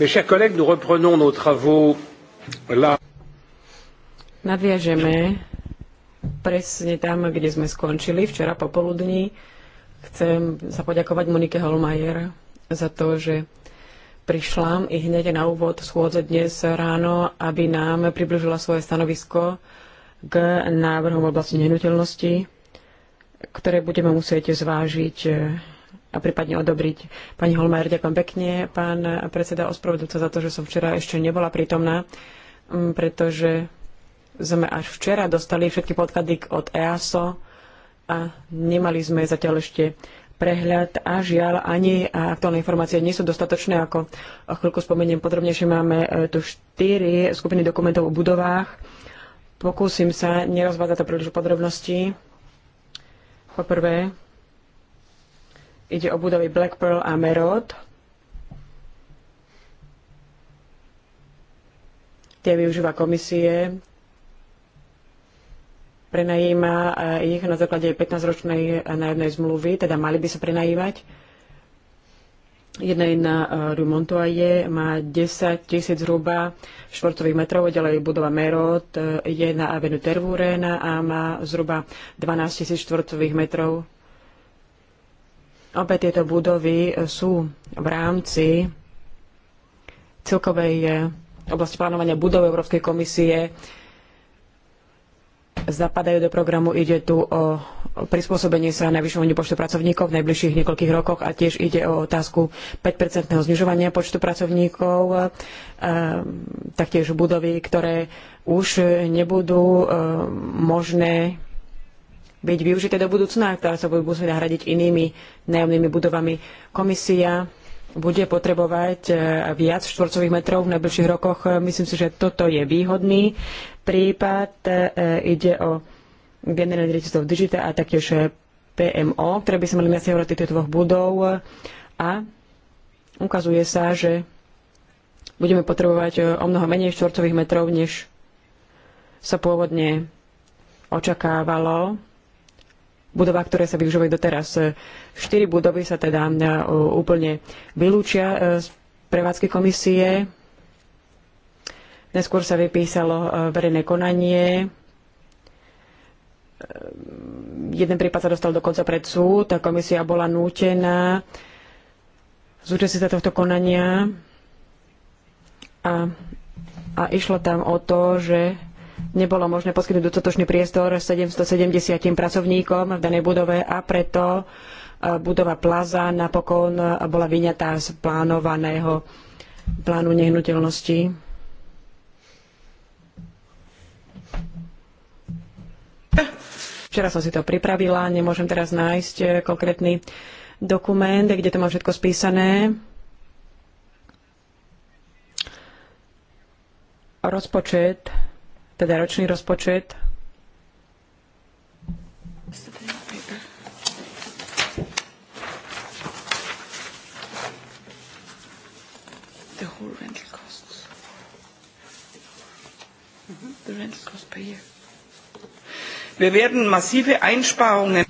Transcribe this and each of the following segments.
Mes chers collègues, nous reprenons nos travaux là. Nadviažeme presne tam, kde sme skončili včera popoludní. Chcem sa poďakovať Monike Holmajer za to, že prišla i hneď na úvod schôdze dnes ráno, aby nám približila svoje stanovisko k návrhom oblasti nehnuteľnosti, ktoré budeme musieť zvážiť a prípadne odobriť. Pani Holmajer, ďakujem pekne. Pán predseda, ospravedlňujem sa za to, že som včera ešte nebola prítomná, mm, pretože sme až včera dostali všetky podklady od EASO a nemali sme zatiaľ ešte prehľad a žiaľ ani aktuálne informácie nie sú dostatočné, ako o chvíľku spomeniem podrobnejšie. Máme e, tu štyri skupiny dokumentov o budovách. Pokúsim sa nerozvádzať to príliš podrobností. Po Ide o budovy Black Pearl a Merod. Tie využíva komisie, prenajíma e, ich na základe 15-ročnej e, nájomnej zmluvy, teda mali by sa prenajívať. Jedna je na Rue Montoye, má 10 tisíc zhruba štvorcových metrov, ďalej budova Merod e, je na Avenue Tervurena a má zhruba 12 tisíc štvorcových metrov Obe tieto budovy sú v rámci celkovej eh, oblasti plánovania budov Európskej komisie zapadajú do programu. Ide tu o prispôsobenie sa navyšovaniu počtu pracovníkov v najbližších niekoľkých rokoch a tiež ide o otázku 5-percentného znižovania počtu pracovníkov, eh, taktiež budovy, ktoré už nebudú eh, možné byť využité do budúcna, ktoré sa budú musieť nahradiť inými nájomnými budovami. Komisia bude potrebovať e, viac štvorcových metrov v najbližších rokoch. Myslím si, že toto je výhodný prípad. E, ide o generálne riaditeľstvo Digita a taktiež e, PMO, ktoré by sa mali hovoriť týchto dvoch budov. A ukazuje sa, že budeme potrebovať o mnoho menej štvorcových metrov, než sa pôvodne očakávalo budovách, ktoré sa využívajú doteraz. E, štyri budovy sa teda e, úplne vylúčia e, z prevádzky komisie. Neskôr sa vypísalo verejné konanie. Jeden prípad sa dostal dokonca pred súd. Tá komisia bola nútená zúčastniť sa tohto konania a, a išlo tam o to, že nebolo možné poskytnúť dostatočný priestor 770 pracovníkom v danej budove a preto e, budova Plaza napokon e, bola vyňatá z plánovaného plánu nehnuteľností. Včera som si to pripravila, nemôžem teraz nájsť e, konkrétny dokument, kde to mám všetko spísané. Rozpočet teda ročný rozpočet. The whole rental costs. Mhm, the rental cost per year. Wir werden massive Einsparungen.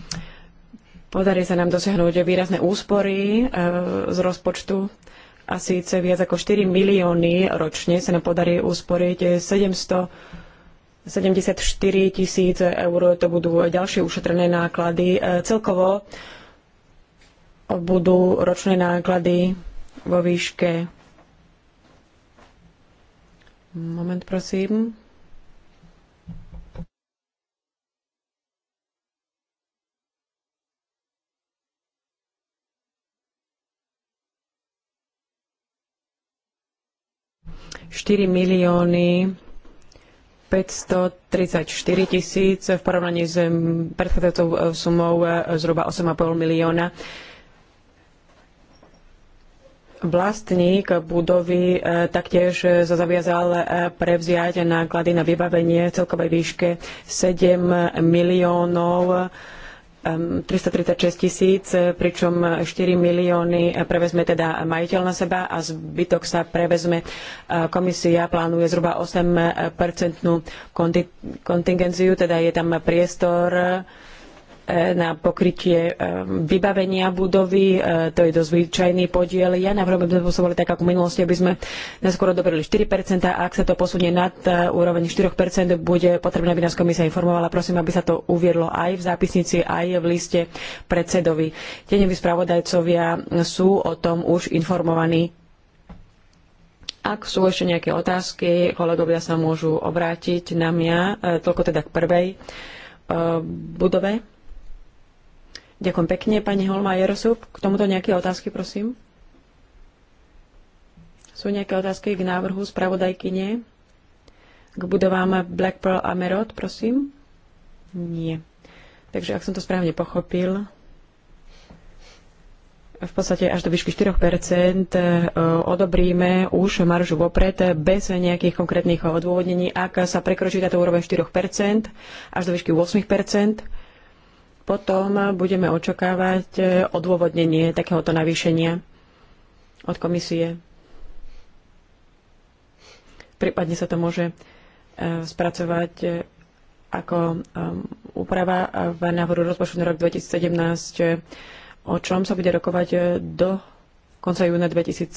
Podarí sa nám dosiahnuť výrazné úspory e, z rozpočtu a síce viac ako 4 milióny ročne sa nám podarí usporiť 700 e, 74 tisíc eur to budú ďalšie ušetrené náklady. E, celkovo budú ročné náklady vo výške. Moment, prosím. Štyri milióny 534 tisíc v porovnaní s predchádzajúcou e, sumou e, zhruba 8,5 milióna. Vlastník budovy e, taktiež sa zaviazal prevziať náklady na vybavenie v celkovej výške 7 miliónov 336 tisíc, pričom 4 milióny prevezme teda majiteľ na seba a zbytok sa prevezme. E, komisia plánuje zhruba 8-percentnú kontingenciu, teda je tam priestor na pokrytie e, vybavenia budovy. E, to je dosť zvyčajný podiel. Ja navrhujem, aby sme posúvali tak ako v minulosti, aby sme neskôr odobrili 4 a ak sa to posunie nad e, úroveň 4 bude potrebné, aby nás komisia informovala. Prosím, aby sa to uviedlo aj v zápisnici, aj v liste predsedovi. Tenevi spravodajcovia sú o tom už informovaní. Ak sú ešte nejaké otázky, kolegovia sa môžu obrátiť na mňa, toľko teda k prvej budove. Ďakujem pekne. Pani Holma sú k tomuto nejaké otázky, prosím? Sú nejaké otázky k návrhu spravodajkyne? K budovám Black Pearl a Merod, prosím? Nie. Takže ak som to správne pochopil, v podstate až do výšky 4 e, odobríme už maržu vopred bez nejakých konkrétnych odôvodnení. Ak sa prekročí táto úroveň 4 až do výšky 8 potom budeme očakávať e, odôvodnenie takéhoto navýšenia od komisie. Prípadne sa to môže e, spracovať e, ako úprava v návrhu rozpočtu na rok 2017, o čom sa bude rokovať do konca júna 2017.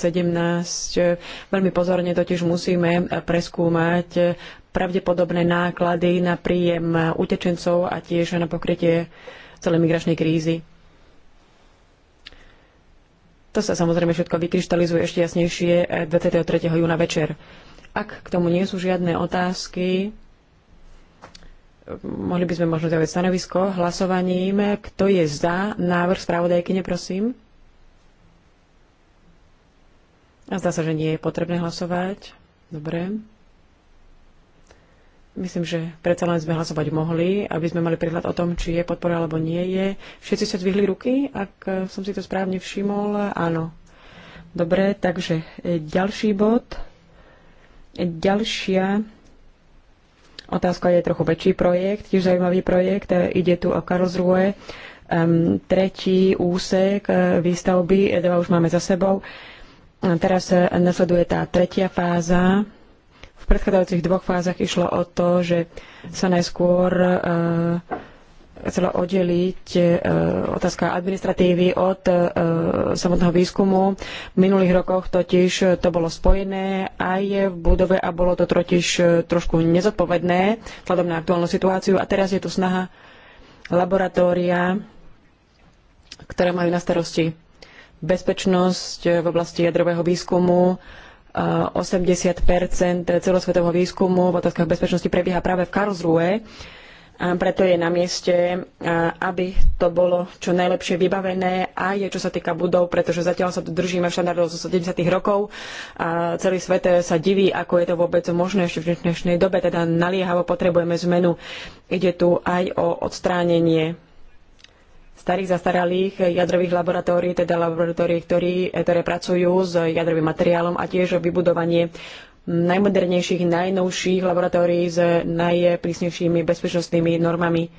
Veľmi pozorne totiž musíme preskúmať pravdepodobné náklady na príjem utečencov a tiež na pokrytie celej migračnej krízy. To sa samozrejme všetko vykryštalizuje ešte jasnejšie 23. Eh, júna večer. Ak k tomu nie sú žiadne otázky, mohli by sme možno zaujať stanovisko hlasovaním. Kto je za návrh spravodajky, neprosím? A zdá sa, že nie je potrebné hlasovať. Dobre. Myslím, že predsa len sme hlasovať mohli, aby sme mali prehľad o tom, či je podpora alebo nie je. Všetci sa zdvihli ruky, ak e, som si to správne všimol. Áno. Dobre, takže e, ďalší bod. E, ďalšia otázka je trochu väčší projekt, tiež zaujímavý projekt. Ide tu o Karlsruhe. Um, tretí úsek výstavby, dva už máme za sebou. Teraz nasleduje tá tretia fáza predchádzajúcich dvoch fázach išlo o to, že sa najskôr e, chcela oddeliť e, otázka administratívy od e, samotného výskumu. V minulých rokoch totiž to bolo spojené aj v budove a bolo to totiž trošku nezodpovedné vzhľadom na aktuálnu situáciu a teraz je tu snaha laboratória, ktoré majú na starosti bezpečnosť v oblasti jadrového výskumu, 80 celosvetového výskumu v otázkach bezpečnosti prebieha práve v Karlsruhe. A preto je na mieste, aby to bolo čo najlepšie vybavené aj čo sa týka budov, pretože zatiaľ sa tu držíme štandardov zo 70. rokov a celý svet sa diví, ako je to vôbec možné ešte v dnešnej dobe, teda naliehavo potrebujeme zmenu. Ide tu aj o odstránenie starých zastaralých jadrových laboratórií, teda laboratórií, ktorí, eh, ktoré pracujú s jadrovým materiálom a tiež vybudovanie najmodernejších, najnovších laboratórií s najprísnejšími bezpečnostnými normami.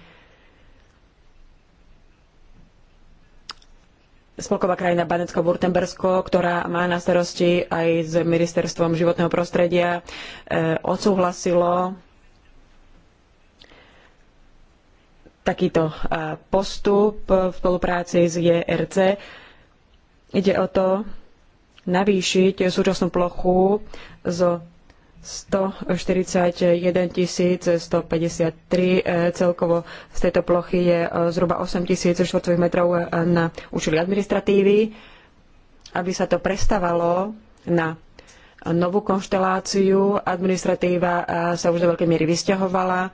spolková krajina Banecko-Württembersko, ktorá má na starosti aj s ministerstvom životného prostredia, eh, odsúhlasilo takýto e, postup v spolupráci s JRC. Ide o to navýšiť súčasnú plochu zo 141 153 e, celkovo z tejto plochy je e, zhruba 8 000 štvorcových metrov na účely administratívy, aby sa to prestavalo na novú konšteláciu. Administratíva sa už do veľkej miery vysťahovala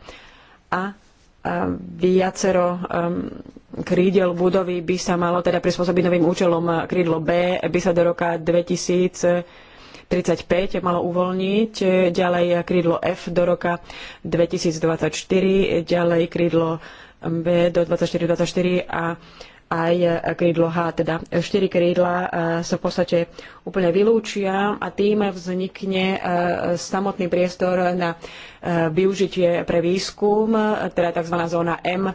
a viacero um, krídel budovy by sa malo teda prispôsobiť novým účelom. Krídlo B by sa do roka 2035 malo uvoľniť, ďalej krídlo F do roka 2024, ďalej krídlo B do 2024 a aj e, krídlo H, teda e, štyri krídla e, sa v podstate úplne vylúčia a tým vznikne samotný priestor na využitie pre výskum, teda tzv. zóna M.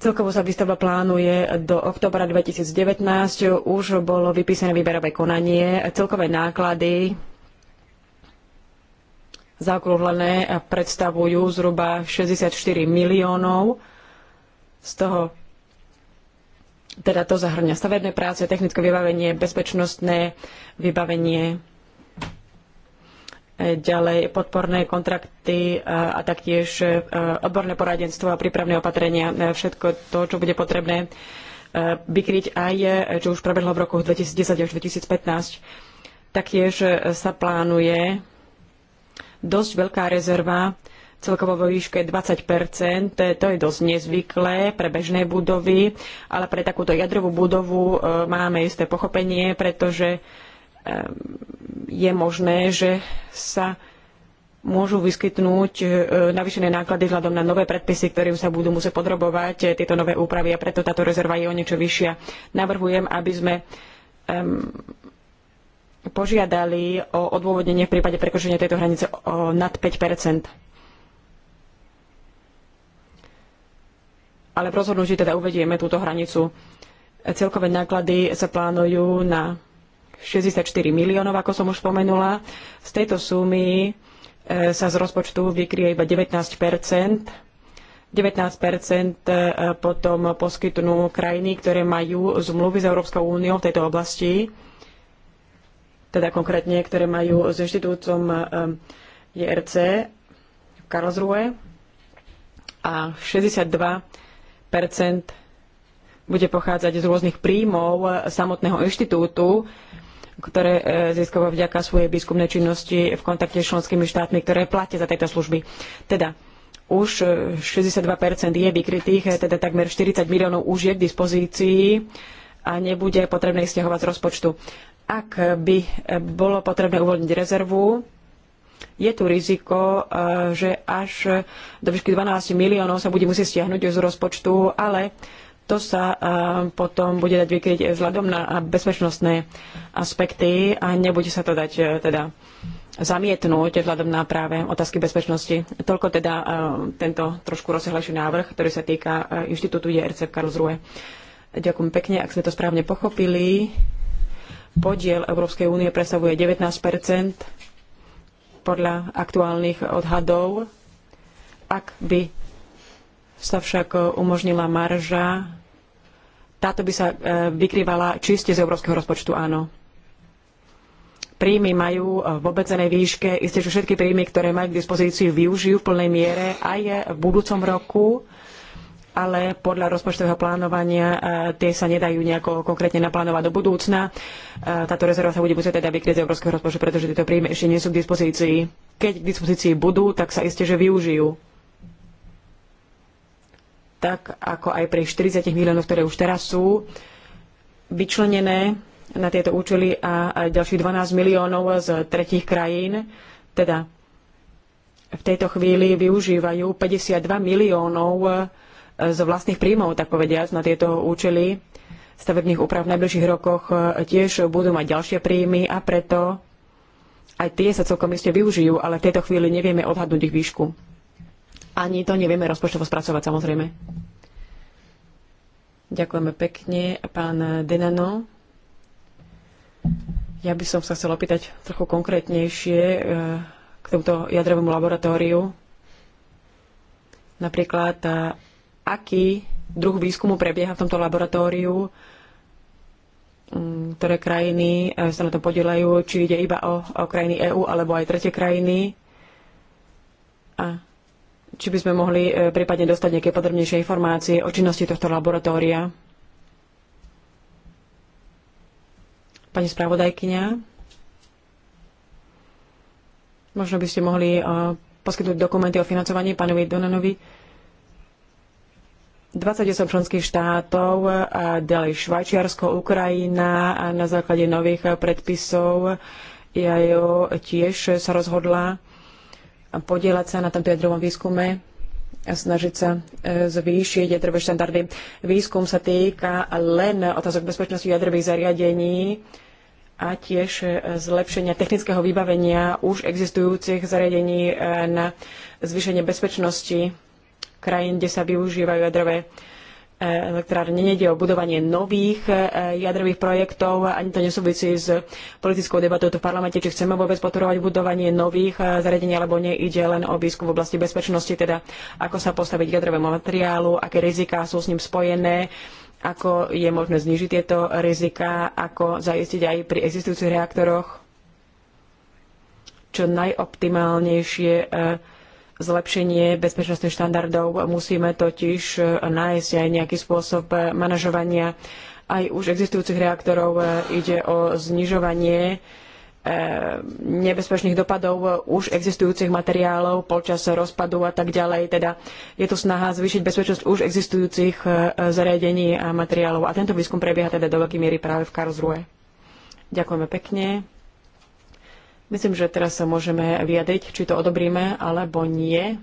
Celkovo sa výstava plánuje do oktobra 2019. Už bolo vypísané výberové konanie. Celkové náklady zaokrúhlené predstavujú zhruba 64 miliónov. Z toho teda to zahrňa stavebné práce, technické vybavenie, bezpečnostné vybavenie, e, ďalej podporné kontrakty a, e, a taktiež e, odborné poradenstvo a prípravné opatrenia, všetko to, čo bude potrebné vykryť aj, čo už prebehlo v rokoch 2010 až 2015. Taktiež sa plánuje dosť veľká rezerva celkovo vo výške 20 To je dosť nezvyklé pre bežné budovy, ale pre takúto jadrovú budovu e, máme isté pochopenie, pretože e, je možné, že sa môžu vyskytnúť e, navýšené náklady vzhľadom na nové predpisy, ktorým sa budú musieť podrobovať tieto nové úpravy a preto táto rezerva je o niečo vyššia. Navrhujem, aby sme um, požiadali o odôvodnenie v prípade prekočenia tejto hranice nad 5 ale v rozhodnutí teda uvedieme túto hranicu. Celkové náklady sa plánujú na 64 miliónov, ako som už spomenula. Z tejto sumy e, sa z rozpočtu vykrie iba 19 19 e, potom poskytnú krajiny, ktoré majú zmluvy s Európskou úniou v tejto oblasti, teda konkrétne, ktoré majú s inštitútom e, JRC v Karlsruhe a 62 percent bude pochádzať z rôznych príjmov e, samotného inštitútu, ktoré e, získava vďaka svojej výskumnej činnosti v kontakte s členskými štátmi, ktoré platia za tieto služby. Teda už 62% e, je vykrytých, teda takmer 40 miliónov už je k dispozícii a nebude potrebné ich stiahovať z rozpočtu. Ak by bolo potrebné uvoľniť rezervu, je tu riziko, e, že až do výšky 12 miliónov sa bude musieť stiahnuť z rozpočtu, ale to sa e, potom bude dať vykryť vzhľadom na bezpečnostné aspekty a nebude sa to dať e, teda zamietnúť vzhľadom na práve otázky bezpečnosti. Toľko teda tento trošku rozsiahlejší návrh, ktorý sa týka inštitútu JRC v Karlsruhe. Ďakujem pekne, ak sme to správne pochopili. Podiel Európskej únie predstavuje 19 podľa aktuálnych odhadov. Ak by sa však umožnila marža, táto by sa e, vykrývala čiste z európskeho rozpočtu, áno. Príjmy majú v obmedzenej výške, isté, že všetky príjmy, ktoré majú k dispozícii, využijú v plnej miere aj v budúcom roku ale podľa rozpočtového plánovania e, tie sa nedajú nejako konkrétne naplánovať do budúcna. E, táto rezerva sa bude musieť teda vykryť z európskeho rozpočtu, pretože tieto príjmy ešte nie sú k dispozícii. Keď k dispozícii budú, tak sa isté, že využijú. Tak ako aj pri 40 miliónov, ktoré už teraz sú vyčlenené na tieto účely a ďalších 12 miliónov z tretich krajín, teda v tejto chvíli využívajú 52 miliónov zo vlastných príjmov, tak povediať, na tieto účely stavebných úprav v najbližších rokoch e, tiež budú mať ďalšie príjmy a preto aj tie sa celkom iste využijú, ale v tejto chvíli nevieme odhadnúť ich výšku. Ani to nevieme rozpočtovo spracovať, samozrejme. Ďakujeme pekne. Pán Denano, ja by som sa chcel opýtať trochu konkrétnejšie e, k tomuto jadrovému laboratóriu. Napríklad e, aký druh výskumu prebieha v tomto laboratóriu, mm, ktoré krajiny e, sa na to podielajú, či ide iba o, o krajiny EÚ alebo aj tretie krajiny. A či by sme mohli e, prípadne dostať nejaké podrobnejšie informácie o činnosti tohto laboratória. Pani spravodajkyňa, možno by ste mohli e, poskytnúť dokumenty o financovaní pánovi Donanovi. 28 členských štátov, a ďalej Švajčiarsko, Ukrajina a na základe nových predpisov e IAO tiež sa rozhodla podielať sa na tomto jadrovom výskume a snažiť sa e, zvýšiť jadrové štandardy. Výskum sa týka len otázok bezpečnosti jadrových zariadení a tiež e, zlepšenia technického vybavenia už existujúcich zariadení na zvýšenie bezpečnosti krajín, kde sa využívajú jadrové e, elektrárne. Nejde o budovanie nových e, jadrových projektov, ani to nesúvisí s politickou debatou tu v parlamente, či chceme vôbec podporovať budovanie nových e, zariadení, alebo nie. Ide len o výskum v oblasti bezpečnosti, teda ako sa postaviť k jadrovému materiálu, aké riziká sú s ním spojené, ako je možné znižiť tieto riziká, ako zaistiť aj pri existujúcich reaktoroch čo najoptimálnejšie zlepšenie bezpečnostných štandardov. Musíme totiž nájsť aj nejaký spôsob manažovania aj už existujúcich reaktorov. Ide o znižovanie eh, nebezpečných dopadov už existujúcich materiálov počas rozpadu a tak ďalej. Teda je tu snaha zvýšiť bezpečnosť už existujúcich eh, zariadení a materiálov. A tento výskum prebieha teda do veľkej miery práve v Karlsruhe. Ďakujeme pekne. Myslím, že teraz sa môžeme vyjadriť, či to odobríme alebo nie.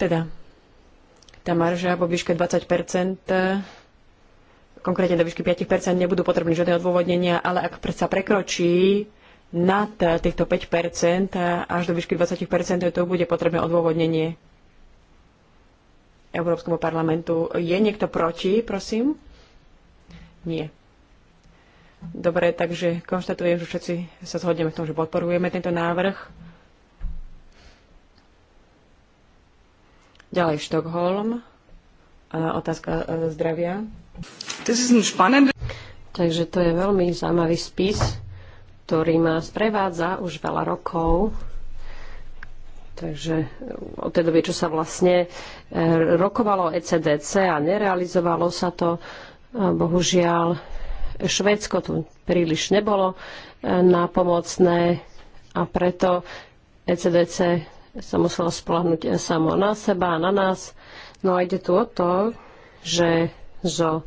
Teda, tá marža vo výške 20 konkrétne do výšky 5 nebudú potrebné žiadne odôvodnenia, ale ak sa prekročí nad týchto 5 až do výšky 20 to bude potrebné odôvodnenie Európskemu parlamentu. Je niekto proti, prosím? Nie. Dobre, takže konštatujem, že všetci sa zhodneme v tom, že podporujeme tento návrh. Ďalej Štokholm. Otázka e, zdravia. Takže to je veľmi zaujímavý spis, ktorý ma sprevádza už veľa rokov. Takže e, od tej doby, čo sa vlastne e, rokovalo ECDC a nerealizovalo sa to, bohužiaľ Švedsko tu príliš nebolo e, na pomocné a preto ECDC sa muselo spolahnuť samo na seba a na nás. No a ide tu o to, že zo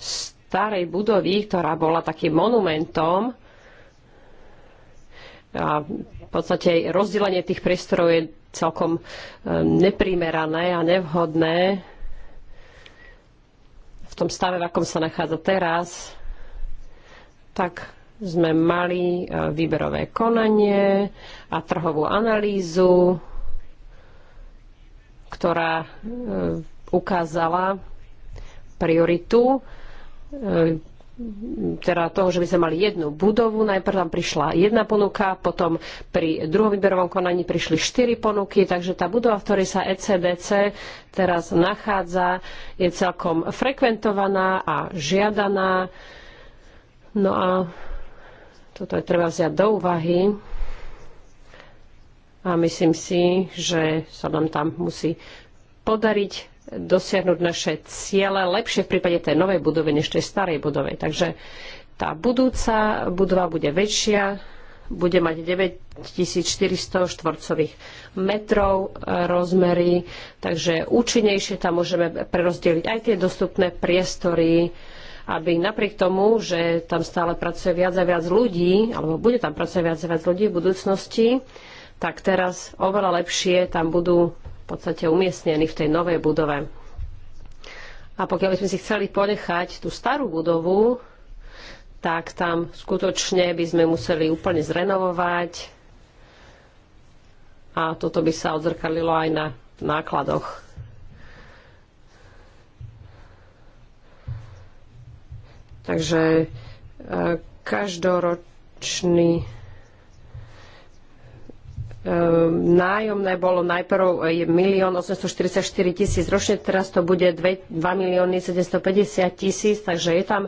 starej budovy, ktorá bola takým monumentom, a v podstate rozdelenie tých priestorov je celkom e, neprimerané a nevhodné v tom stave, v akom sa nachádza teraz, tak sme mali e, výberové konanie a trhovú analýzu, ktorá e, ukázala prioritu e, teda toho, že by sme mali jednu budovu. Najprv tam prišla jedna ponuka, potom pri druhom výberovom konaní prišli štyri ponuky, takže tá budova, v ktorej sa ECDC teraz nachádza, je celkom frekventovaná a žiadaná. No a toto je treba vziať do úvahy a myslím si, že sa nám tam musí podariť dosiahnuť naše ciele lepšie v prípade tej novej budovy než tej starej budovy. Takže tá budúca budova bude väčšia, bude mať 9400 štvorcových metrov e, rozmery, takže účinnejšie tam môžeme prerozdeliť aj tie dostupné priestory, aby napriek tomu, že tam stále pracuje viac a viac ľudí, alebo bude tam pracovať viac a viac ľudí v budúcnosti, tak teraz oveľa lepšie tam budú podstate umiestnení v tej novej budove. A pokiaľ by sme si chceli ponechať tú starú budovu, tak tam skutočne by sme museli úplne zrenovovať a toto by sa odzrkalilo aj na nákladoch. Takže e, každoročný Ehm, nájomné bolo najprv 1 eh, milión 844 tisíc ročne, teraz to bude 2 milióny 750 tisíc, takže je tam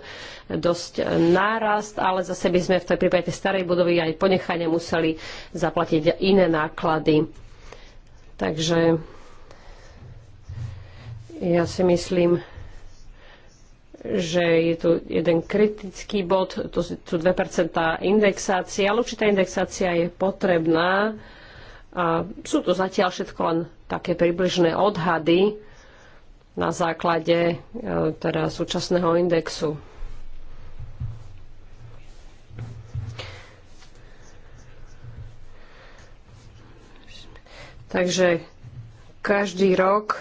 dosť eh, nárast, ale zase by sme v tej prípade tej starej budovy aj ponechanie museli zaplatiť iné náklady. Takže ja si myslím, že je tu jeden kritický bod, to sú 2% indexácie, ale určitá indexácia je potrebná a sú to zatiaľ všetko len také približné odhady na základe e, teda súčasného indexu. Takže každý rok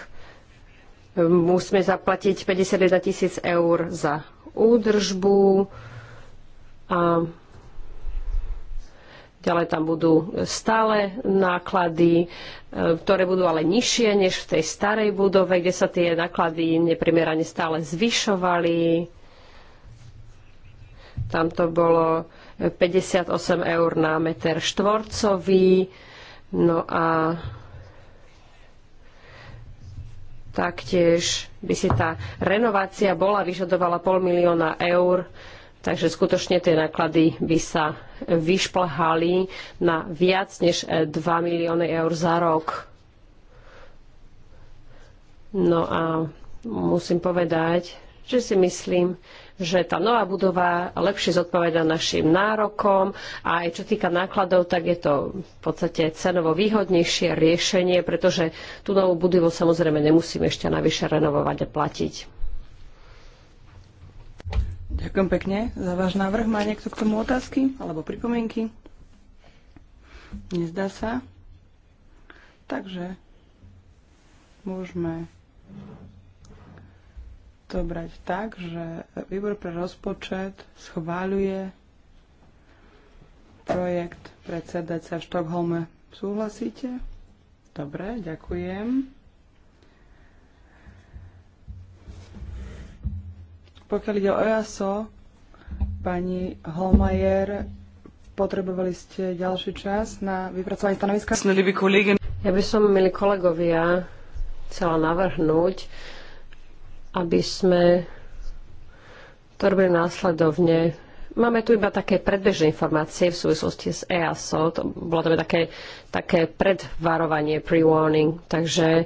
e, musíme zaplatiť 51 tisíc eur za údržbu a Ďalej tam budú stále náklady, e, ktoré budú ale nižšie než v tej starej budove, kde sa tie náklady neprimerane stále zvyšovali. Tam to bolo 58 e, eur na meter štvorcový. No a taktiež by si tá renovácia bola vyžadovala pol milióna eur Takže skutočne tie náklady by sa vyšplhali na viac než 2 e, milióny eur za rok. No a musím povedať, že si myslím, že tá nová budova lepšie zodpoveda našim nárokom a aj čo týka nákladov, tak je to v podstate cenovo výhodnejšie riešenie, pretože tú novú budovu samozrejme nemusíme ešte navyše renovovať a platiť. Ďakujem pekne za váš návrh. Má niekto k tomu otázky alebo pripomienky? Nezdá sa. Takže môžeme to brať tak, že výbor pre rozpočet schváľuje projekt pre CDC v Štokholme. Súhlasíte? Dobre, ďakujem. Pokiaľ ide o EASO, pani Holmajer, potrebovali ste ďalší čas na vypracovanie stanoviska? Ja by som, milí kolegovia, chcela navrhnúť, aby sme to robili následovne. Máme tu iba také predbežné informácie v súvislosti s EASO. To, bolo to také, také predvarovanie, pre-warning. Takže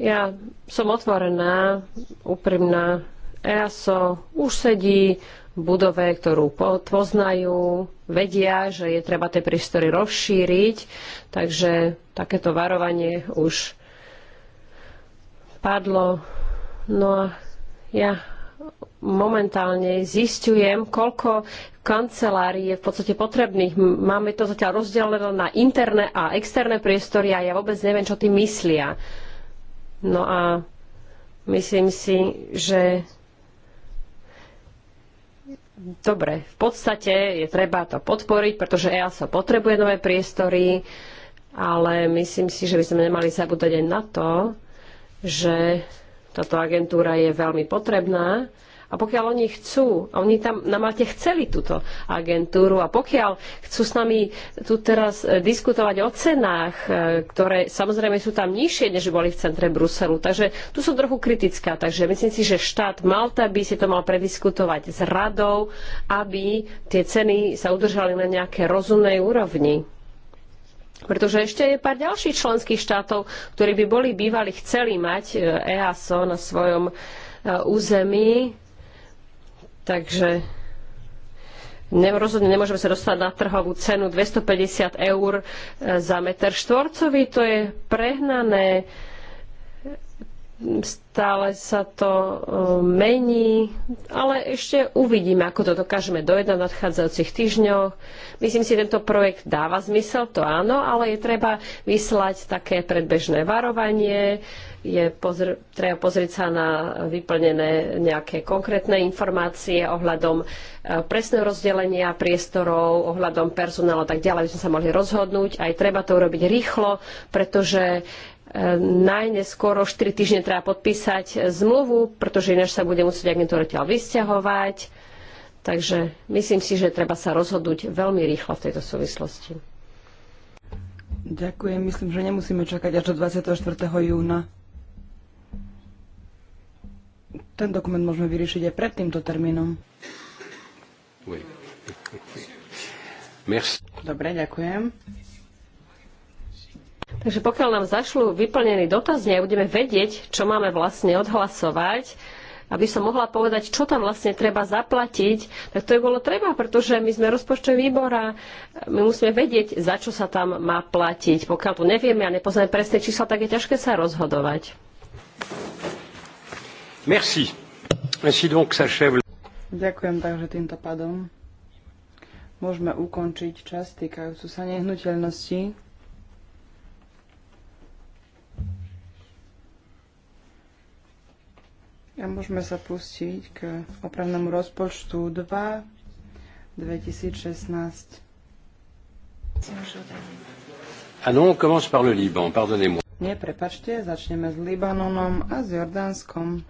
ja som otvorená, úprimná EASO už sedí v budove, ktorú poznajú, vedia, že je treba tie priestory rozšíriť, takže takéto varovanie už padlo. No a ja momentálne zistujem, koľko kancelárií je v podstate potrebných. Máme to zatiaľ rozdelené na interné a externé priestory a ja vôbec neviem, čo tým myslia. No a myslím si, že dobre, v podstate je treba to podporiť, pretože EASO potrebuje nové priestory, ale myslím si, že by sme nemali zabúdať aj na to, že táto agentúra je veľmi potrebná a pokiaľ oni chcú, a oni tam na Malte chceli túto agentúru, a pokiaľ chcú s nami tu teraz e, diskutovať o cenách, e, ktoré samozrejme sú tam nižšie, než boli v centre Bruselu, takže tu som trochu kritická, takže myslím si, že štát Malta by si to mal prediskutovať s radou, aby tie ceny sa udržali na nejaké rozumnej úrovni. Pretože ešte je pár ďalších členských štátov, ktorí by boli bývali chceli mať EASO e na svojom území Takže rozhodne nemôžeme sa dostať na trhovú cenu 250 eur e, za meter štvorcový. To je prehnané stále sa to e, mení, ale ešte uvidíme, ako to dokážeme dojednať v nadchádzajúcich týždňoch. Myslím si, tento projekt dáva zmysel, to áno, ale je treba vyslať také predbežné varovanie, je pozr- treba pozrieť sa na vyplnené nejaké konkrétne informácie ohľadom e, presného rozdelenia priestorov, ohľadom personálu a tak ďalej, aby sme sa mohli rozhodnúť. Aj treba to urobiť rýchlo, pretože najneskôr o 4 týždne treba podpísať zmluvu, pretože ináč sa bude musieť agentúra odtiaľ vysťahovať. Takže myslím si, že treba sa rozhodnúť veľmi rýchlo v tejto súvislosti. Ďakujem. Myslím, že nemusíme čakať až do 24. júna. Ten dokument môžeme vyriešiť aj pred týmto termínom. Oui. Merci. Dobre, ďakujem. Takže pokiaľ nám zašlú vyplnený dotazník, budeme vedieť, čo máme vlastne odhlasovať, aby som mohla povedať, čo tam vlastne treba zaplatiť, tak to je bolo treba, pretože my sme rozpočtový výbor a my musíme vedieť, za čo sa tam má platiť. Pokiaľ to nevieme a nepoznáme presné čísla, tak je ťažké sa rozhodovať. Merci. Merci donc, Ďakujem, takže týmto pádom môžeme ukončiť čas týkajúcu sa nehnuteľnosti. A môžeme sa pustiť k opravnému rozpočtu 2 2016. Ah non, on commence par le Liban, pardonnez-moi. Nie, prepačte, začneme s Libanonom a s Jordánskom.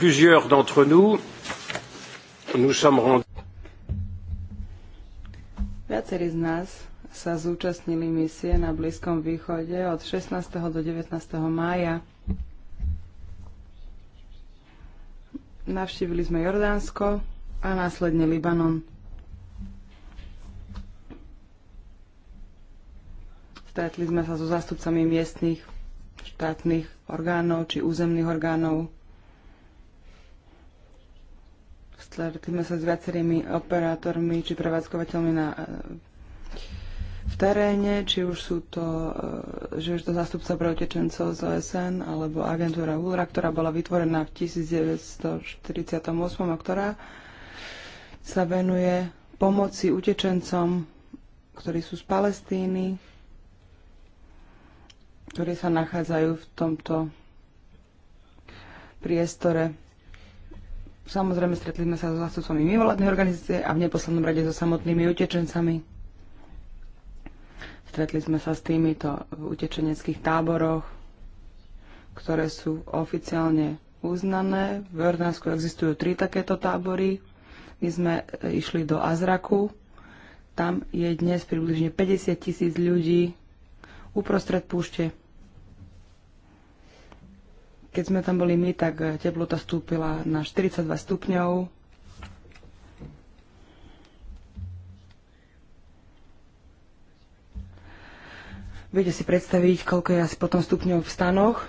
Plusieurs d'entre nous Viacerí z nás sa zúčastnili misie na Blízkom východe od 16. do 19. mája. Navštívili sme Jordánsko a následne Libanon. Stretli sme sa so zástupcami miestnych štátnych orgánov či územných orgánov stretli sa s viacerými operátormi či prevádzkovateľmi na, v teréne, či už sú to, e, že už to zástupca pre utečencov z OSN alebo agentúra ULRA, ktorá bola vytvorená v 1948 a ktorá sa venuje pomoci utečencom, ktorí sú z Palestíny, ktorí sa nachádzajú v tomto priestore Samozrejme, stretli sme sa so zástupcami mimovládnej organizácie a v neposlednom rade so samotnými utečencami. Stretli sme sa s týmito v utečeneckých táboroch, ktoré sú oficiálne uznané. V Jordánsku existujú tri takéto tábory. My sme e, išli do Azraku. Tam je dnes približne 50 tisíc ľudí uprostred púšte. Keď sme tam boli my, tak eh, teplota stúpila na 42 stupňov. Viete si predstaviť, koľko je asi potom stupňov v stanoch.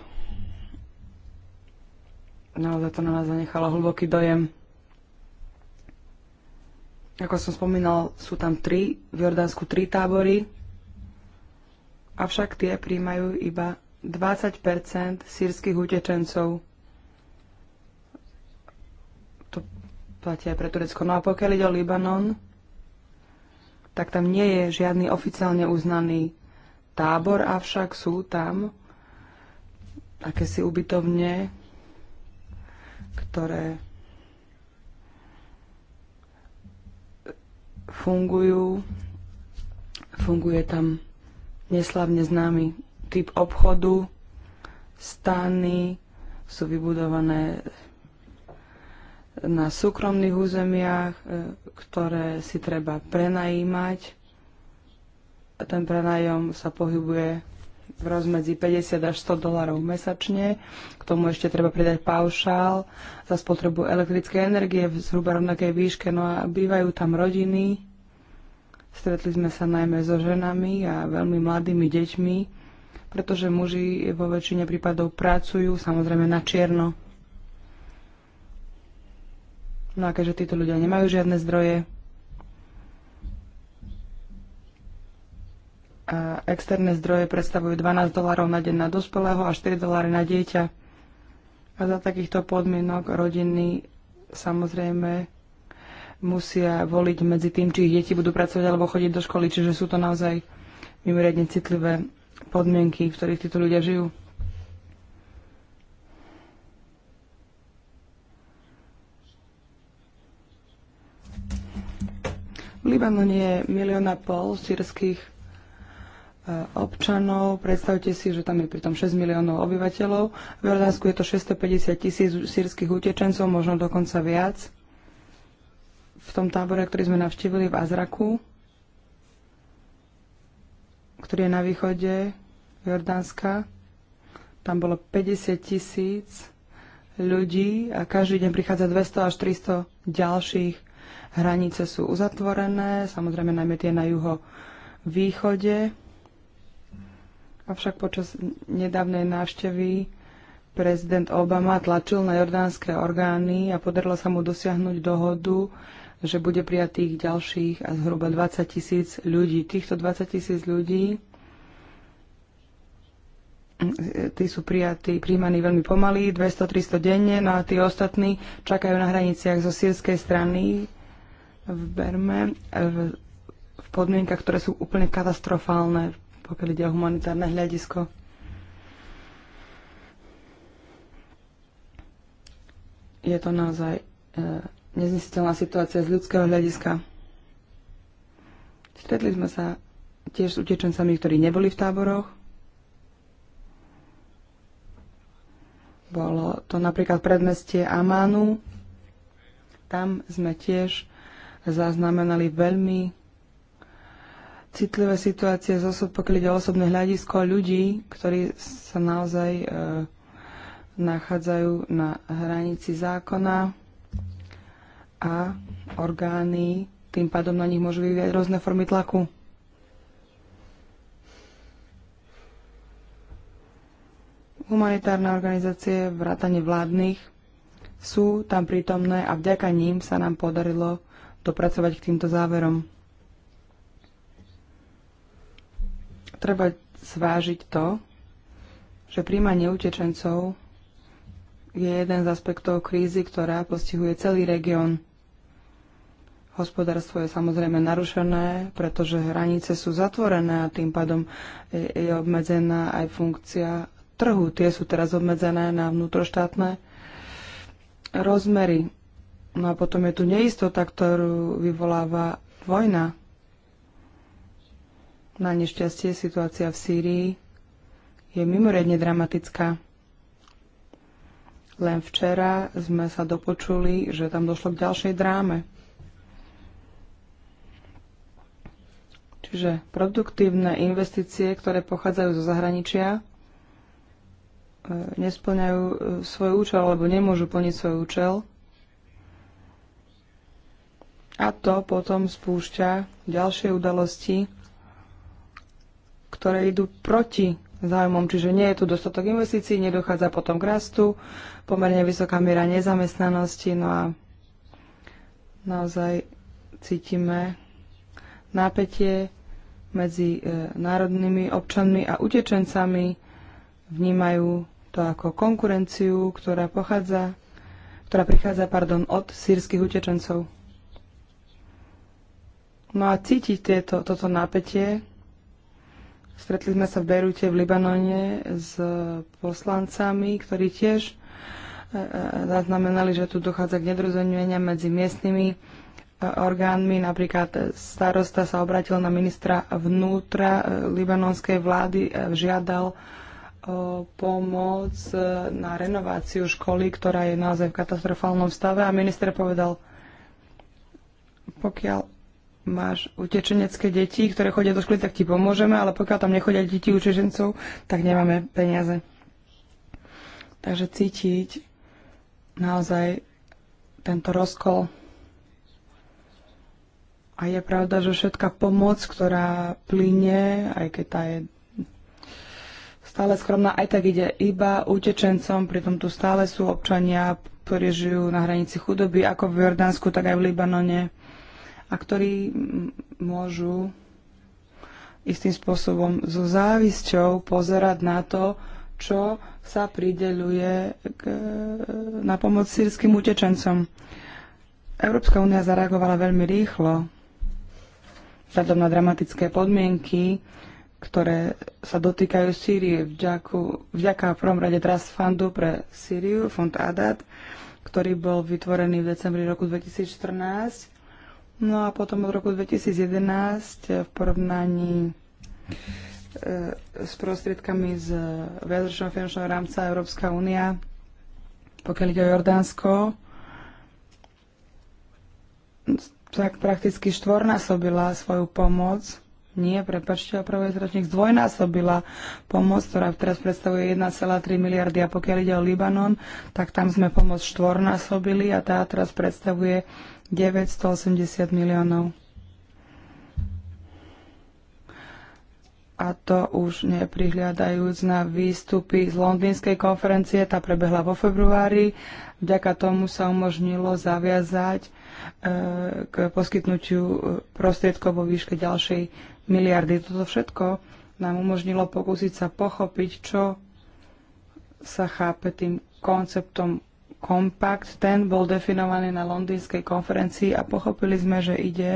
Naozaj to na nás zanechalo hlboký dojem. Ako som spomínal, sú tam tri, v Jordánsku tri tábory, avšak tie príjmajú iba 20 sírskych utečencov. To platí aj pre Turecko. No a pokiaľ ide o Libanon, tak tam nie je žiadny oficiálne uznaný tábor, avšak sú tam akési ubytovne, ktoré fungujú. Funguje tam neslavne známy typ obchodu, stany sú vybudované na súkromných územiach, e, ktoré si treba prenajímať. Ten prenájom sa pohybuje v rozmedzi 50 až 100 dolarov mesačne. K tomu ešte treba pridať paušál za spotrebu elektrické energie v zhruba rovnakej výške. No a bývajú tam rodiny. Stretli sme sa najmä so ženami a veľmi mladými deťmi, pretože muži vo väčšine prípadov pracujú samozrejme na čierno. No a keďže títo ľudia nemajú žiadne zdroje a externé zdroje predstavujú 12 dolárov na deň na dospelého a 4 doláre na dieťa. A za takýchto podmienok rodiny samozrejme musia voliť medzi tým, či ich deti budú pracovať alebo chodiť do školy, čiže sú to naozaj mimoriadne citlivé podmienky, v ktorých títo ľudia žijú. V Libanone je milión a pol sírskych e, občanov. Predstavte si, že tam je pritom 6 miliónov obyvateľov. V Jordánsku je to 650 tisíc sírskych utečencov, možno dokonca viac. V tom tábore, ktorý sme navštívili v Azraku, ktorý je na východe Jordánska. Tam bolo 50 tisíc ľudí a každý deň prichádza 200 až 300 ďalších. Hranice sú uzatvorené, samozrejme najmä tie na juho východe. Avšak počas nedávnej návštevy prezident Obama tlačil na jordánske orgány a podarilo sa mu dosiahnuť dohodu že bude prijatých ďalších a zhruba 20 tisíc ľudí. Týchto 20 tisíc ľudí tí sú prijatí, príjmaní veľmi pomaly, 200-300 denne, no a tí ostatní čakajú na hraniciach zo sírskej strany v Berme v, v podmienkach, ktoré sú úplne katastrofálne, pokiaľ ide o humanitárne hľadisko. Je to naozaj e, neznesiteľná situácia z ľudského hľadiska. Stretli sme sa tiež s utečencami, ktorí neboli v táboroch. Bolo to napríklad predmestie Amánu. Tam sme tiež zaznamenali veľmi citlivé situácie z osob, pokiaľ ide o osobné hľadisko ľudí, ktorí sa naozaj e, nachádzajú na hranici zákona a orgány tým pádom na nich môžu vyvíjať rôzne formy tlaku. Humanitárne organizácie, vrátane vládnych, sú tam prítomné a vďaka ním sa nám podarilo dopracovať k týmto záverom. Treba zvážiť to, že príjmanie utečencov je jeden z aspektov krízy, ktorá postihuje celý región. Hospodárstvo je samozrejme narušené, pretože hranice sú zatvorené a tým pádom je obmedzená aj funkcia trhu. Tie sú teraz obmedzené na vnútroštátne rozmery. No a potom je tu neistota, ktorú vyvoláva vojna. Na nešťastie situácia v Sýrii je mimoriadne dramatická. Len včera sme sa dopočuli, že tam došlo k ďalšej dráme. Čiže produktívne investície, ktoré pochádzajú zo zahraničia, e, nesplňajú e, svoj účel alebo nemôžu plniť svoj účel. A to potom spúšťa ďalšie udalosti, ktoré idú proti zájmom, čiže nie je tu dostatok investícií, nedochádza potom k rastu, pomerne vysoká miera nezamestnanosti, no a naozaj cítime napätie medzi e, národnými občanmi a utečencami, vnímajú to ako konkurenciu, ktorá, pochádza, ktorá prichádza pardon, od sírskych utečencov. No a cítiť tieto, toto napätie. Stretli sme sa v Bejrute v Libanone s poslancami, ktorí tiež e, e, zaznamenali, že tu dochádza k nedrozumeniam medzi miestnymi orgánmi. Napríklad starosta sa obratil na ministra vnútra e, libanonskej vlády, e, žiadal o e, pomoc na renováciu školy, ktorá je naozaj v katastrofálnom stave a minister povedal, pokiaľ máš utečenecké deti, ktoré chodia do školy, tak ti pomôžeme, ale pokiaľ tam nechodia deti utečencov, tak nemáme peniaze. Takže cítiť naozaj tento rozkol a je pravda, že všetká pomoc, ktorá plyne, aj keď tá je stále skromná, aj tak ide iba utečencom, pritom tu stále sú občania, ktorí žijú na hranici chudoby, ako v Jordánsku, tak aj v Libanone, a ktorí môžu istým spôsobom so závisťou pozerať na to, čo sa prideľuje k, na pomoc sírským utečencom. Európska únia zareagovala veľmi rýchlo vzhľadom na dramatické podmienky, ktoré sa dotýkajú Sýrie vďaku, vďaka prvom rade Trust Fundu pre Sýriu, fond ADAT, ktorý bol vytvorený v decembri roku 2014. No a potom od roku 2011 eh, v porovnaní e, s prostriedkami z viacročného finančného rámca Európska únia, pokiaľ ide o Jordánsko, tak prakticky štvornásobila svoju pomoc. Nie, prepačte, opravuje zračník, zdvojnásobila pomoc, ktorá teraz predstavuje 1,3 miliardy. A pokiaľ ide o Libanon, tak tam sme pomoc štvornásobili a tá teraz predstavuje 980 miliónov. a to už neprihľadajúc na výstupy z londýnskej konferencie, tá prebehla vo februári. Vďaka tomu sa umožnilo zaviazať k poskytnutiu prostriedkov vo výške ďalšej miliardy. Toto všetko nám umožnilo pokúsiť sa pochopiť, čo sa chápe tým konceptom kompakt. Ten bol definovaný na londýnskej konferencii a pochopili sme, že ide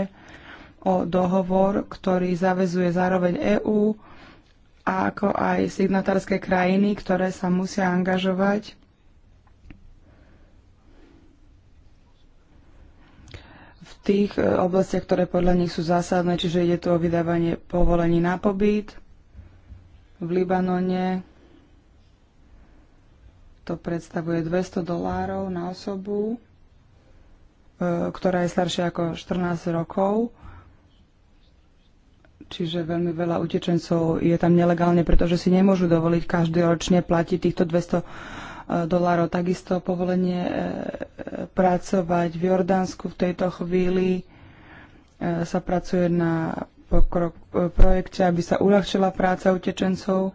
o dohovor, ktorý zavezuje zároveň EÚ ako aj signatárske krajiny, ktoré sa musia angažovať tých e, oblastiach, ktoré podľa nich sú zásadné, čiže ide tu o vydávanie povolení na pobyt v Libanone. To predstavuje 200 dolárov na osobu, e, ktorá je staršia ako 14 rokov. Čiže veľmi veľa utečencov je tam nelegálne, pretože si nemôžu dovoliť každoročne platiť týchto 200 dolárov. Takisto povolenie e, pracovať v Jordánsku v tejto chvíli e, sa pracuje na pokrok, e, projekte, aby sa uľahčila práca utečencov.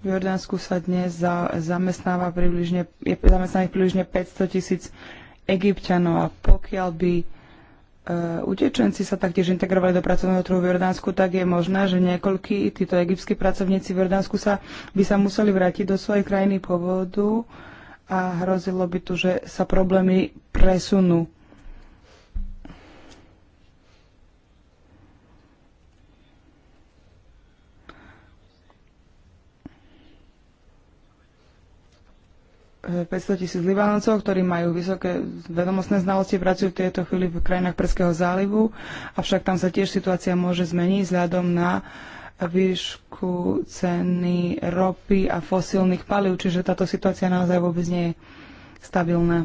V Jordánsku sa dnes za, zamestnáva približne, je zamestnaných približne 500 tisíc egyptianov a pokiaľ by E, utečenci sa taktiež integrovali do pracovného trhu v Jordánsku, tak je možné, že niekoľkí títo egyptskí pracovníci v Jordánsku sa, by sa museli vrátiť do svojej krajiny pôvodu a hrozilo by tu, že sa problémy presunú 500 tisíc Libanoncov, ktorí majú vysoké vedomostné znalosti, pracujú v tejto chvíli v krajinách Perského zálivu, avšak tam sa tiež situácia môže zmeniť vzhľadom na výšku ceny ropy a fosílnych palív, čiže táto situácia naozaj vôbec nie je stabilná.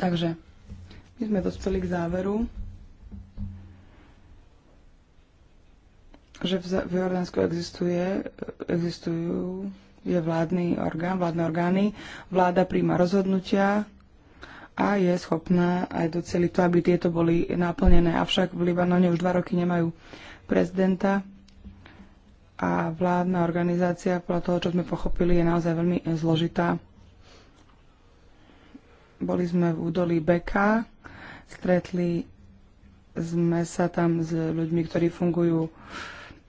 Takže my sme dospeli k záveru, že v Jordánsku existuje, existujú je vládny orgán, vládne orgány. Vláda príjma rozhodnutia a je schopná aj doceliť to, aby tieto boli naplnené. Avšak v Libanone už dva roky nemajú prezidenta a vládna organizácia, podľa toho, čo sme pochopili, je naozaj veľmi zložitá. Boli sme v údolí Beka, stretli sme sa tam s ľuďmi, ktorí fungujú uh,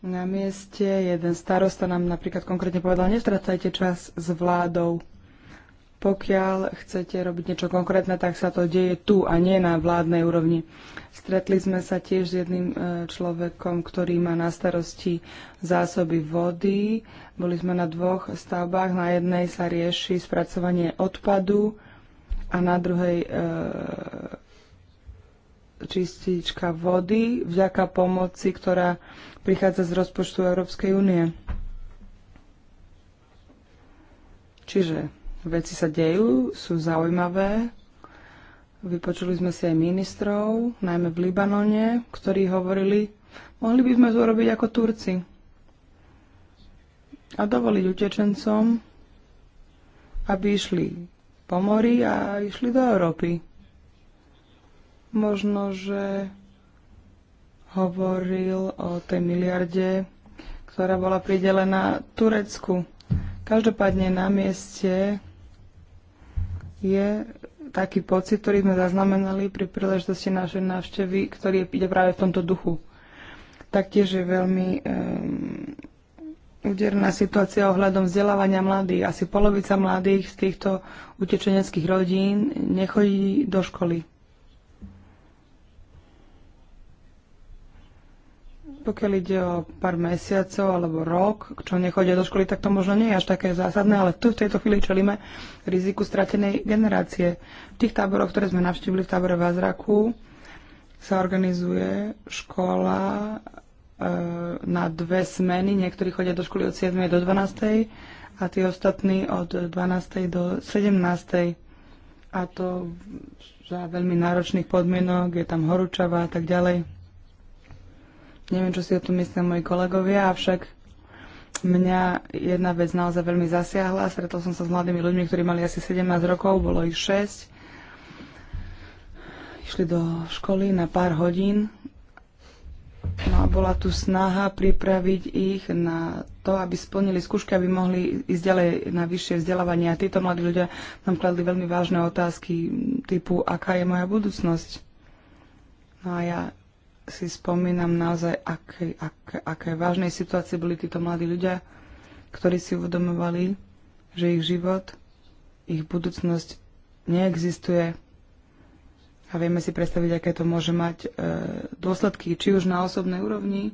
na mieste. Jeden starosta nám napríklad konkrétne povedal, nestracajte čas s vládou. Pokiaľ chcete robiť niečo konkrétne, tak sa to deje tu a nie na vládnej úrovni. Stretli sme sa tiež s jedným e, človekom, ktorý má na starosti zásoby vody. Boli sme na dvoch stavbách. Na jednej sa rieši spracovanie odpadu a na druhej e, čistička vody vďaka pomoci, ktorá prichádza z rozpočtu Európskej únie. Čiže veci sa dejú, sú zaujímavé. Vypočuli sme si aj ministrov, najmä v Libanone, ktorí hovorili, mohli by sme to urobiť ako Turci a dovoliť utečencom, aby išli po mori a išli do Európy. Možno, že hovoril o tej miliarde, ktorá bola pridelená Turecku. Každopádne na mieste je taký pocit, ktorý sme zaznamenali pri príležitosti našej návštevy, ktorý ide práve v tomto duchu. Taktiež je veľmi um, úderná situácia ohľadom vzdelávania mladých. Asi polovica mladých z týchto utečeneckých rodín nechodí do školy. pokiaľ ide o pár mesiacov alebo rok, čo nechodia do školy, tak to možno nie je až také zásadné, ale tu v tejto chvíli čelíme riziku stratenej generácie. V tých táboroch, ktoré sme navštívili v tábore v Azraku, sa organizuje škola e, na dve smeny. Niektorí chodia do školy od 7. do 12. a tí ostatní od 12. do 17. A to za veľmi náročných podmienok, je tam horúčava a tak ďalej. Neviem, čo si o tom myslia moji kolegovia, avšak mňa jedna vec naozaj veľmi zasiahla. Stretol som sa s mladými ľuďmi, ktorí mali asi 17 rokov, bolo ich 6. Išli do školy na pár hodín. No a bola tu snaha pripraviť ich na to, aby splnili skúšky, aby mohli ísť ďalej na vyššie vzdelávanie. A títo mladí ľudia nám kladli veľmi vážne otázky typu, aká je moja budúcnosť. No a ja si spomínam naozaj, aké, aké, aké vážne situácie boli títo mladí ľudia, ktorí si uvedomovali, že ich život, ich budúcnosť neexistuje. A vieme si predstaviť, aké to môže mať e, dôsledky, či už na osobnej úrovni,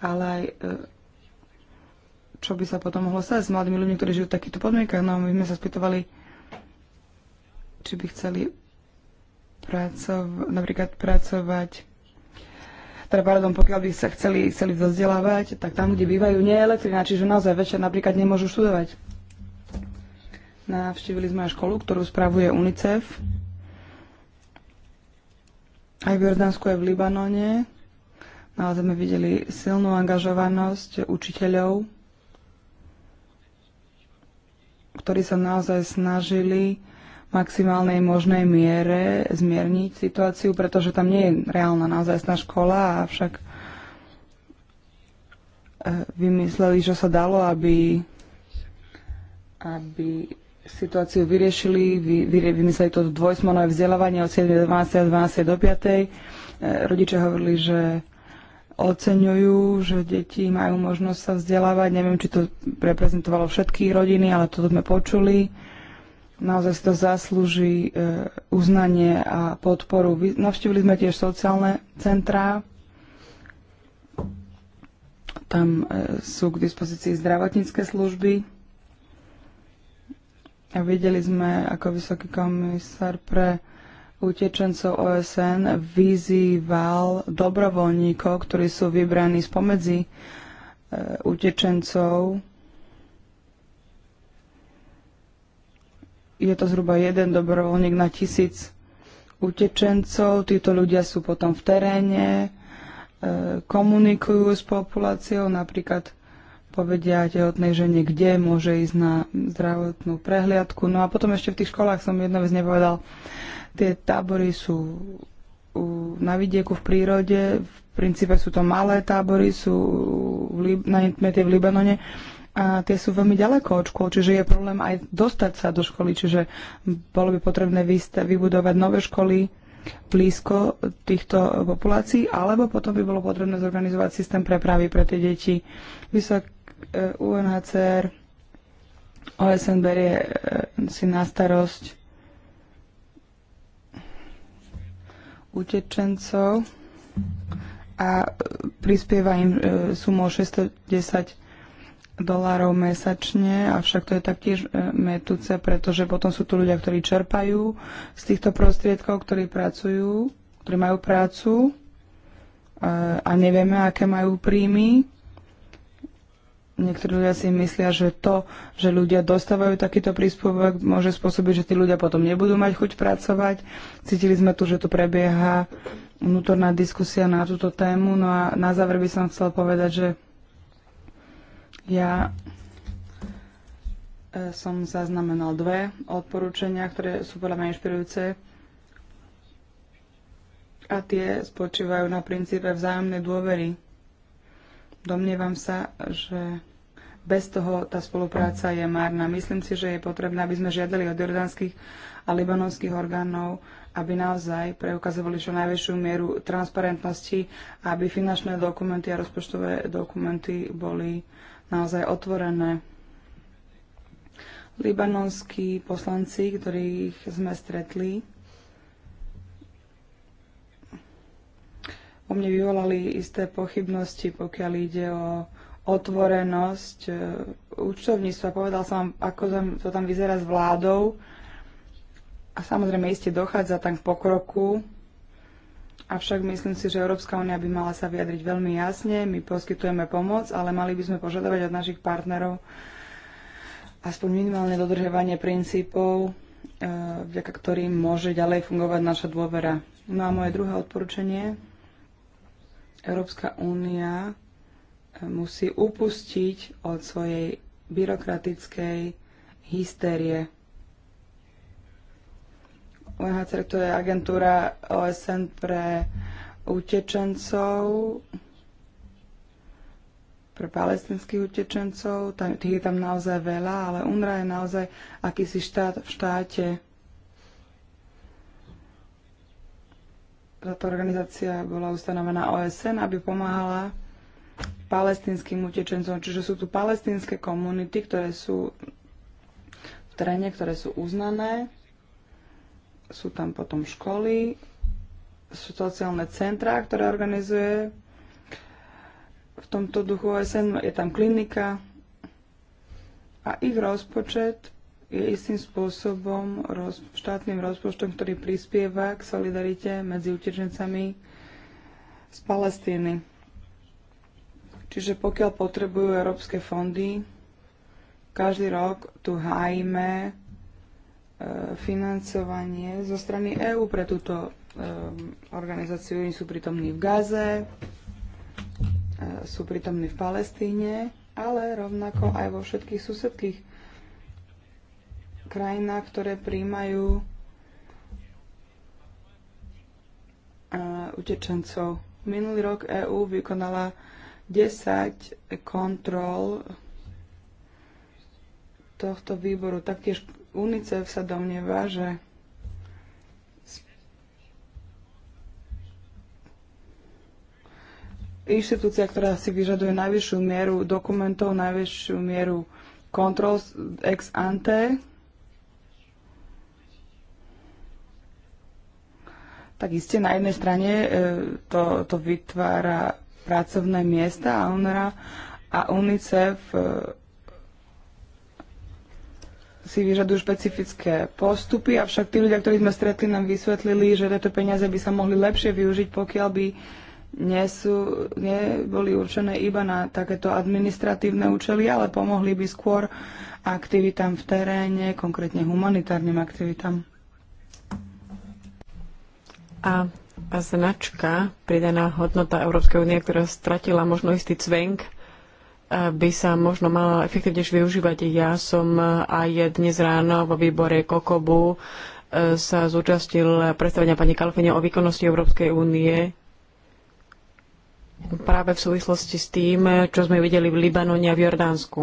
ale aj e, čo by sa potom mohlo stať s mladými ľuďmi, ktorí žijú v takýchto podmienkach. No my sme sa spýtovali, či by chceli pracov, napríklad pracovať teda pardon, pokiaľ by sa chceli, chceli vzdelávať, tak tam, kde bývajú, nie je elektrina, čiže naozaj večer napríklad nemôžu študovať. Navštívili sme aj školu, ktorú spravuje UNICEF. Aj v Jordánsku, aj v Libanone. Naozaj sme videli silnú angažovanosť učiteľov, ktorí sa naozaj snažili maximálnej možnej miere zmierniť situáciu, pretože tam nie je reálna naozajstná škola, avšak e, vymysleli, čo sa dalo, aby, aby situáciu vyriešili, vy, vy, vymysleli to dvojsmonové vzdelávanie od 7. do 12. a 12. do 5. E, rodičia hovorili, že oceňujú, že deti majú možnosť sa vzdelávať. Neviem, či to reprezentovalo všetky rodiny, ale toto sme počuli naozaj si to zaslúži e, uznanie a podporu. Navštívili sme tiež sociálne centrá. Tam e, sú k dispozícii zdravotnícke služby. A videli sme, ako vysoký komisár pre utečencov OSN vyzýval dobrovoľníkov, ktorí sú vybraní spomedzi e, utečencov, je to zhruba jeden dobrovoľník na tisíc utečencov. Títo ľudia sú potom v teréne, e, komunikujú s populáciou, napríklad povedia tehotnej žene, kde môže ísť na zdravotnú prehliadku. No a potom ešte v tých školách som jedno vec nepovedal. Tie tábory sú na vidieku v prírode, v princípe sú to malé tábory, sú v Lib- tie v Libanone a tie sú veľmi ďaleko od škôl, čiže je problém aj dostať sa do školy, čiže bolo by potrebné vybudovať nové školy blízko týchto populácií, alebo potom by bolo potrebné zorganizovať systém prepravy pre tie deti. Vysok e, UNHCR, OSN berie e, si na starosť utečencov a e, prispieva im sumou 610 dolárov mesačne, avšak to je taktiež e, metúce, pretože potom sú tu ľudia, ktorí čerpajú z týchto prostriedkov, ktorí pracujú, ktorí majú prácu e, a nevieme, aké majú príjmy. Niektorí ľudia si myslia, že to, že ľudia dostávajú takýto príspevok, môže spôsobiť, že tí ľudia potom nebudú mať chuť pracovať. Cítili sme tu, že tu prebieha vnútorná diskusia na túto tému. No a na záver by som chcel povedať, že ja e, som zaznamenal dve odporúčania, ktoré sú podľa mňa inšpirujúce a tie spočívajú na princípe vzájomnej dôvery. Domnievam sa, že bez toho tá spolupráca je márna. Myslím si, že je potrebné, aby sme žiadali od jordánskych a libanonských orgánov, aby naozaj preukazovali čo najväčšiu mieru transparentnosti, aby finančné dokumenty a rozpočtové dokumenty boli naozaj otvorené. Libanonskí poslanci, ktorých sme stretli, u mne vyvolali isté pochybnosti, pokiaľ ide o otvorenosť e, účtovníctva. Povedal som ako to tam vyzerá s vládou. A samozrejme, iste dochádza tam k pokroku, Avšak myslím si, že Európska únia by mala sa vyjadriť veľmi jasne. My poskytujeme pomoc, ale mali by sme požadovať od našich partnerov aspoň minimálne dodržovanie princípov, e, vďaka ktorým môže ďalej fungovať naša dôvera. No a moje druhé odporúčanie. Európska únia e, musí upustiť od svojej byrokratickej hystérie UNHCR, to je agentúra OSN pre utečencov, pre palestinských utečencov, tam, tých je tam naozaj veľa, ale UNRWA je naozaj akýsi štát v štáte. Táto organizácia bola ustanovená OSN, aby pomáhala palestinským utečencom. Čiže sú tu palestinské komunity, ktoré sú v teréne, ktoré sú uznané sú tam potom školy, sú sociálne centrá, ktoré organizuje v tomto duchu OSN, je tam klinika a ich rozpočet je istým spôsobom roz, štátnym rozpočtom, ktorý prispieva k solidarite medzi utečencami z Palestíny. Čiže pokiaľ potrebujú európske fondy, každý rok tu hájime financovanie zo strany EÚ pre túto organizáciu. Oni sú prítomní v Gaze, e, sú prítomní v Palestíne, ale rovnako aj vo všetkých susedkých krajinách, ktoré príjmajú e, utečencov. Minulý rok EÚ vykonala 10 kontrol tohto výboru. Taktiež UNICEF sa domnieva, že inštitúcia, ktorá si vyžaduje najvyššiu mieru dokumentov, najvyššiu mieru kontrol ex ante, tak iste na jednej strane e, to, to vytvára pracovné miesta a UNRA a UNICEF e, si vyžadujú špecifické postupy, avšak tí ľudia, ktorí sme stretli, nám vysvetlili, že tieto peniaze by sa mohli lepšie využiť, pokiaľ by nie, sú, nie boli určené iba na takéto administratívne účely, ale pomohli by skôr aktivitám v teréne, konkrétne humanitárnym aktivitám. A značka, pridaná hodnota Európskej únie, ktorá stratila možno istý cvenk, by sa možno mala efektívnejšie využívať. Ja som aj dnes ráno vo výbore Kokobu e, sa zúčastil predstavenia pani Kalfine o výkonnosti Európskej únie práve v súvislosti s tým, čo sme videli v Libanone a v Jordánsku.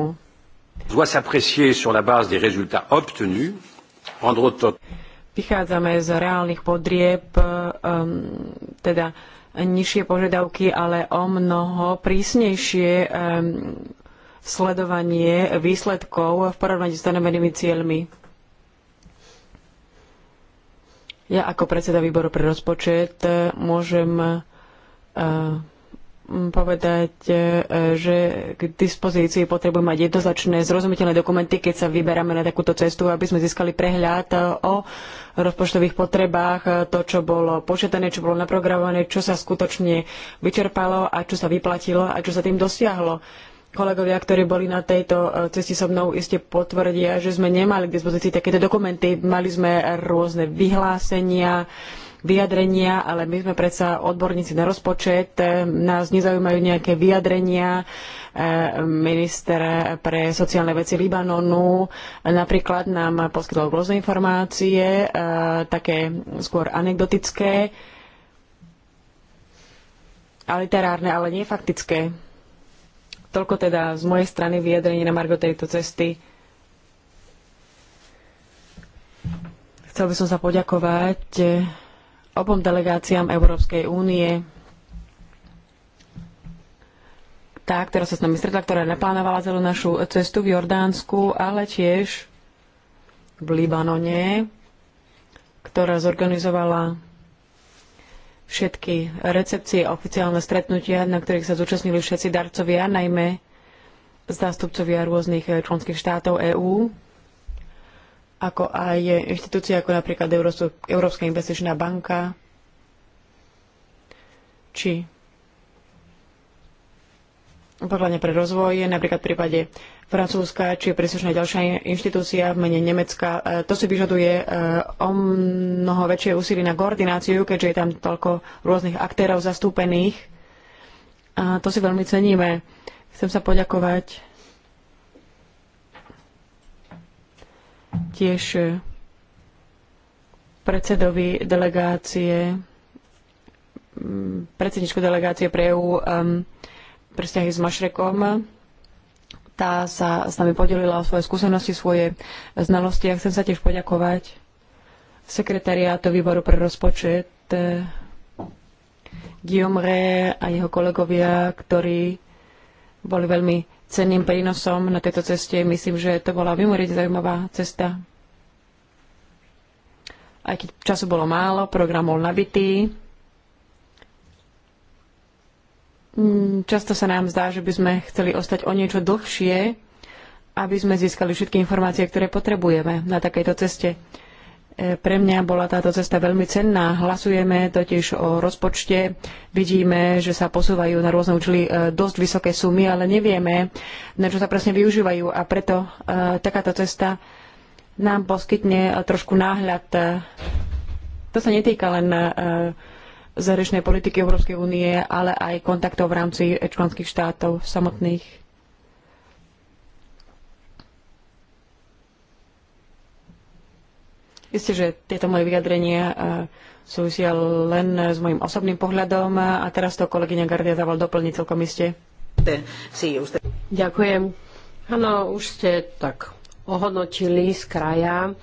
Vychádzame z reálnych podrieb, e, teda nižšie požiadavky, ale o mnoho prísnejšie sledovanie výsledkov v porovnaní s stanovenými cieľmi. Ja ako predseda výboru pre rozpočet eh, môžem eh, povedať, e, že k dispozícii potrebujem mať jednoznačné, zrozumiteľné dokumenty, keď sa vyberáme na takúto cestu, aby sme získali prehľad o rozpočtových potrebách, e, to, čo bolo počítané, čo bolo naprogramované, čo sa skutočne vyčerpalo a čo sa vyplatilo a čo sa tým dosiahlo. Kolegovia, ktorí boli na tejto e, ceste so mnou, iste potvrdia, že sme nemali k dispozícii takéto dokumenty. Mali sme rôzne vyhlásenia, vyjadrenia, ale my sme predsa odborníci na rozpočet, nás nezaujímajú nejaké vyjadrenia e, minister pre sociálne veci Libanonu. Napríklad nám poskytol rôzne informácie, e, také skôr anekdotické, a literárne, ale nie faktické. Toľko teda z mojej strany vyjadrenie na Margo tejto cesty. Chcel by som sa poďakovať obom delegáciám Európskej únie. Tá, ktorá sa s nami stretla, ktorá neplánovala celú našu cestu v Jordánsku, ale tiež v Libanone, ktorá zorganizovala všetky recepcie, oficiálne stretnutia, na ktorých sa zúčastnili všetci darcovia, najmä zástupcovia rôznych členských štátov EÚ ako aj inštitúcie ako napríklad Európska investičná banka či pokladňa pre rozvoj, napríklad v prípade Francúzska, či príslušná ďalšia inštitúcia v mene Nemecka. E, to si vyžaduje e, o mnoho väčšie úsilie na koordináciu, keďže je tam toľko rôznych aktérov zastúpených. A to si veľmi ceníme. Chcem sa poďakovať tiež predsedovi delegácie, predsedničku delegácie pre EU um, pre vzťahy s Mašrekom. Tá sa s nami podelila o svoje skúsenosti, svoje znalosti. Ja chcem sa tiež poďakovať sekretariátu výboru pre rozpočet eh, Guillaume Ré a jeho kolegovia, ktorí boli veľmi cenným prínosom na tejto ceste. Myslím, že to bola mimoriadne zaujímavá cesta. Aj keď času bolo málo, program bol nabitý. Mm, často sa nám zdá, že by sme chceli ostať o niečo dlhšie, aby sme získali všetky informácie, ktoré potrebujeme na takejto ceste. Pre mňa bola táto cesta veľmi cenná. Hlasujeme totiž o rozpočte, vidíme, že sa posúvajú na rôzne účely e, dosť vysoké sumy, ale nevieme, na čo sa presne využívajú a preto e, takáto cesta nám poskytne e, trošku náhľad. To sa netýka len zahraničnej politiky Európskej únie, ale aj kontaktov v rámci členských štátov samotných. Isté, že tieto moje vyjadrenia e, súvisia len s mojim osobným pohľadom a teraz to kolegyňa Gardia Zaval doplní celkom iste. Ďakujem. Áno, už ste tak ohodnotili z kraja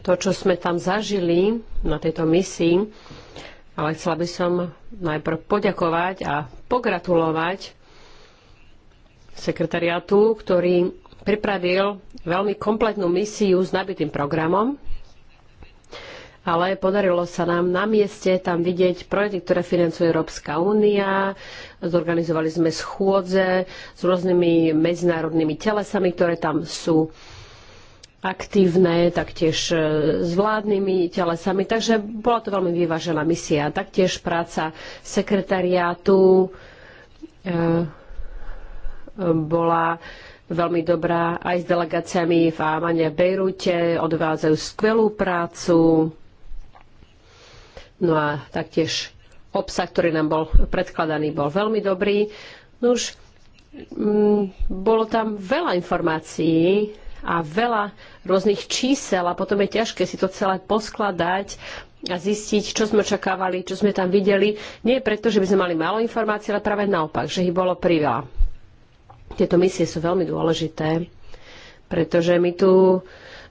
to, čo sme tam zažili na tejto misii, ale chcela by som najprv poďakovať a pogratulovať sekretariatu, ktorý pripravil veľmi kompletnú misiu s nabitým programom ale podarilo sa nám na mieste tam vidieť projekty, ktoré financuje Európska únia. Zorganizovali sme schôdze s rôznymi medzinárodnými telesami, ktoré tam sú aktívne, taktiež e, s vládnymi telesami. Takže bola to veľmi vyvážená misia. Taktiež práca sekretariátu e, bola veľmi dobrá aj s delegáciami v Amane a Bejrute. Odvádzajú skvelú prácu No a taktiež obsah, ktorý nám bol predkladaný, bol veľmi dobrý. No už mm, bolo tam veľa informácií a veľa rôznych čísel a potom je ťažké si to celé poskladať a zistiť, čo sme očakávali, čo sme tam videli. Nie preto, že by sme mali málo informácií, ale práve naopak, že ich bolo priveľa. Tieto misie sú veľmi dôležité, pretože my tu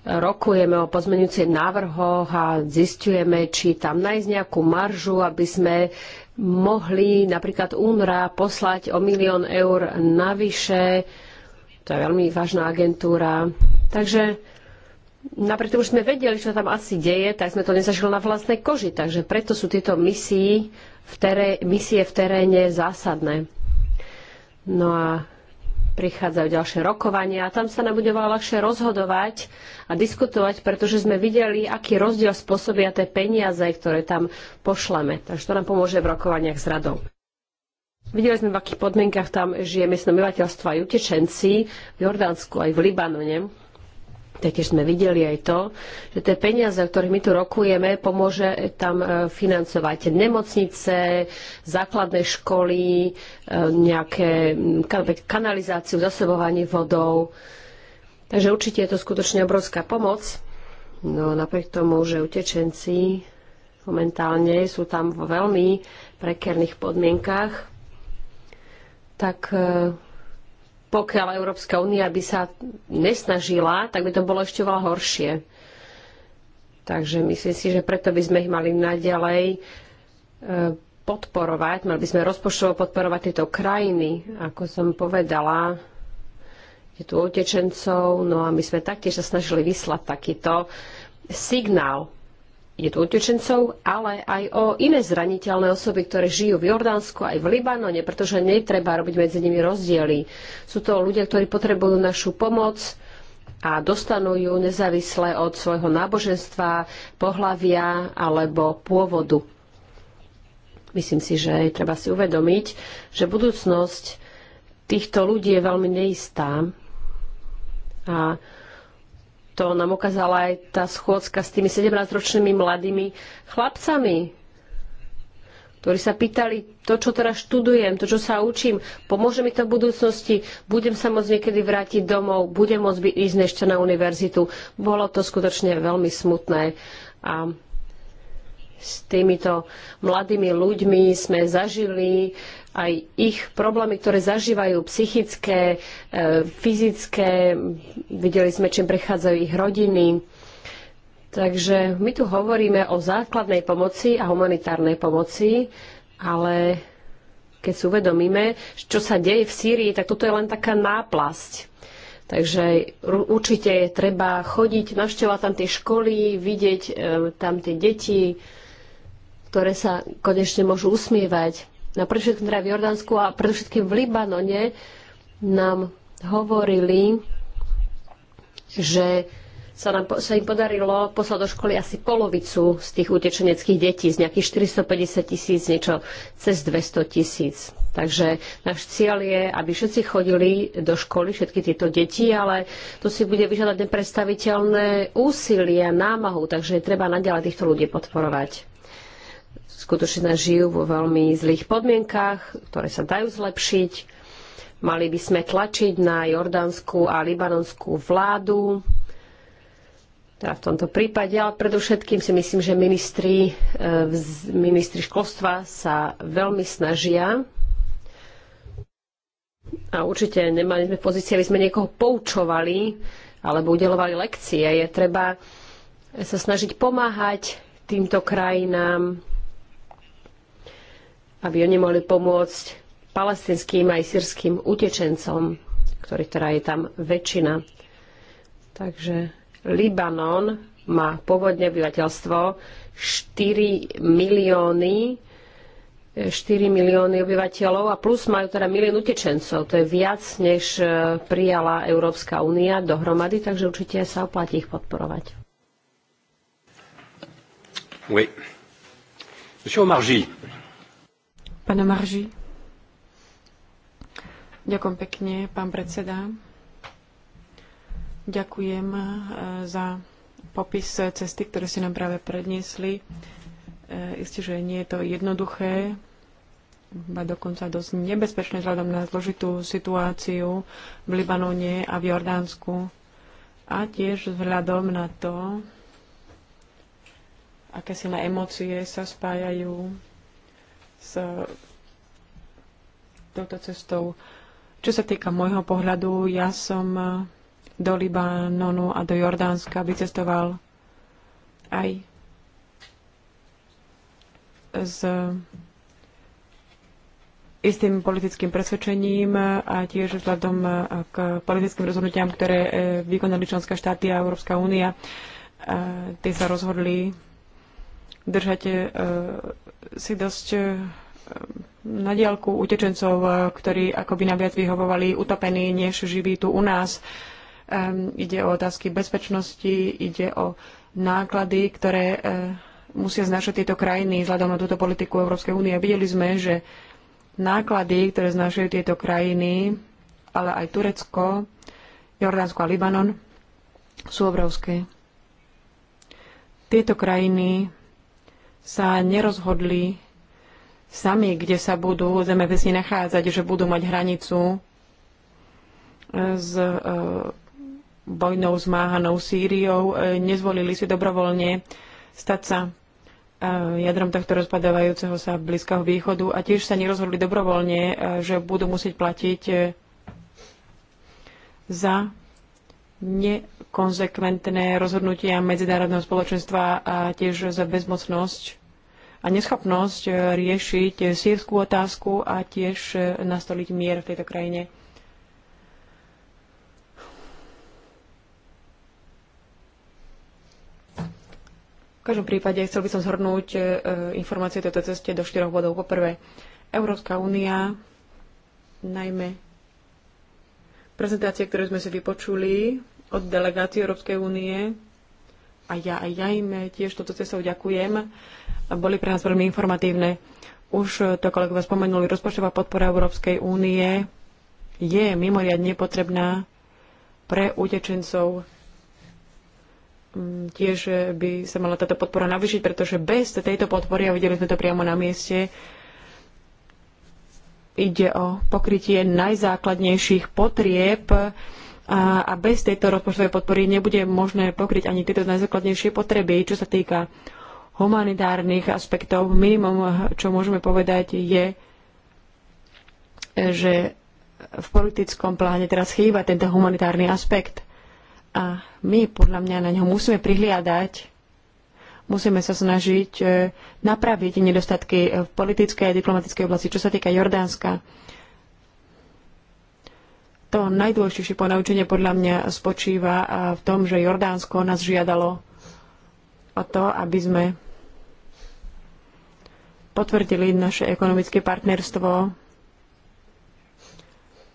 rokujeme o pozmenujúcich návrhoch a zistujeme, či tam nájsť nejakú maržu, aby sme mohli napríklad únra poslať o milión eur navyše. To je veľmi vážna agentúra. Takže napriek tomu, že sme vedeli, čo tam asi deje, tak sme to nezažili na vlastnej koži. Takže preto sú tieto misie v, teré, misie v teréne zásadné. No a prichádzajú ďalšie rokovania a tam sa nám bude veľa ľahšie rozhodovať a diskutovať, pretože sme videli, aký rozdiel spôsobia tie peniaze, ktoré tam pošleme. Takže to nám pomôže v rokovaniach s radou. Videli sme, v akých podmienkach tam žije miestne obyvateľstvo aj utečenci v Jordánsku, aj v Libanone. Taktiež sme videli aj to, že tie peniaze, o ktorých my tu rokujeme, pomôže tam e, financovať nemocnice, základné školy, e, nejaké kanalizáciu, zasobovanie vodou. Takže určite je to skutočne obrovská pomoc. No napriek tomu, že utečenci momentálne sú tam vo veľmi prekerných podmienkách, tak e, pokiaľ Európska únia by sa nesnažila, tak by to bolo ešte veľa horšie. Takže myslím si, že preto by sme ich mali naďalej e, podporovať, mali by sme rozpočtovo podporovať tieto krajiny, ako som povedala, je tu utečencov, no a my sme taktiež sa snažili vyslať takýto signál je tu utečencov, ale aj o iné zraniteľné osoby, ktoré žijú v Jordánsku aj v Libanone, pretože netreba robiť medzi nimi rozdiely. Sú to ľudia, ktorí potrebujú našu pomoc a dostanú ju nezávisle od svojho náboženstva, pohlavia alebo pôvodu. Myslím si, že treba si uvedomiť, že budúcnosť týchto ľudí je veľmi neistá. A to nám ukázala aj tá schôdzka s tými 17-ročnými mladými chlapcami, ktorí sa pýtali, to, čo teraz študujem, to, čo sa učím, pomôže mi to v budúcnosti, budem sa môcť niekedy vrátiť domov, budem môcť byť ísť ešte na univerzitu. Bolo to skutočne veľmi smutné. A s týmito mladými ľuďmi sme zažili aj ich problémy, ktoré zažívajú psychické, e, fyzické. Videli sme, čím prechádzajú ich rodiny. Takže my tu hovoríme o základnej pomoci a humanitárnej pomoci, ale keď si uvedomíme, čo sa deje v Sýrii, tak toto je len taká náplasť. Takže určite je treba chodiť, navštevovať tam tie školy, vidieť e, tam tie deti, ktoré sa konečne môžu usmievať na no, predovšetkým teda v Jordánsku a predovšetkým v Libanone nám hovorili, že sa, nám, sa im podarilo poslať do školy asi polovicu z tých utečeneckých detí, z nejakých 450 tisíc, niečo cez 200 tisíc. Takže náš cieľ je, aby všetci chodili do školy, všetky tieto deti, ale to si bude vyžadať nepredstaviteľné úsilie a námahu, takže treba naďalej týchto ľudí podporovať skutočne žijú vo veľmi zlých podmienkách, ktoré sa dajú zlepšiť. Mali by sme tlačiť na jordánsku a libanonskú vládu, teda v tomto prípade, ale predovšetkým si myslím, že ministri, e, ministri školstva sa veľmi snažia a určite nemali sme pozície, aby sme niekoho poučovali alebo udelovali lekcie. Je treba sa snažiť pomáhať týmto krajinám, aby oni mohli pomôcť palestinským aj sírským utečencom, ktorých teda je tam väčšina. Takže Libanon má pôvodne obyvateľstvo 4 milióny 4 milióny obyvateľov a plus majú teda milión utečencov. To je viac, než e, prijala Európska únia dohromady, takže určite sa oplatí ich podporovať. Oui. Monsieur Pane Marži. Ďakujem pekne, pán predseda. Ďakujem eh, za popis cesty, ktoré ste nám práve predniesli. Eh, isté, že nie je to jednoduché, a dokonca dosť nebezpečné vzhľadom na zložitú situáciu v Libanone a v Jordánsku. A tiež vzhľadom na to, aké si na emócie sa spájajú s touto cestou. Čo sa týka môjho pohľadu, ja som do Libanonu a do Jordánska vycestoval aj s istým politickým presvedčením a tiež vzhľadom k politickým rozhodnutiam, ktoré eh, vykonali členské štáty a Európska únia. Eh, tie sa rozhodli držate si dosť e, na diálku utečencov, e, ktorí akoby naviac vyhovovali utopení, než živí tu u nás. Ide o otázky bezpečnosti, ide o náklady, ktoré e, musia znašať tieto krajiny vzhľadom na túto politiku Európskej únie. Videli sme, že náklady, ktoré znášajú tieto krajiny, ale aj Turecko, Jordánsko a Libanon, sú obrovské. Tieto krajiny sa nerozhodli sami, kde sa budú zemepisy nachádzať, že budú mať hranicu e, s e, vojnou zmáhanou Sýriou, e, nezvolili si dobrovoľne stať sa jadrom tohto rozpadávajúceho sa Blízkeho východu a tiež sa nerozhodli dobrovoľne, že budú musieť platiť za nekonzekventné rozhodnutia medzinárodného spoločenstva a tiež za bezmocnosť a neschopnosť eh, riešiť sírskú otázku a tiež eh, nastoliť mier v tejto krajine. V každom prípade chcel by som zhrnúť eh, informácie o tejto ceste do štyroch bodov. Poprvé, Európska únia, najmä prezentácie, ktoré sme si vypočuli, od delegácie Európskej únie a ja, a ja im tiež toto cestou ďakujem. Boli pre nás veľmi informatívne. Už to kolegovia spomenuli, rozpočtová podpora Európskej únie je mimoriadne potrebná pre utečencov. Mm, tiež by sa mala táto podpora navýšiť, pretože bez tejto podpory, a videli sme to priamo na mieste, ide o pokrytie najzákladnejších potrieb a, a bez tejto rozpočtovej podpory nebude možné pokryť ani tieto najzákladnejšie potreby. Čo sa týka humanitárnych aspektov, minimum, čo môžeme povedať, je, že v politickom pláne teraz chýba tento humanitárny aspekt. A my podľa mňa na ňo musíme prihliadať, musíme sa snažiť eh, napraviť nedostatky v politickej a diplomatickej oblasti, čo sa týka Jordánska to najdôležitejšie ponaučenie podľa mňa spočíva v tom, že Jordánsko nás žiadalo o to, aby sme potvrdili naše ekonomické partnerstvo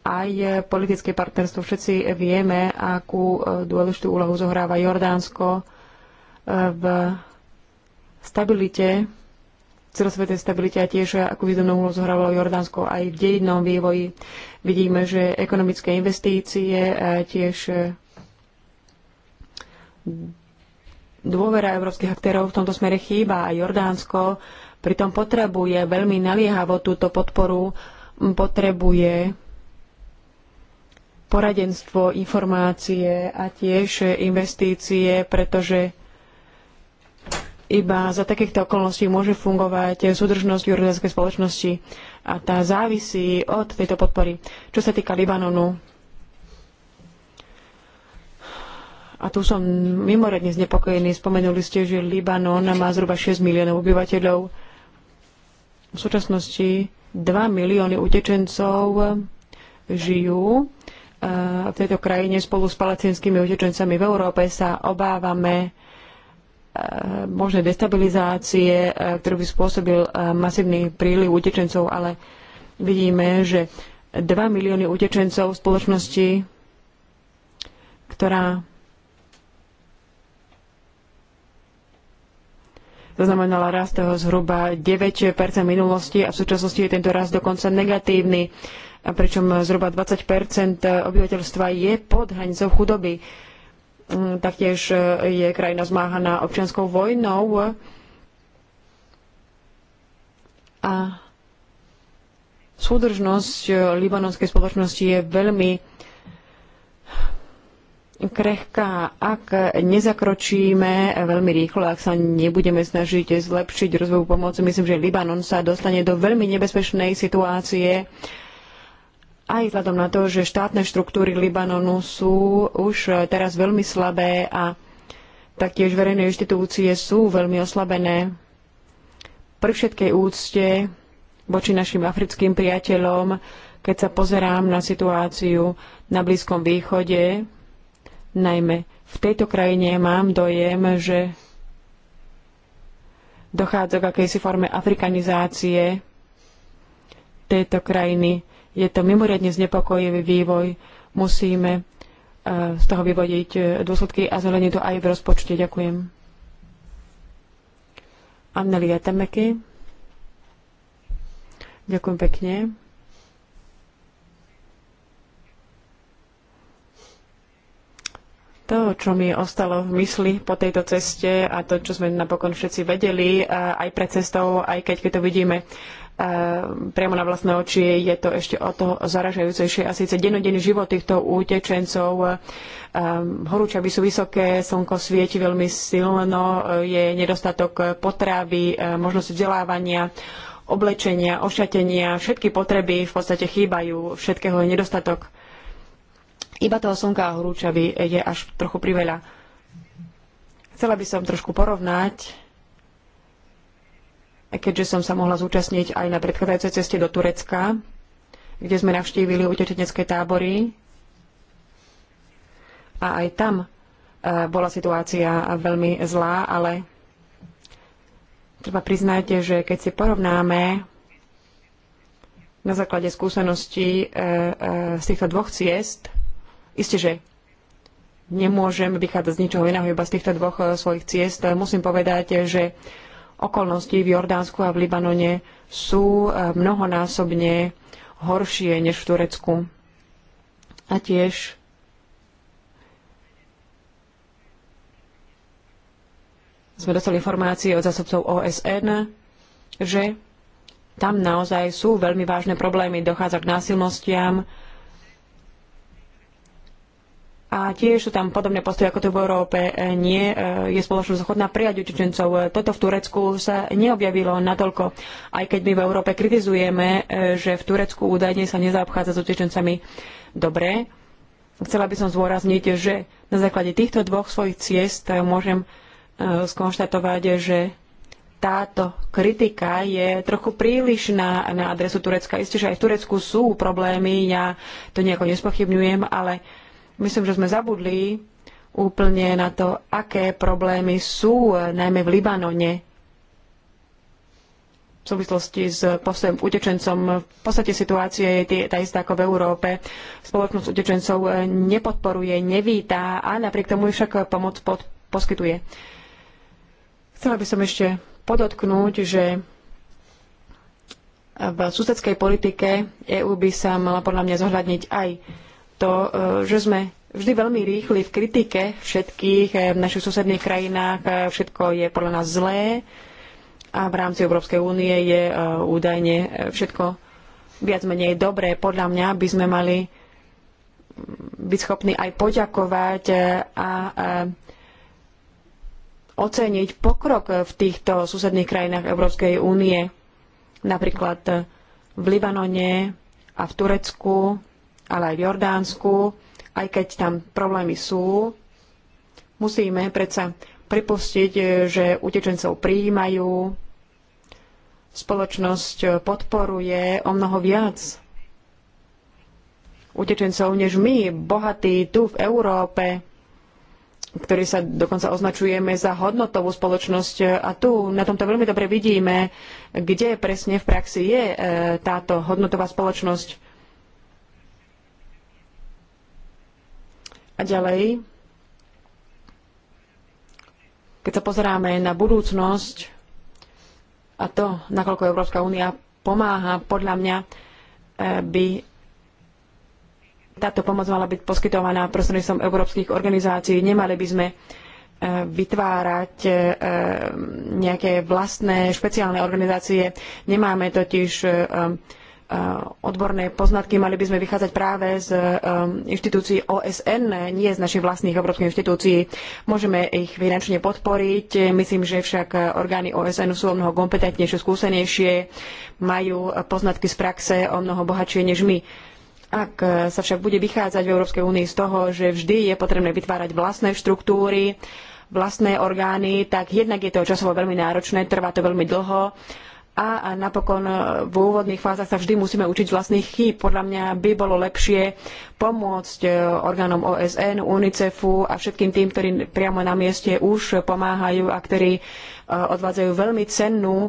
aj politické partnerstvo. Všetci vieme, akú e, dôležitú úlohu zohráva Jordánsko e, v stabilite celosvetej stabilite a tiež ako významnú úlohu zohrávalo Jordánsko aj v dejinnom vývoji. Vidíme, že ekonomické investície a e, tiež e, dôvera európskych aktérov v tomto smere chýba a Jordánsko pritom potrebuje veľmi naliehavo túto podporu, potrebuje poradenstvo, informácie a tiež investície, pretože iba za takýchto okolností môže fungovať súdržnosť jordánskej spoločnosti a tá závisí od tejto podpory. Čo sa týka Libanonu, a tu som mimoriadne znepokojený. Spomenuli ste, že Libanon má zhruba 6 miliónov obyvateľov. V súčasnosti 2 milióny utečencov žijú eh, v tejto krajine spolu s palacinskými utečencami v Európe. Sa obávame Eh, možné destabilizácie, eh, ktorú by spôsobil eh, masívny príliv utečencov, ale vidíme, že 2 milióny utečencov v spoločnosti, ktorá zaznamenala rast toho zhruba 9% minulosti a v súčasnosti je tento rast dokonca negatívny, pričom zhruba 20% obyvateľstva je pod hranicou chudoby. Mm, taktiež e, je krajina zmáhaná občianskou vojnou a súdržnosť e, libanonskej spoločnosti je veľmi krehká, ak nezakročíme veľmi rýchlo, ak sa nebudeme snažiť zlepšiť rozvoju pomoci, myslím, že Libanon sa dostane do veľmi nebezpečnej situácie aj vzhľadom na to, že štátne štruktúry Libanonu sú už eh, teraz veľmi slabé a taktiež verejné inštitúcie sú veľmi oslabené. Pri všetkej úcte voči našim africkým priateľom, keď sa pozerám na situáciu na Blízkom východe, najmä v tejto krajine mám dojem, že dochádza k akejsi forme afrikanizácie tejto krajiny. Je to mimoriadne znepokojivý vývoj. Musíme e, z toho vyvodiť e, dôsledky a zelenie to aj v rozpočte. Ďakujem. Annelia Temeky. Ďakujem pekne. To, čo mi ostalo v mysli po tejto ceste a to, čo sme napokon všetci vedeli, e, aj pred cestou, aj keď, keď to vidíme priamo na vlastné oči je to ešte o to zaražajúcejšie a síce denodenný život týchto útečencov. Horúčavy sú vysoké, slnko svieti veľmi silno, je nedostatok potravy, možnosť vzdelávania, oblečenia, ošatenia, všetky potreby v podstate chýbajú, všetkého je nedostatok. Iba toho slnka a horúčavy je až trochu priveľa. Chcela by som trošku porovnať keďže som sa mohla zúčastniť aj na predchádzajúcej ceste do Turecka, kde sme navštívili utečenecké tábory. A aj tam e, bola situácia veľmi zlá, ale treba priznať, že keď si porovnáme na základe skúseností e, e, z týchto dvoch ciest, isté, že nemôžem vychádzať z ničoho iného iba z týchto dvoch svojich ciest. Musím povedať, že okolnosti v Jordánsku a v Libanone sú eh, mnohonásobne horšie než v Turecku. A tiež sme dostali informácie od zásobcov OSN, že tam naozaj sú veľmi vážne problémy. Dochádza k násilnostiam, a tiež sú tam podobné postoje ako tu v Európe. E, nie e, je spoločnosť ochotná prijať utečencov. E, toto v Turecku sa neobjavilo natoľko. Aj keď my v Európe kritizujeme, že v Turecku údajne sa nezaobchádza s utečencami dobre, chcela by som zdôrazniť, že na základe týchto dvoch svojich ciest môžem skonštatovať, že táto kritika je trochu prílišná na adresu Turecka. Isté, že aj v Turecku sú problémy, ja to nejako nespochybňujem, ale Myslím, že sme zabudli úplne na to, aké problémy sú najmä v Libanone v súvislosti s postojom k utečencom. V podstate situácia je tá istá ako v Európe. Spoločnosť utečencov nepodporuje, nevítá a napriek tomu však pomoc pod, poskytuje. Chcela by som ešte podotknúť, že v susedskej politike EÚ by sa mala podľa mňa zohľadniť aj to, eh, že sme vždy veľmi rýchli v kritike všetkých eh, v našich susedných krajinách. Eh, všetko je podľa nás zlé a v rámci Európskej únie je údajne všetko viac menej dobré. Podľa mňa by sme mali mm, byť schopní aj poďakovať a oceniť pokrok v týchto susedných krajinách Európskej únie, napríklad v Libanone a v Turecku ale aj v Jordánsku, aj keď tam problémy sú, musíme predsa pripustiť, že utečencov prijímajú, spoločnosť podporuje o mnoho viac utečencov než my, bohatí tu v Európe, ktorí sa dokonca označujeme za hodnotovú spoločnosť. A tu na tomto veľmi dobre vidíme, kde presne v praxi je e, táto hodnotová spoločnosť A ďalej, keď sa pozeráme na budúcnosť a to, nakoľko Európska únia pomáha, podľa mňa e, by táto pomoc mala byť poskytovaná prostredníctvom európskych organizácií. Nemali by sme e, vytvárať e, nejaké vlastné špeciálne organizácie. Nemáme totiž Eh, odborné poznatky mali by sme vychádzať práve z eh, inštitúcií OSN, nie z našich vlastných európskych inštitúcií. Môžeme ich finančne podporiť. Myslím, že však eh, orgány OSN sú o mnoho kompetentnejšie, skúsenejšie, majú poznatky z praxe o mnoho bohatšie než my. Ak sa však bude vychádzať v Európskej únii z toho, že vždy je potrebné vytvárať vlastné štruktúry, vlastné orgány, tak jednak je to časovo veľmi náročné, trvá to veľmi dlho a napokon v úvodných fázach sa vždy musíme učiť vlastných chýb. Podľa mňa by bolo lepšie pomôcť orgánom OSN, UNICEFu a všetkým tým, ktorí priamo na mieste už pomáhajú a ktorí odvádzajú veľmi cennú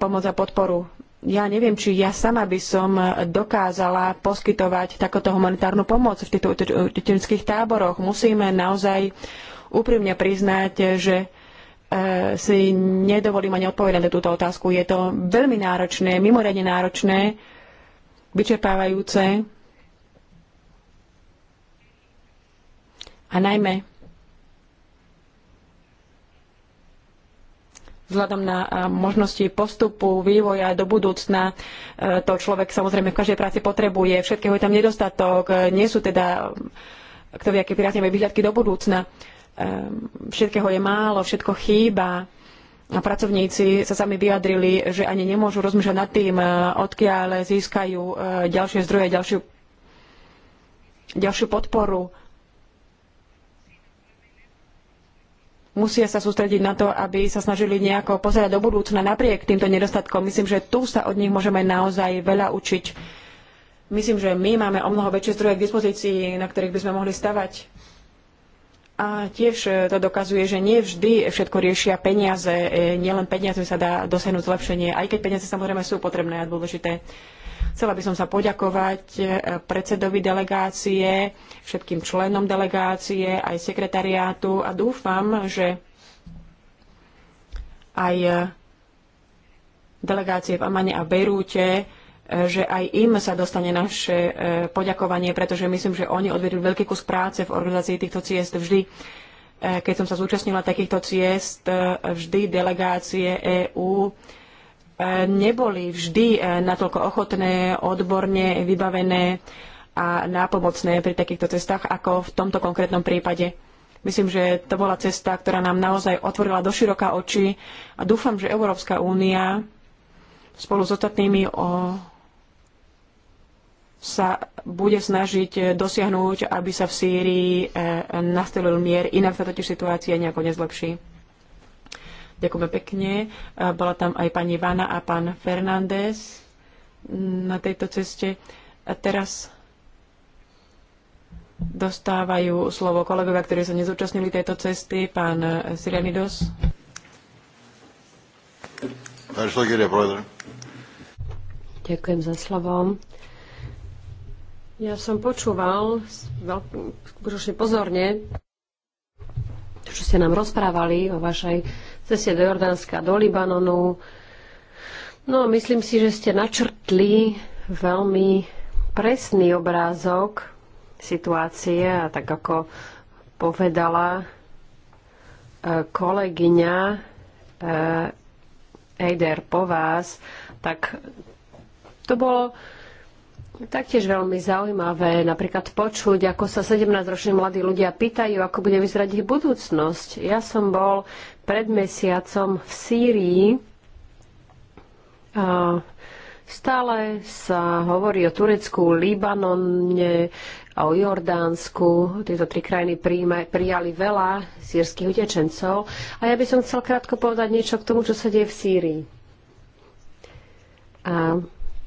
pomoc a podporu. Ja neviem, či ja sama by som dokázala poskytovať takúto humanitárnu pomoc v týchto utečenských táboroch. Musíme naozaj úprimne priznať, že si nedovolím ani odpovedať na túto otázku. Je to veľmi náročné, mimoriadne náročné, vyčerpávajúce a najmä vzhľadom na eh, možnosti postupu, vývoja do budúcna, eh, to človek samozrejme v každej práci potrebuje, všetkého je tam nedostatok, eh, nie sú teda kto vie, aké priaznivé výhľadky do budúcna. Uh, Ehm, všetkého je málo, všetko chýba. A pracovníci sa sami vyjadrili, že ani nemôžu rozmýšľať nad tým, e, odkiaľ získajú e, ďalšie zdroje, ďalšiu, ďalšiu podporu. Musia sa sústrediť na to, aby sa snažili nejako pozerať do budúcna napriek týmto nedostatkom. Myslím, že tu sa od nich môžeme naozaj veľa učiť. Myslím, že my máme o mnoho väčšie zdroje k dispozícii, na ktorých by sme mohli stavať a tiež e, to dokazuje, že nie vždy všetko riešia peniaze. E, nielen peniaze sa dá dosiahnuť zlepšenie, aj keď peniaze samozrejme sú potrebné a dôležité. Chcela by som sa poďakovať e, predsedovi delegácie, všetkým členom delegácie, aj sekretariátu a dúfam, že aj delegácie v Amane a Berúte že aj im sa dostane naše e, poďakovanie, pretože myslím, že oni odvedli veľký kus práce v organizácii týchto ciest vždy. E, keď som sa zúčastnila takýchto ciest, e, vždy delegácie EÚ neboli vždy natoľko ochotné, odborne vybavené a nápomocné pri takýchto cestách, ako v tomto konkrétnom prípade. Myslím, že to bola cesta, ktorá nám naozaj otvorila doširoka oči a dúfam, že Európska únia spolu s ostatnými o sa bude snažiť eh, dosiahnuť, aby sa v Sýrii eh, nastavil mier, inak sa totiž situácia nejako nezlepší. Ďakujeme pekne. Eh, bola tam aj pani Ivana a pán Fernández mm, na tejto ceste. A teraz dostávajú slovo kolegovia, ktorí sa nezúčastnili tejto cesty. Pán Sirianidos. Ďakujem za slovo. Ja som počúval skutočne pozorne, čo ste nám rozprávali o vašej ceste do Jordánska, do Libanonu. No a myslím si, že ste načrtli veľmi presný obrázok situácie a tak ako povedala e, kolegyňa e, Eider po vás, tak to bolo taktiež veľmi zaujímavé napríklad počuť, ako sa 17-roční mladí ľudia pýtajú, ako bude vyzerať ich budúcnosť. Ja som bol pred mesiacom v Sýrii a stále sa hovorí o Turecku, Libanone a o Jordánsku. Tieto tri krajiny príjme, prijali veľa sírskych utečencov. A ja by som chcel krátko povedať niečo k tomu, čo sa deje v Sýrii. A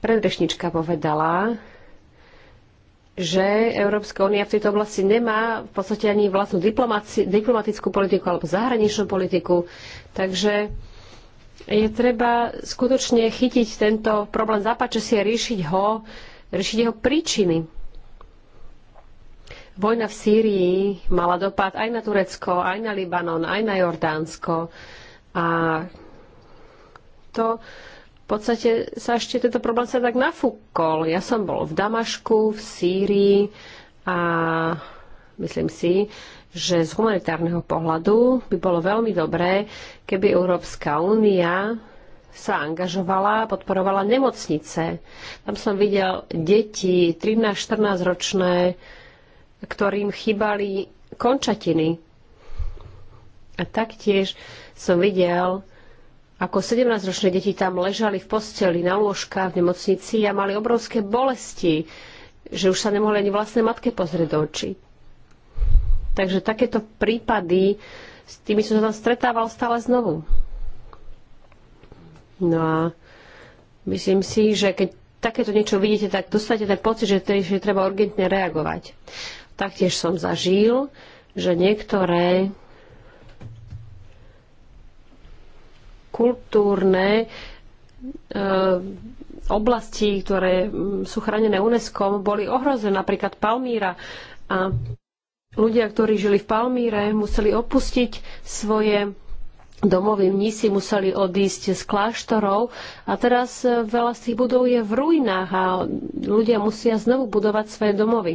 Predrešnička povedala, že Európska únia v tejto oblasti nemá v podstate ani vlastnú diplomatickú politiku alebo zahraničnú politiku. Takže je treba skutočne chytiť tento problém zapáče si a riešiť ho, riešiť jeho príčiny. Vojna v Sýrii mala dopad aj na Turecko, aj na Libanon, aj na Jordánsko. A to podstate sa ešte tento problém sa tak nafúkol. Ja som bol v Damašku, v Sýrii a myslím si, že z humanitárneho pohľadu by bolo veľmi dobré, keby Európska únia sa angažovala, podporovala nemocnice. Tam som videl deti 13-14 ročné, ktorým chýbali končatiny. A taktiež som videl ako 17-ročné deti tam ležali v posteli, na lôžkach, v nemocnici a mali obrovské bolesti, že už sa nemohli ani vlastné matke pozrieť do očí. Takže takéto prípady, s tými som sa tam stretával stále znovu. No a myslím si, že keď takéto niečo vidíte, tak dostanete ten pocit, že, že treba urgentne reagovať. Taktiež som zažil, že niektoré kultúrne e, oblasti, ktoré sú chránené UNESCO, boli ohrozené, napríklad Palmíra. A ľudia, ktorí žili v Palmíre, museli opustiť svoje domovy mnísi museli odísť z kláštorov a teraz e, veľa z tých budov je v ruinách a ľudia musia znovu budovať svoje domovy.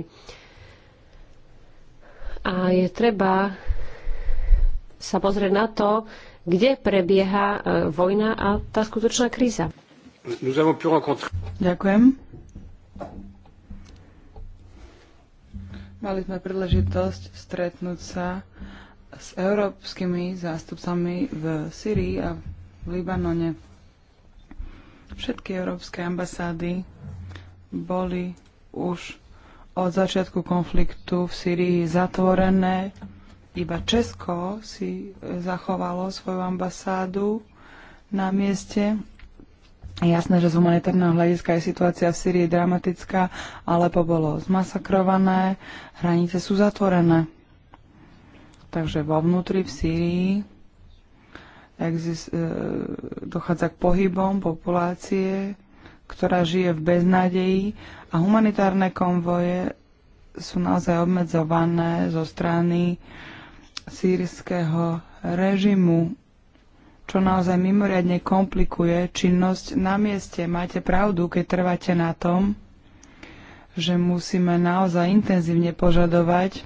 A je treba sa pozrieť na to, kde prebieha e, vojna a tá skutočná kríza. Ďakujem. Mali sme príležitosť stretnúť sa s európskymi zástupcami v Syrii a v Libanone. Všetky európske ambasády boli už od začiatku konfliktu v Syrii zatvorené iba Česko si e, zachovalo svoju ambasádu na mieste. Jasné, že z humanitárneho hľadiska je situácia v Syrii dramatická, ale po bolo zmasakrované, hranice sú zatvorené. Takže vo vnútri v Sýrii exist, e, dochádza k pohybom populácie, ktorá žije v beznádeji a humanitárne konvoje sú naozaj obmedzované zo strany sírskeho režimu, čo naozaj mimoriadne komplikuje činnosť na mieste. Máte pravdu, keď trváte na tom, že musíme naozaj intenzívne požadovať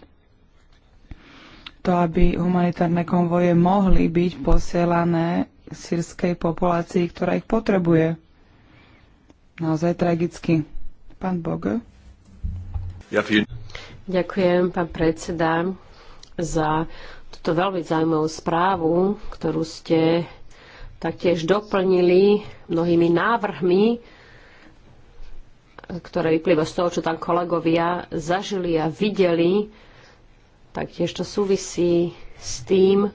to, aby humanitárne konvoje mohli byť posielané sírskej populácii, ktorá ich potrebuje. Naozaj tragicky. Pán Bog. Ďakujem, pán predseda za túto veľmi zaujímavú správu, ktorú ste taktiež doplnili mnohými návrhmi, ktoré vyplýva z toho, čo tam kolegovia zažili a videli. Taktiež to súvisí s tým,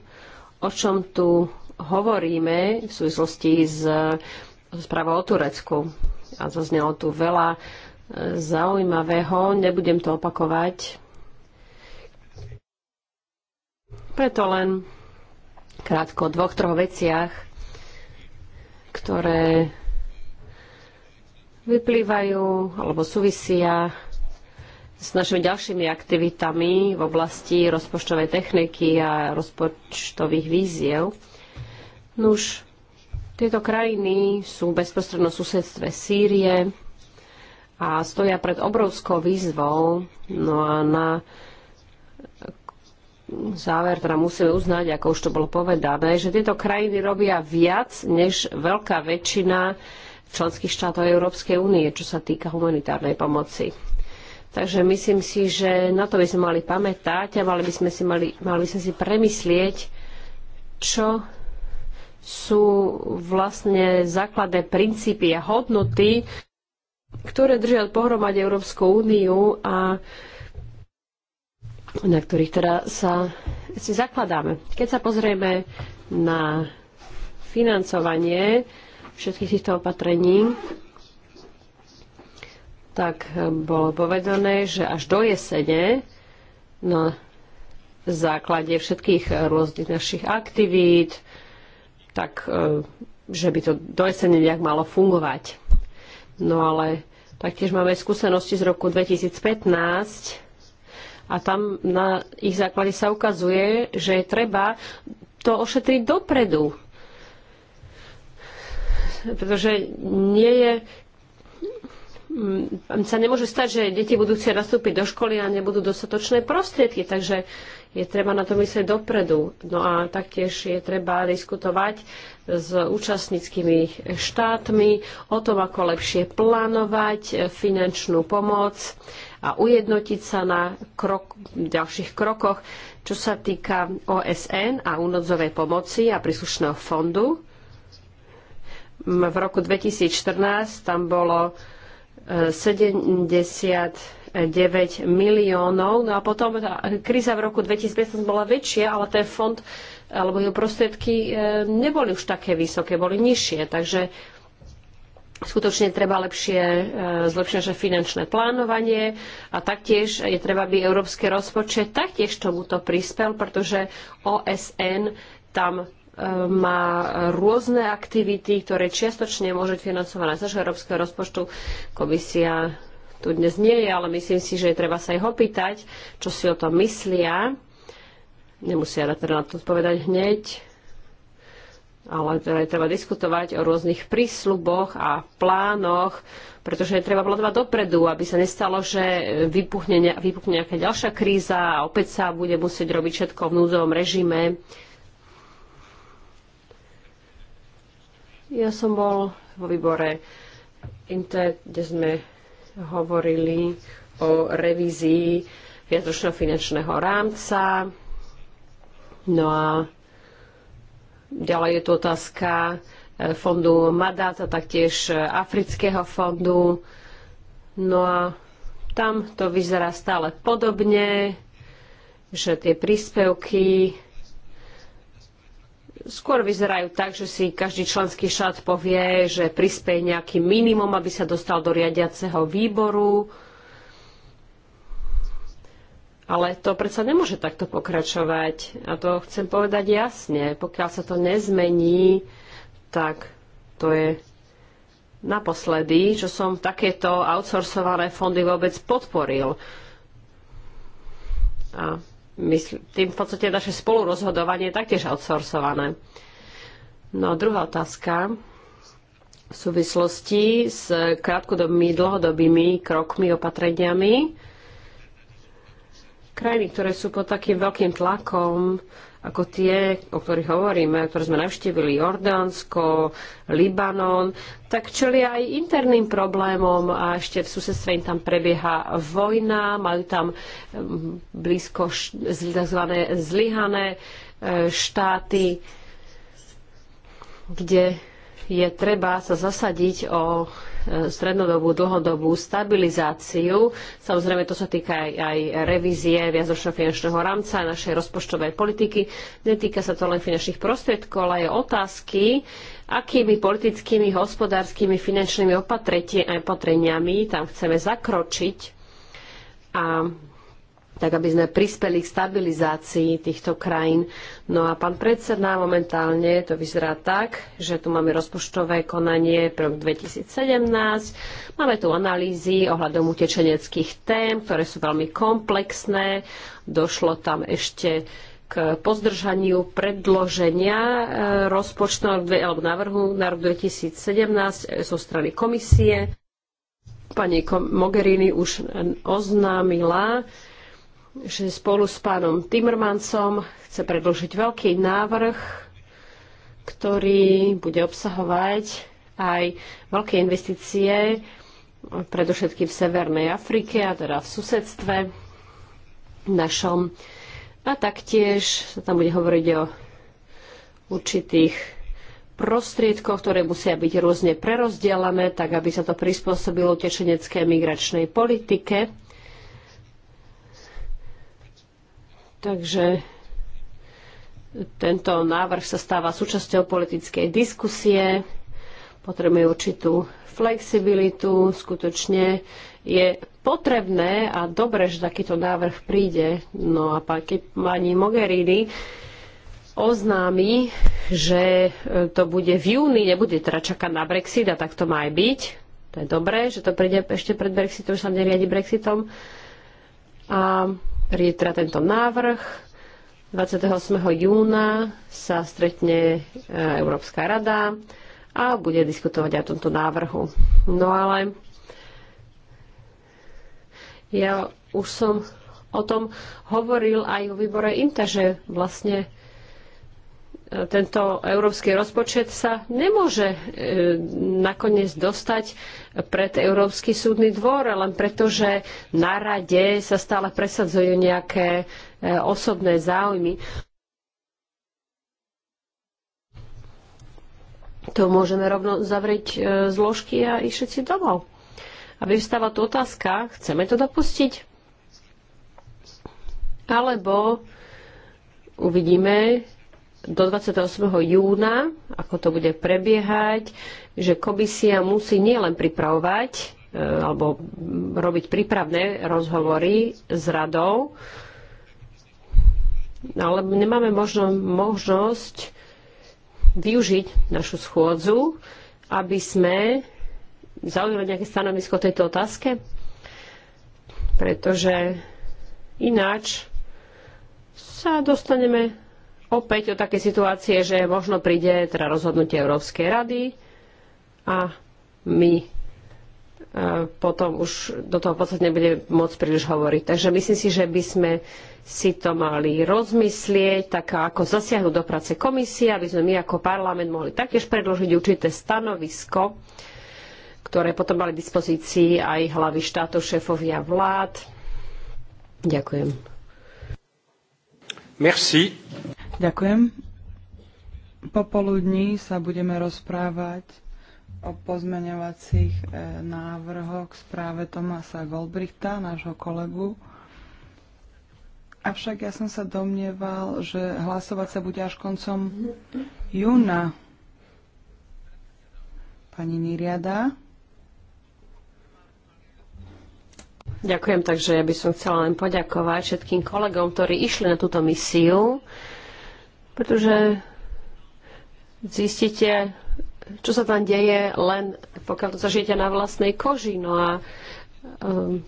o čom tu hovoríme v súvislosti s správou o Turecku. A zaznelo tu veľa e, zaujímavého, nebudem to opakovať. Preto len krátko o dvoch, troch veciach, ktoré vyplývajú alebo súvisia s našimi ďalšími aktivitami v oblasti rozpočtovej techniky a rozpočtových víziev. Nuž, tieto krajiny sú v bezprostrednom susedstve Sýrie a stoja pred obrovskou výzvou. No a na záver teda musíme uznať, ako už to bolo povedané, že tieto krajiny robia viac než veľká väčšina členských štátov Európskej únie, čo sa týka humanitárnej pomoci. Takže myslím si, že na to by sme mali pamätať a mali by sme si, mali, mali by sme si premyslieť, čo sú vlastne základné princípy a hodnoty, ktoré držia pohromať Európsku úniu a na ktorých teda sa si zakladáme. Keď sa pozrieme na financovanie všetkých týchto opatrení, tak bolo povedané, že až do jesene na základe všetkých rôznych našich aktivít, tak e, že by to do jesene nejak malo fungovať. No ale taktiež máme skúsenosti z roku 2015, a tam na ich základe sa ukazuje, že je treba to ošetriť dopredu. Pretože nie je mm, sa nemôže stať, že deti budú chcieť nastúpiť do školy a nebudú dostatočné prostriedky, takže je treba na to myslieť dopredu. No a taktiež je treba diskutovať s účastníckými štátmi o tom, ako lepšie plánovať finančnú pomoc, a ujednotiť sa na krok, ďalších krokoch, čo sa týka OSN a únodzovej pomoci a príslušného fondu. V roku 2014 tam bolo 79 e, miliónov. No a potom tá kríza v roku 2015 bola väčšia, ale ten fond alebo jeho prostriedky e, neboli už také vysoké, boli nižšie. Takže Skutočne treba lepšie, e, zlepšiť naše finančné plánovanie a taktiež je treba, aby európske rozpočet taktiež tomuto prispel, pretože OSN tam e, má rôzne aktivity, ktoré čiastočne môže financované z našho európskeho rozpočtu. Komisia tu dnes nie je, ale myslím si, že je treba sa ich opýtať, čo si o tom myslia. Nemusia teda na to teda odpovedať hneď ale teda je treba diskutovať o rôznych prísľuboch a plánoch, pretože je treba plánovať dopredu, aby sa nestalo, že vypuchne, vypuchne nejaká ďalšia kríza a opäť sa bude musieť robiť všetko v núdzovom režime. Ja som bol vo výbore INTE, kde sme hovorili o revízii viacročného finančného rámca. No a Ďalej je tu otázka e, fondu Madat a taktiež e, Afrického fondu. No a tam to vyzerá stále podobne, že tie príspevky skôr vyzerajú tak, že si každý členský štát povie, že prispieje nejaký minimum, aby sa dostal do riadiaceho výboru. Ale to predsa nemôže takto pokračovať. A to chcem povedať jasne. Pokiaľ sa to nezmení, tak to je naposledy, čo som takéto outsourcované fondy vôbec podporil. A mysl- tým v podstate naše spolurozhodovanie je taktiež outsourcované. No a druhá otázka v súvislosti s krátkodobými, dlhodobými krokmi, opatreniami Krajiny, ktoré sú pod takým veľkým tlakom, ako tie, o ktorých hovoríme, ktoré sme navštívili, Jordánsko, Libanon, tak čeli aj interným problémom a ešte v susedstve im tam prebieha vojna, majú tam blízko tzv. zlyhané e, štáty, kde je treba sa zasadiť o E, strednodobú, dlhodobú stabilizáciu. Samozrejme, to sa týka aj, aj revízie viacročného finančného rámca, našej rozpočtovej politiky. Netýka sa to len finančných prostriedkov, ale aj otázky, akými politickými, hospodárskymi, finančnými opatreniami e, tam chceme zakročiť. A tak aby sme prispeli k stabilizácii týchto krajín. No a pán predseda, momentálne to vyzerá tak, že tu máme rozpočtové konanie pre rok 2017, máme tu analýzy ohľadom utečeneckých tém, ktoré sú veľmi komplexné, došlo tam ešte k pozdržaniu predloženia eh, rozpočtu alebo návrhu na rok 2017 eh, zo strany komisie. Pani Mogherini už eh, oznámila, že spolu s pánom Timmermansom chce predložiť veľký návrh, ktorý bude obsahovať aj veľké investície, predovšetkým v Severnej Afrike, a teda v susedstve našom. A taktiež sa tam bude hovoriť o určitých prostriedkoch, ktoré musia byť rôzne prerozdelené, tak aby sa to prispôsobilo tečeneckej migračnej politike. Takže tento návrh sa stáva súčasťou politickej diskusie, potrebuje určitú flexibilitu, skutočne je potrebné a dobre, že takýto návrh príde. No a keď pani Mogherini oznámi, že e, to bude v júni, nebude teda čakať na Brexit a tak to má aj byť. To je dobré, že to príde ešte pred Brexitom, že sa neriadi Brexitom. A príde teda tento návrh. 28. júna sa stretne e, Európska rada a bude diskutovať aj o tomto návrhu. No ale ja už som o tom hovoril aj o výbore INTA, že vlastne tento európsky rozpočet sa nemôže e, nakoniec dostať pred Európsky súdny dvor, len preto, že na rade sa stále presadzujú nejaké e, osobné záujmy. To môžeme rovno zavrieť e, zložky a ísť všetci domov. A vyvstáva tu otázka, chceme to dopustiť? Alebo uvidíme, do 28. júna, ako to bude prebiehať, že komisia musí nielen pripravovať e, alebo robiť prípravné rozhovory s radou, ale nemáme možno, možnosť využiť našu schôdzu, aby sme zaujali nejaké stanovisko tejto otázke, pretože ináč sa dostaneme opäť do také situácie, že možno príde teda rozhodnutie Európskej rady a my e, potom už do toho podstate nebude môcť príliš hovoriť. Takže myslím si, že by sme si to mali rozmyslieť, tak ako zasiahnuť do práce komisie, aby sme my ako parlament mohli taktiež predložiť určité stanovisko, ktoré potom mali dispozícii aj hlavy štátov, šéfovia vlád. Ďakujem. Merci. Ďakujem. Popoludní sa budeme rozprávať o pozmeňovacích e, návrhoch k správe Tomasa Goldbrichta, nášho kolegu. Avšak ja som sa domnieval, že hlasovať sa bude až koncom júna. Pani Niriada. Ďakujem, takže ja by som chcela len poďakovať všetkým kolegom, ktorí išli na túto misiu, pretože zistíte, čo sa tam deje, len pokiaľ to zažijete na vlastnej koži. No a um,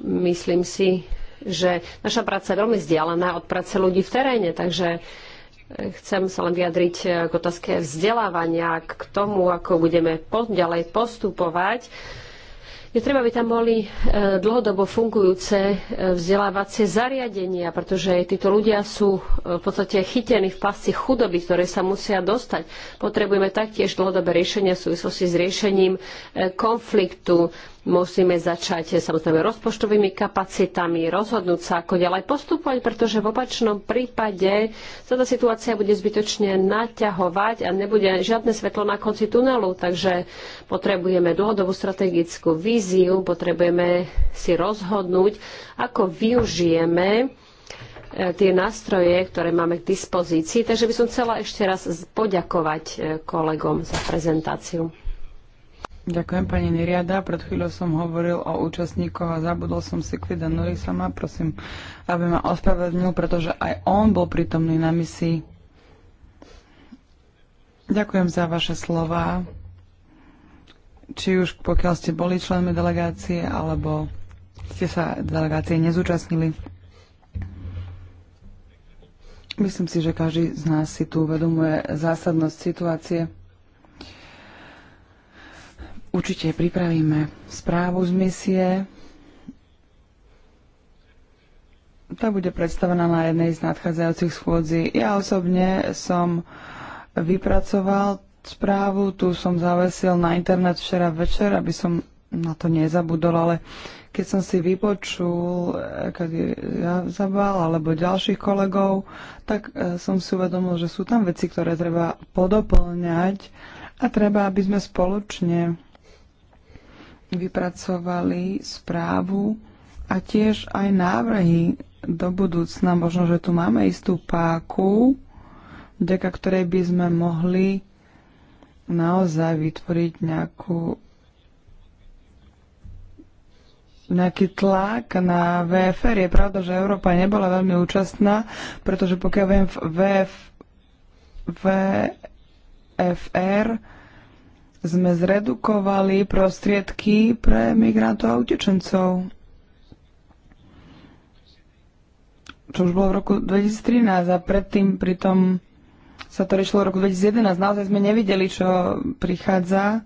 myslím si, že naša práca je veľmi vzdialená od práce ľudí v teréne, takže eh, chcem sa len vyjadriť eh, k otázke vzdelávania, k tomu, ako budeme ďalej postupovať je treba, aby tam boli e, dlhodobo fungujúce e, vzdelávacie zariadenia, pretože títo ľudia sú e, v podstate chytení v pasci chudoby, ktoré sa musia dostať. Potrebujeme taktiež dlhodobé riešenia v súvislosti s riešením konfliktu, Musíme začať samozrejme rozpočtovými kapacitami, rozhodnúť sa, ako ďalej postupovať, pretože v opačnom prípade sa tá situácia bude zbytočne naťahovať a nebude žiadne svetlo na konci tunelu. Takže potrebujeme dlhodobú strategickú víziu, potrebujeme si rozhodnúť, ako využijeme e, tie nástroje, ktoré máme k dispozícii. Takže by som chcela ešte raz poďakovať e, kolegom za prezentáciu. Ďakujem pani Neriada. Pred chvíľou som hovoril o účastníkoch a zabudol som si Kvida Norisama. Prosím, aby ma ospravedlnil, pretože aj on bol prítomný na misii. Ďakujem za vaše slova. Či už pokiaľ ste boli členmi delegácie, alebo ste sa delegácie nezúčastnili. Myslím si, že každý z nás si tu uvedomuje zásadnosť situácie. Určite pripravíme správu z misie. Tá bude predstavená na jednej z nadchádzajúcich schôdzí. Ja osobne som vypracoval správu, tu som zavesil na internet včera večer, aby som na to nezabudol, ale keď som si vypočul eh, keď ja zabal alebo ďalších kolegov, tak eh, som si uvedomil, že sú tam veci, ktoré treba podoplňať a treba, aby sme spoločne vypracovali správu a tiež aj návrhy do budúcna. Možno, že tu máme istú páku, vďaka ktorej by sme mohli naozaj vytvoriť nejakú nejaký tlak na VFR. Je pravda, že Európa nebola veľmi účastná, pretože pokiaľ viem, VF, VFR sme zredukovali prostriedky pre migrantov a utečencov. Čo už bolo v roku 2013 a predtým pritom sa to riešilo v roku 2011. Naozaj sme nevideli, čo prichádza.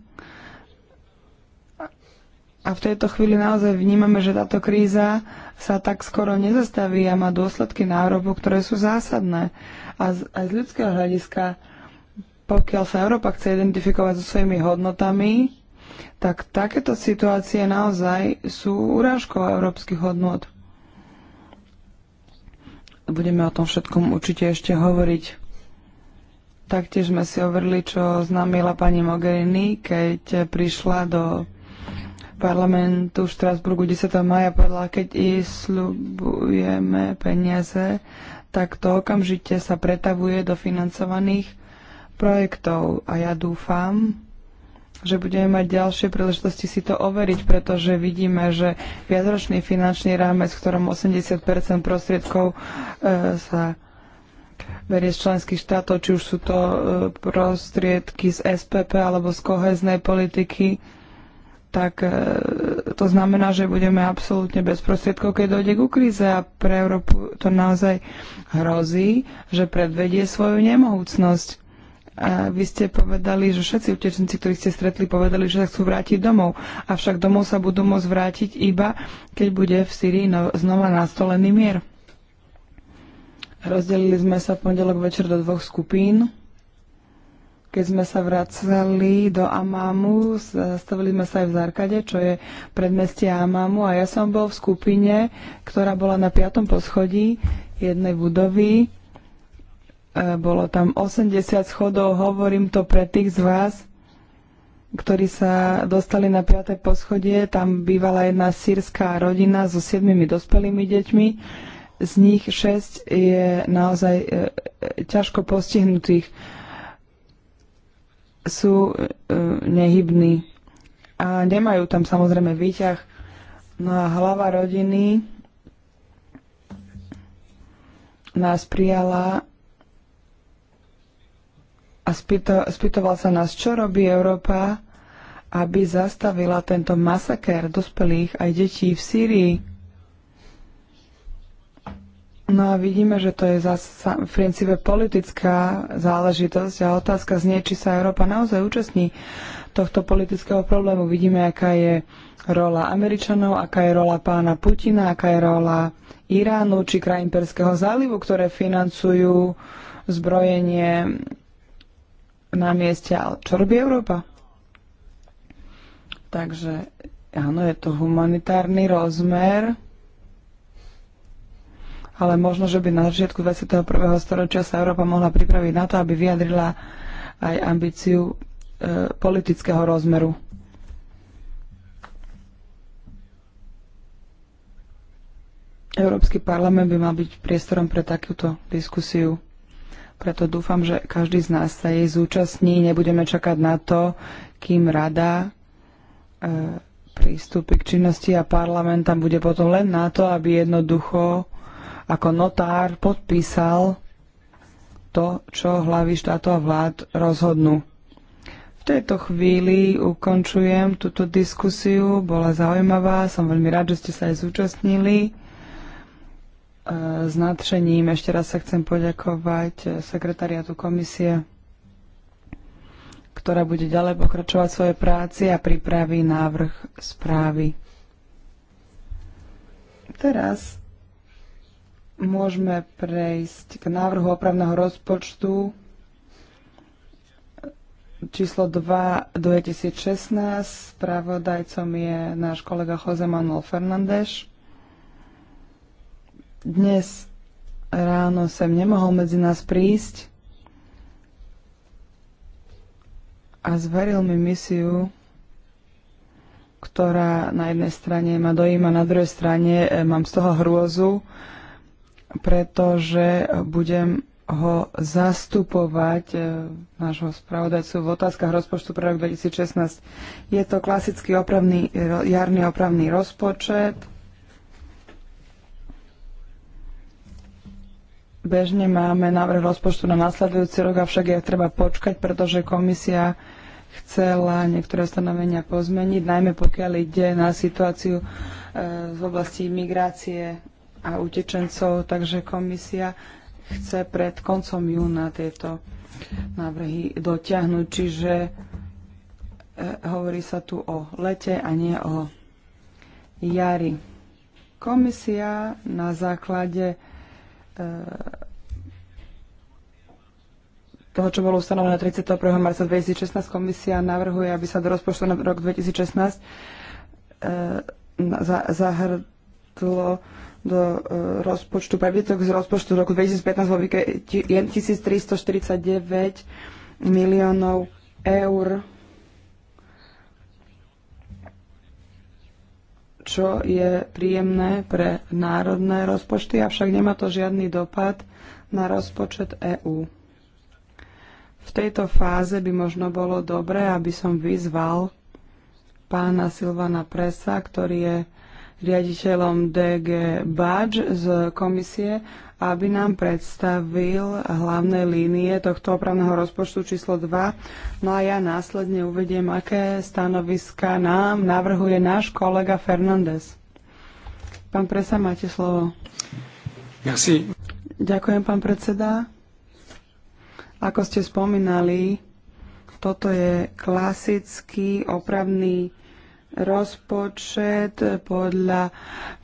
A v tejto chvíli naozaj vnímame, že táto kríza sa tak skoro nezastaví a má dôsledky na Európu, ktoré sú zásadné. A z, aj z ľudského hľadiska pokiaľ sa Európa chce identifikovať so svojimi hodnotami, tak takéto situácie naozaj sú urážkou európskych hodnot. Budeme o tom všetkom určite ešte hovoriť. Taktiež sme si overili, čo známila pani Mogherini, keď prišla do parlamentu v Štrasburgu 10. maja povedala, keď i slubujeme peniaze, tak to okamžite sa pretavuje do financovaných projektov a ja dúfam, že budeme mať ďalšie príležitosti si to overiť, pretože vidíme, že viacročný finančný rámec, v ktorom 80 prostriedkov e, sa verie z členských štátov, či už sú to e, prostriedky z SPP alebo z koheznej politiky, tak e, to znamená, že budeme absolútne bez prostriedkov, keď dojde ku kríze a pre Európu to naozaj hrozí, že predvedie svoju nemohúcnosť a vy ste povedali, že všetci utečenci, ktorých ste stretli, povedali, že sa chcú vrátiť domov. Avšak domov sa budú môcť vrátiť iba, keď bude v Syrii no, znova nastolený mier. Rozdelili sme sa v pondelok večer do dvoch skupín. Keď sme sa vracali do Amámu, zastavili sme sa aj v Zarkade, čo je predmestie Amámu a ja som bol v skupine, ktorá bola na piatom poschodí jednej budovy E, bolo tam 80 schodov, hovorím to pre tých z vás, ktorí sa dostali na 5. poschodie. Tam bývala jedna sírska rodina so 7 dospelými deťmi. Z nich 6 je naozaj e, e, ťažko postihnutých. Sú nehybní a nemajú tam samozrejme výťah. No a hlava rodiny nás prijala a spýto, spýtoval sa nás, čo robí Európa, aby zastavila tento masakér dospelých aj detí v Sýrii. No a vidíme, že to je zasa, v princípe politická záležitosť a otázka znie, či sa Európa naozaj účastní tohto politického problému. Vidíme, aká je rola Američanov, aká je rola pána Putina, aká je rola Iránu či krajín Perského zálivu, ktoré financujú zbrojenie na mieste. Ale čo robí Európa? Takže áno, je to humanitárny rozmer, ale možno, že by na začiatku 21. storočia sa Európa mohla pripraviť na to, aby vyjadrila aj ambíciu e, politického rozmeru. Európsky parlament by mal byť priestorom pre takúto diskusiu. Preto dúfam, že každý z nás sa jej zúčastní. Nebudeme čakať na to, kým rada e, prístupy k činnosti a parlament tam bude potom len na to, aby jednoducho ako notár podpísal to, čo hlavy štátov a vlád rozhodnú. V tejto chvíli ukončujem túto diskusiu. Bola zaujímavá. Som veľmi rád, že ste sa aj zúčastnili. E, s nadšením. Ešte raz sa chcem poďakovať e, sekretariatu komisie, ktorá bude ďalej pokračovať svoje práci a pripraví návrh správy. Teraz môžeme prejsť k návrhu opravného rozpočtu číslo 2 2016. Spravodajcom je náš kolega Jose Manuel Fernández dnes ráno sem nemohol medzi nás prísť a zveril mi misiu, ktorá na jednej strane ma dojíma, na druhej strane e, mám z toho hrôzu, pretože budem ho zastupovať e, nášho spravodajcu v otázkach rozpočtu pre rok 2016. Je to klasický opravný, jarný opravný rozpočet, Bežne máme návrh rozpočtu na nasledujúci rok, avšak je treba počkať, pretože komisia chcela niektoré stanovenia pozmeniť, najmä pokiaľ ide na situáciu v e, oblasti migrácie a utečencov, takže komisia chce pred koncom júna tieto návrhy dotiahnuť, čiže e, hovorí sa tu o lete a nie o jari. Komisia na základe E, toho, čo bolo ustanovené 31. marca 2016, komisia navrhuje, aby sa do rozpočtu na rok 2016 e, zahrdlo do e, rozpočtu prebytok z rozpočtu roku 2015 vo výke 1349 miliónov eur čo je príjemné pre národné rozpočty, avšak nemá to žiadny dopad na rozpočet EÚ. V tejto fáze by možno bolo dobré, aby som vyzval pána Silvana Presa, ktorý je riaditeľom DG Badge z komisie, aby nám predstavil hlavné línie tohto opravného rozpočtu číslo 2. No a ja následne uvediem, aké stanoviska nám navrhuje náš kolega Fernández. Pán Presa, máte slovo. Merci. Ďakujem, pán predseda. Ako ste spomínali, toto je klasický opravný rozpočet podľa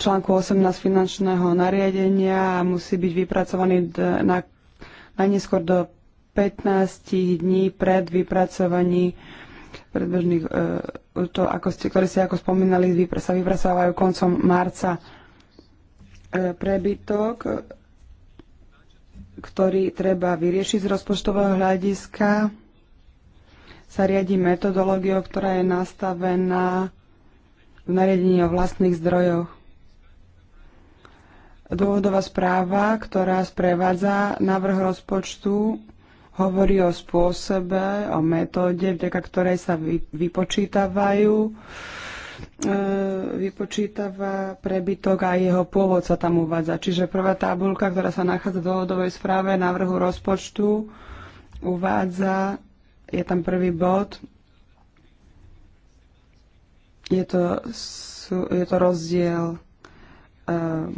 článku 18 finančného nariadenia musí byť vypracovaný na, najneskôr do 15 dní pred vypracovaní predbežných, e, to, ako ste, ktoré ste ako spomínali, sa vypracovajú koncom marca e, prebytok, ktorý treba vyriešiť z rozpočtového hľadiska sa riadi metodológiou, ktorá je nastavená v nariadení o vlastných zdrojoch. Dôvodová správa, ktorá sprevádza návrh rozpočtu, hovorí o spôsobe, o metóde, vďaka ktorej sa vypočítavajú e, vypočítava prebytok a jeho pôvod sa tam uvádza. Čiže prvá tabulka, ktorá sa nachádza v dôvodovej správe návrhu rozpočtu, uvádza je tam prvý bod. Je to, je to rozdiel um,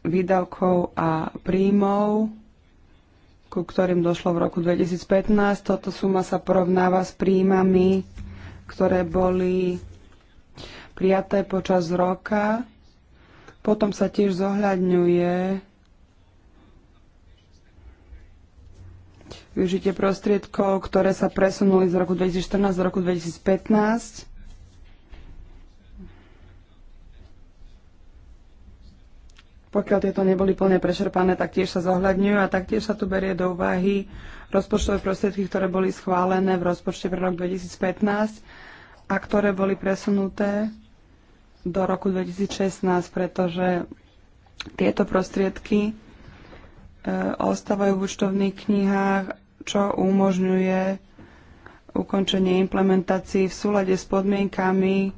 výdavkov a príjmov, ku ktorým došlo v roku 2015. Toto suma sa porovnáva s príjmami, ktoré boli prijaté počas roka. Potom sa tiež zohľadňuje využitie prostriedkov, ktoré sa presunuli z roku 2014 do roku 2015. Pokiaľ tieto neboli plne prešerpané, tak tiež sa zohľadňujú a taktiež sa tu berie do úvahy rozpočtové prostriedky, ktoré boli schválené v rozpočte pre rok 2015 a ktoré boli presunuté do roku 2016, pretože tieto prostriedky e, ostávajú v účtovných knihách čo umožňuje ukončenie implementácií v súlade s podmienkami,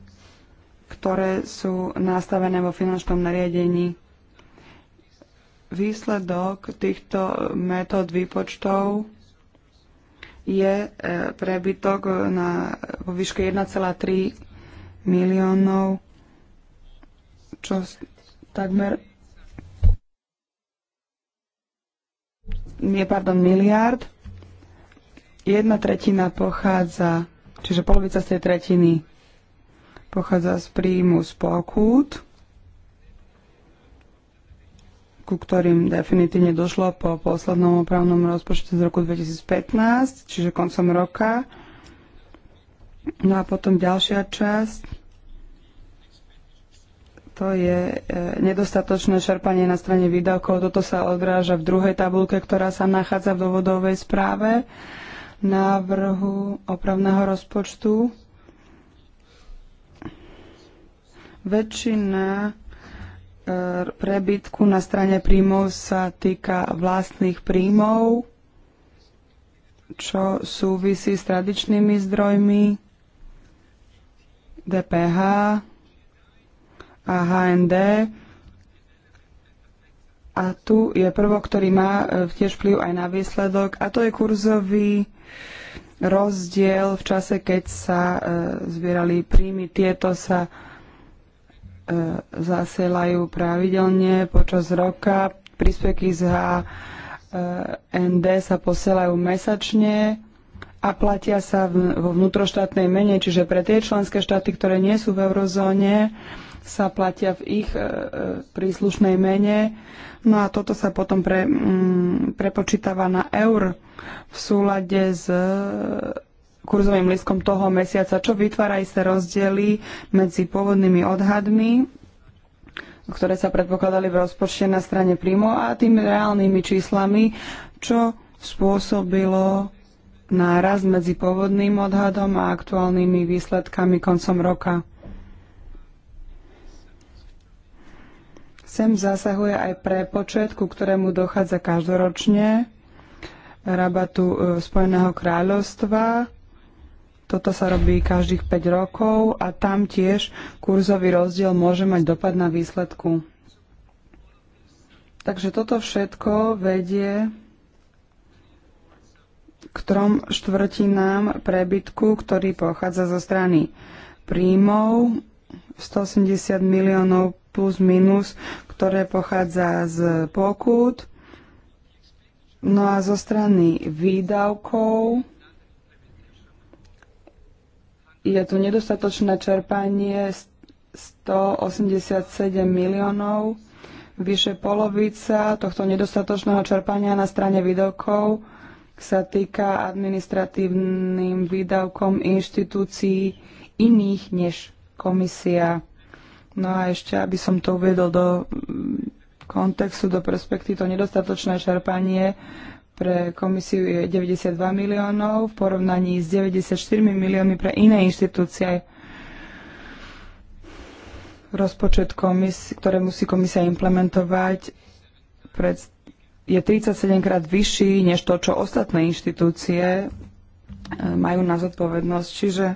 ktoré sú nastavené vo finančnom nariadení. Výsledok týchto metód výpočtov je e, prebytok na, vo výške 1,3 miliónov, čo takmer nie, pardon, miliárd jedna tretina pochádza, čiže polovica z tej tretiny pochádza z príjmu z pokút, ku ktorým definitívne došlo po poslednom opravnom rozpočte z roku 2015, čiže koncom roka. No a potom ďalšia časť, to je e, nedostatočné šerpanie na strane výdavkov. Toto sa odráža v druhej tabulke, ktorá sa nachádza v dôvodovej správe návrhu opravného rozpočtu väčšina e, prebytku na strane príjmov sa týka vlastných príjmov, čo súvisí s tradičnými zdrojmi DPH a HND a tu je prvok, ktorý má e, tiež vplyv aj na výsledok a to je kurzový rozdiel v čase, keď sa e, zbierali príjmy. Tieto sa e, zasielajú pravidelne počas roka. Príspevky z HND e sa posielajú mesačne a platia sa v, vo vnútroštátnej mene, čiže pre tie členské štáty, ktoré nie sú v eurozóne, sa platia v ich e, e príslušnej mene No a toto sa potom pre, mm, prepočítava na eur v súlade s e, kurzovým listkom toho mesiaca, čo vytvára isté rozdiely medzi pôvodnými odhadmi, ktoré sa predpokladali v rozpočte na strane príjmo a tými reálnymi číslami, čo spôsobilo náraz medzi pôvodným odhadom a aktuálnymi výsledkami koncom roka. sem zasahuje aj prepočet, ku ktorému dochádza každoročne rabatu e, Spojeného kráľovstva. Toto sa robí každých 5 rokov a tam tiež kurzový rozdiel môže mať dopad na výsledku. Takže toto všetko vedie k trom štvrtinám prebytku, ktorý pochádza zo strany príjmov 180 miliónov plus minus, ktoré pochádza z pokút, no a zo strany výdavkov je tu nedostatočné čerpanie 187 miliónov, vyše polovica tohto nedostatočného čerpania na strane výdavkov sa týka administratívnym výdavkom inštitúcií iných než komisia. No a ešte, aby som to uviedol do kontextu, do perspektívy, to nedostatočné čerpanie pre komisiu je 92 miliónov v porovnaní s 94 miliónmi pre iné inštitúcie. Rozpočet, komis, ktoré musí komisia implementovať, pred, je 37 krát vyšší než to, čo ostatné inštitúcie e, majú na zodpovednosť. Čiže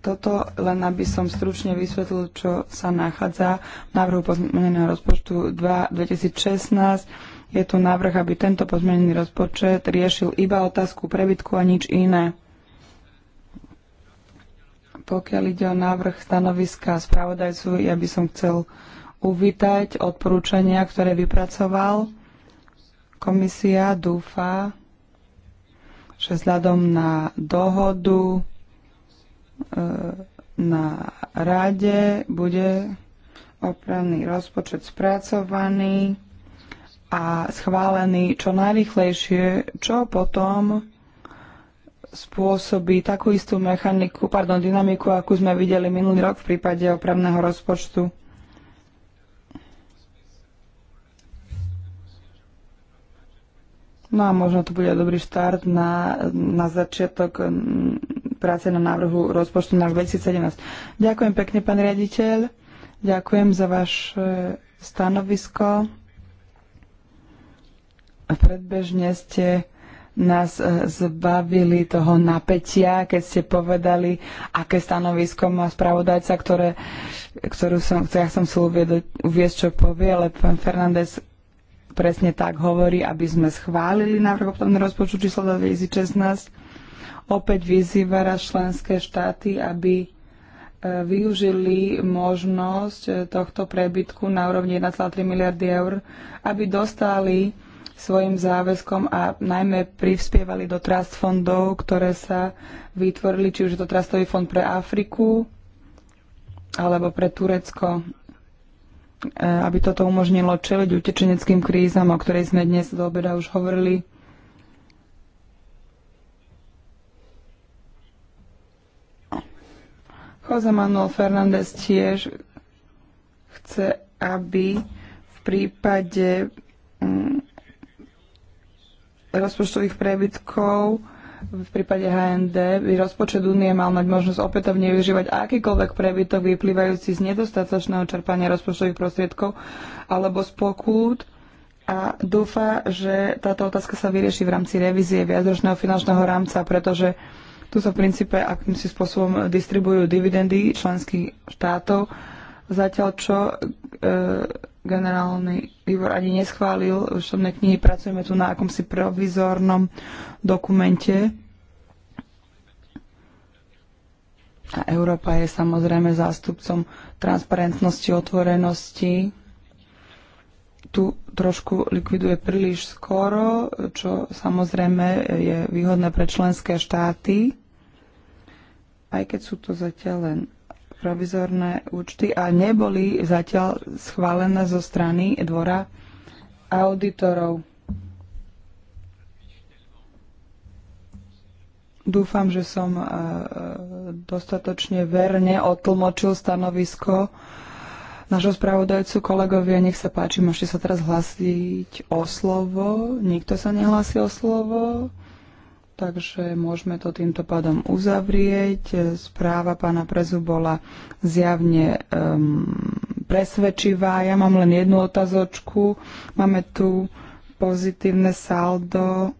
toto len aby som stručne vysvetlil, čo sa nachádza v návrhu pozmeneného rozpočtu 2 2016. Je tu návrh, aby tento pozmenený rozpočet riešil iba otázku prebytku a nič iné. Pokiaľ ide o návrh stanoviska spravodajcu, ja by som chcel uvítať odporúčania, ktoré vypracoval. Komisia dúfa, že vzhľadom na dohodu E, na rade bude opravný rozpočet spracovaný a schválený čo najrychlejšie, čo potom spôsobí takú istú mechaniku, pardon, dynamiku, akú sme videli minulý rok v prípade opravného rozpočtu. No a možno to bude dobrý štart na, na začiatok práce na návrhu rozpočtu na 2017. Ďakujem pekne, pán riaditeľ. Ďakujem za vaše stanovisko. Predbežne ste nás e, zbavili toho napätia, keď ste povedali, aké stanovisko má spravodajca, ktoré, ktorú som, ktoré ja som chcel uviezť, čo povie, ale pán Fernández presne tak hovorí, aby sme schválili návrh obtovného rozpočtu číslo 2016 opäť vyzýva členské štáty, aby e, využili možnosť e, tohto prebytku na úrovni 1,3 miliardy eur, aby dostali svojim záväzkom a najmä prispievali do trust fondov, ktoré sa vytvorili, či už je to trustový fond pre Afriku alebo pre Turecko, e, aby toto umožnilo čeliť utečeneckým krízam, o ktorej sme dnes do obeda už hovorili Jose Manuel Fernández tiež chce, aby v prípade mm, rozpočtových prebytkov v prípade HND by rozpočet únie mal mať možnosť opätovne využívať akýkoľvek prebytok vyplývajúci z nedostatočného čerpania rozpočtových prostriedkov alebo z pokút a dúfa, že táto otázka sa vyrieši v rámci revízie viacročného finančného rámca, pretože uh, tu sa v princípe akýmsi spôsobom distribujú dividendy členských štátov, zatiaľ čo e, generálny výbor ani neschválil účtovné knihy. Pracujeme tu na akomsi provizornom dokumente. A Európa je samozrejme zástupcom transparentnosti, otvorenosti. Tu trošku likviduje príliš skoro, čo samozrejme je výhodné pre členské štáty aj keď sú to zatiaľ len provizorné účty a neboli zatiaľ schválené zo strany dvora auditorov. Dúfam, že som e, e, dostatočne verne otlmočil stanovisko nášho spravodajcu. Kolegovia, nech sa páči, môžete sa teraz hlasiť o slovo. Nikto sa nehlási o slovo takže môžeme to týmto pádom uzavrieť. Správa pána Prezu bola zjavne um, presvedčivá. Ja mám len jednu otázočku. Máme tu pozitívne saldo.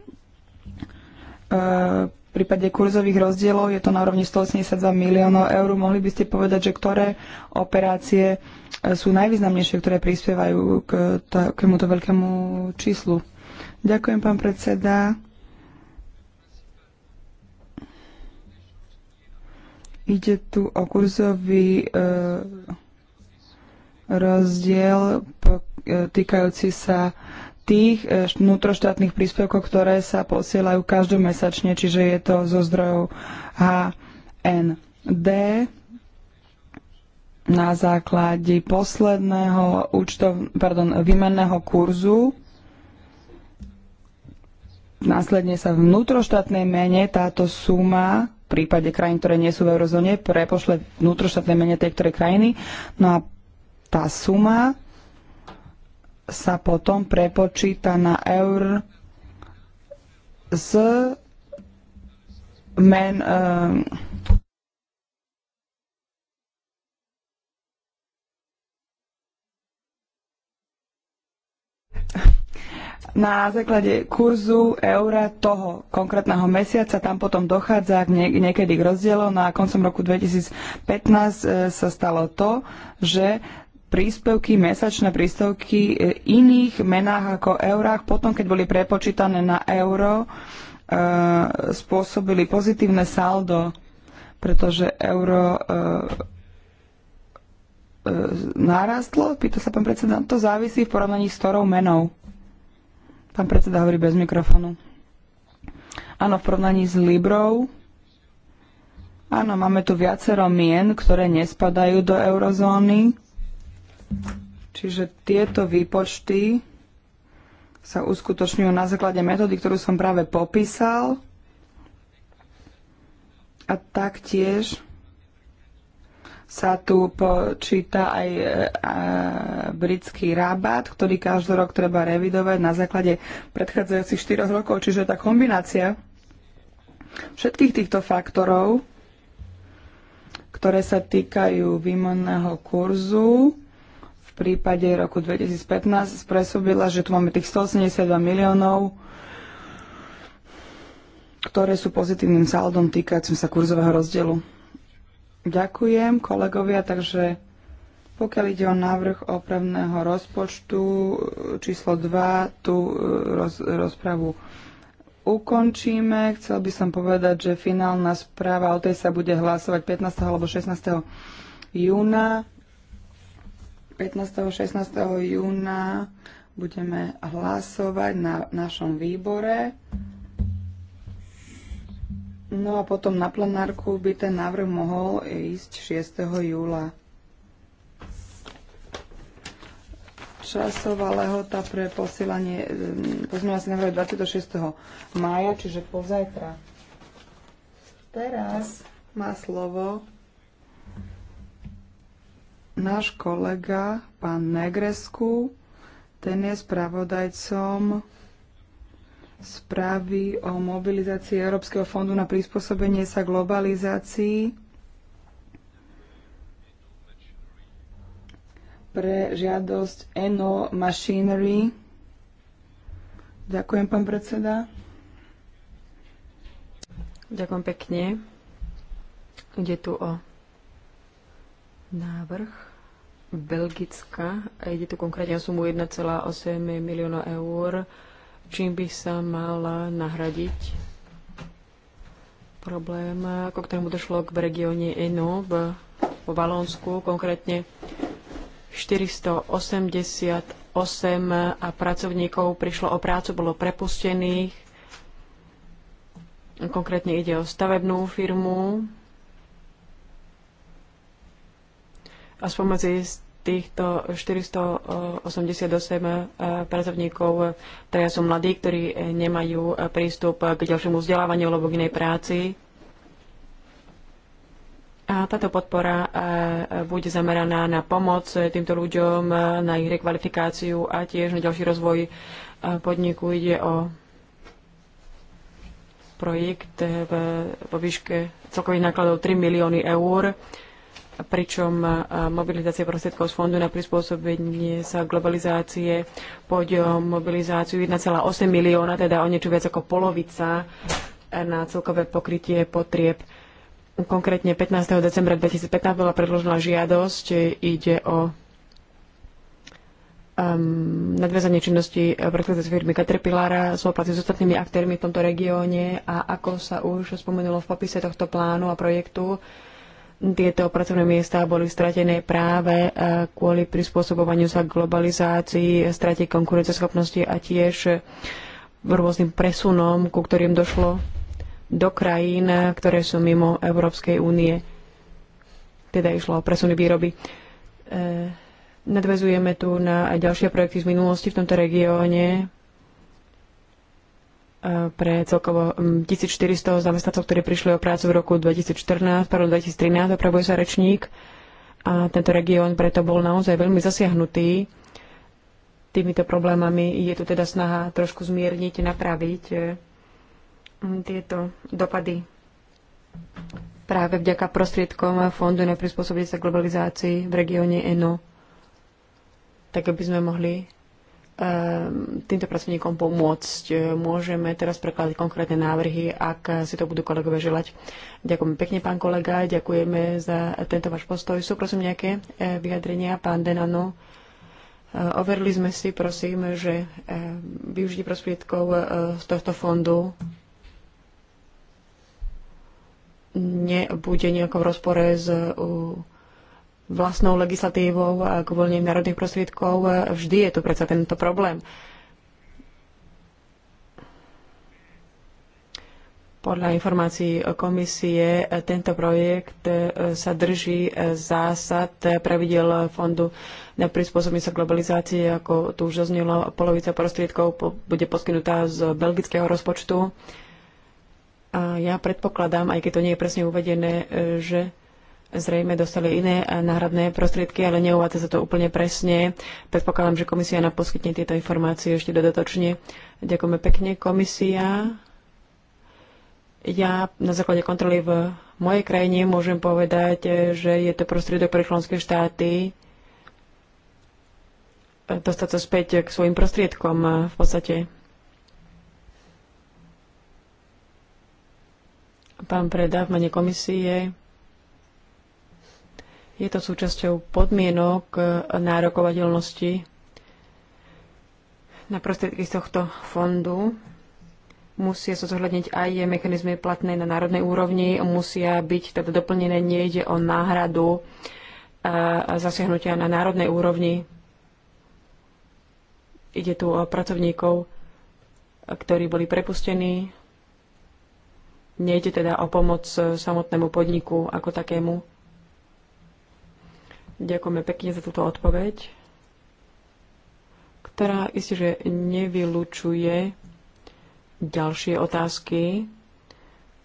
Uh, v prípade kurzových rozdielov je to na úrovni 182 miliónov eur. Mohli by ste povedať, že ktoré operácie e, sú najvýznamnejšie, ktoré prispievajú k tomuto veľkému číslu? Ďakujem, pán predseda. Ide tu o kurzový e, rozdiel po, e, týkajúci sa tých e, vnútroštátnych príspevkov, ktoré sa posielajú každomesačne, čiže je to zo zdrojov HND na základe posledného účtov, pardon, výmenného kurzu. Následne sa vnútroštátnej mene táto suma prípade krajín, ktoré nie sú v eurozóne, prepošle vnútroštátne mene tej ktorej krajiny. No a tá suma sa potom prepočíta na eur z men, um, na základe kurzu eura toho konkrétneho mesiaca. Tam potom dochádza k niek- niekedy k rozdielom. Na no koncom roku 2015 e, sa stalo to, že príspevky, mesačné príspevky e, iných menách ako eurách, potom keď boli prepočítané na euro, e, spôsobili pozitívne saldo, pretože euro narastlo? Pýta sa pán predseda. To závisí v porovnaní s ktorou menou. Pán predseda hovorí bez mikrofónu. Áno, v porovnaní s Librou. Áno, máme tu viacero mien, ktoré nespadajú do eurozóny. Čiže tieto výpočty sa uskutočňujú na základe metódy, ktorú som práve popísal. A taktiež sa tu počíta aj e, britský rabat, ktorý každý rok treba revidovať na základe predchádzajúcich 4 rokov. Čiže tá kombinácia všetkých týchto faktorov, ktoré sa týkajú výmonného kurzu, v prípade roku 2015 presúbila, že tu máme tých 182 miliónov, ktoré sú pozitívnym saldom týkajúcim sa kurzového rozdielu. Ďakujem kolegovia, takže pokiaľ ide o návrh opravného rozpočtu číslo 2, tú e, roz, rozpravu ukončíme. Chcel by som povedať, že finálna správa o tej sa bude hlasovať 15. alebo 16. júna. 15. 16. júna budeme hlasovať na našom výbore. No a potom na plenárku by ten návrh mohol ísť 6. júla. Časová lehota pre posielanie mm, pozmeňovací návrh 26. mája, čiže pozajtra. Teraz má slovo náš kolega, pán Negresku. Ten je spravodajcom správy o mobilizácii Európskeho fondu na prispôsobenie sa globalizácii pre žiadosť Eno Machinery. Ďakujem, pán predseda. Ďakujem pekne. Ide tu o návrh Belgická. Ide tu konkrétne o sumu 1,8 milióna eur čím by sa mal nahradiť problém, ako k tomu došlo v regióne Eno v, v Valónsku, konkrétne 488 a pracovníkov prišlo o prácu, bolo prepustených. Konkrétne ide o stavebnú firmu. A spomedzi týchto 488 eh, pracovníkov, teda sú mladí, ktorí eh, nemajú eh, prístup k ďalšiemu vzdelávaniu alebo k inej práci. A táto podpora bude zameraná na pomoc týmto ľuďom, na ich rekvalifikáciu a tiež na ďalší rozvoj podniku. Ide o projekt vo výške celkových nákladov 3 milióny eur pričom e, mobilizácia prostriedkov z Fondu na prispôsobenie sa globalizácie pôjde o mobilizáciu 1,8 milióna, teda o niečo viac ako polovica e, na celkové pokrytie potrieb. Konkrétne 15. decembra 2015 bola predložená žiadosť, ide o um, nadviazanie činnosti predchádzajúcej firmy Caterpillara, spolupráci s ostatnými aktérmi v tomto regióne a ako sa už spomenulo v popise tohto plánu a projektu, tieto pracovné miesta boli stratené práve e, kvôli prispôsobovaniu sa globalizácii, strate konkurenceschopnosti a tiež rôznym presunom, ku ktorým došlo do krajín, ktoré sú mimo Európskej únie. Teda išlo o presuny výroby. E, nadvezujeme tu na ďalšie projekty z minulosti v tomto regióne, Eh, pre celkovo 1400 mm, zamestnancov, ktorí prišli o prácu v roku 2014, pardon, 2013, opravuje sa rečník. A tento región preto bol naozaj veľmi zasiahnutý týmito problémami. Je tu teda snaha trošku zmierniť, napraviť eh, mm, tieto dopady práve vďaka prostriedkom Fondu na prispôsobenie sa globalizácii v regióne ENO. Tak aby sme mohli Ehm, týmto pracovníkom pomôcť. Ehm, môžeme teraz prekladať konkrétne návrhy, ak si to budú kolegovia želať. Ďakujem pekne, pán kolega, ďakujeme za tento váš postoj. Sú prosím nejaké e, vyjadrenia, pán Denano? E, overili sme si, prosím, že e, využite prostriedkov z tohto fondu nebude nejako v rozpore s vlastnou legislatívou a k uvoľneniu národných prostriedkov, e, vždy je tu predsa tento problém. Podľa informácií komisie e, tento projekt e, sa drží zásad pravidel fondu na prispôsobenie sa globalizácii, ako tu už zaznelo, polovica prostriedkov bude poskytnutá z belgického rozpočtu. A ja predpokladám, aj keď to nie je presne uvedené, že zrejme dostali iné eh, náhradné prostriedky, ale neuvádza sa to úplne presne. Predpokladám, že komisia nám poskytne tieto informácie ešte dodatočne. Ďakujeme pekne. Komisia. Ja na základe kontroly v mojej krajine môžem povedať, eh, že je to prostriedok pre členské štáty eh, dostať sa späť k svojim prostriedkom v podstate. Pán Preda komisie. Je to súčasťou podmienok e, nárokovateľnosti na prostriedky z tohto fondu. Musia sa zohľadniť aj mechanizmy platné na národnej úrovni, musia byť teda doplnené, nejde o náhradu e, zasiahnutia na národnej úrovni. Ide tu o pracovníkov, ktorí boli prepustení. Nejde teda o pomoc e, samotnému podniku ako takému. Ďakujeme pekne za túto odpoveď, ktorá isté, že nevylučuje ďalšie otázky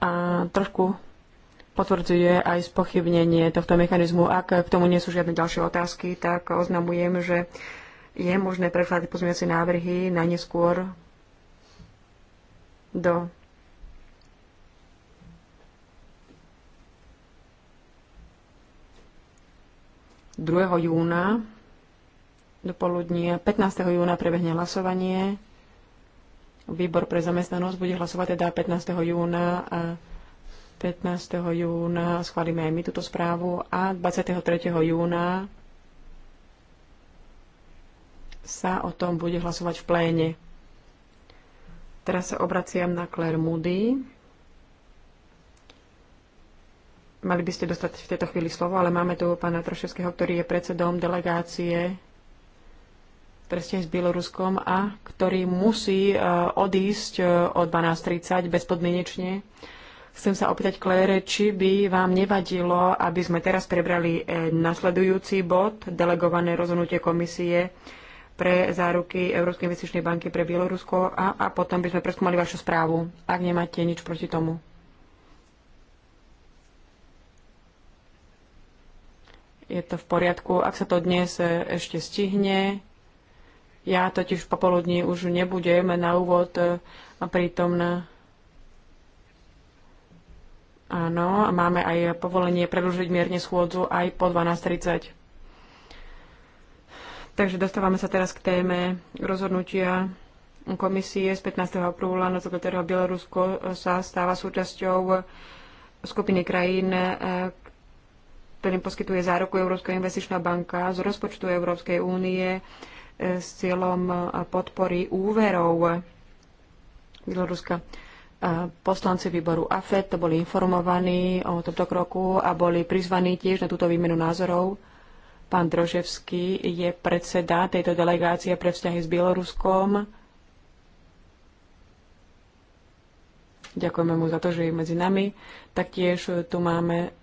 a trošku potvrdzuje aj spochybnenie tohto mechanizmu. Ak k tomu nie sú žiadne ďalšie otázky, tak oznamujem, že je možné prekladať pozmeňovacie návrhy na neskôr do 2. júna do poludnia. 15. júna prebehne hlasovanie. Výbor pre zamestnanosť bude hlasovať teda 15. júna a 15. júna schválime aj my túto správu a 23. júna sa o tom bude hlasovať v pléne. Teraz sa obraciam na Claire Moody. Mali by ste dostať v tejto chvíli slovo, ale máme tu pána Troševského, ktorý je predsedom delegácie presne s Bieloruskom a ktorý musí e, odísť e, od 12.30 bezpodmienečne. Chcem sa opýtať, Klére, či by vám nevadilo, aby sme teraz prebrali e, nasledujúci bod, delegované rozhodnutie komisie pre záruky Európskej investičnej banky pre Bielorusko a, a potom by sme preskúmali vašu správu, ak nemáte nič proti tomu. je to v poriadku. Ak sa to dnes e, ešte stihne, ja totiž popoludní už nebudem na úvod e, prítomná. Áno, máme aj povolenie predlžiť mierne schôdzu aj po 12.30. Takže dostávame sa teraz k téme rozhodnutia komisie z 15. apríla, na ktorého Bielorusko sa stáva súčasťou skupiny krajín, e, ktorým poskytuje záruku Európska investičná banka z rozpočtu Európskej únie e, s cieľom e, podpory úverov Bieloruska. E, poslanci výboru AFET boli informovaní o tomto kroku a boli prizvaní tiež na túto výmenu názorov. Pán Droževský je predseda tejto delegácie pre vzťahy s Bieloruskom. Ďakujeme mu za to, že je medzi nami. Taktiež tu máme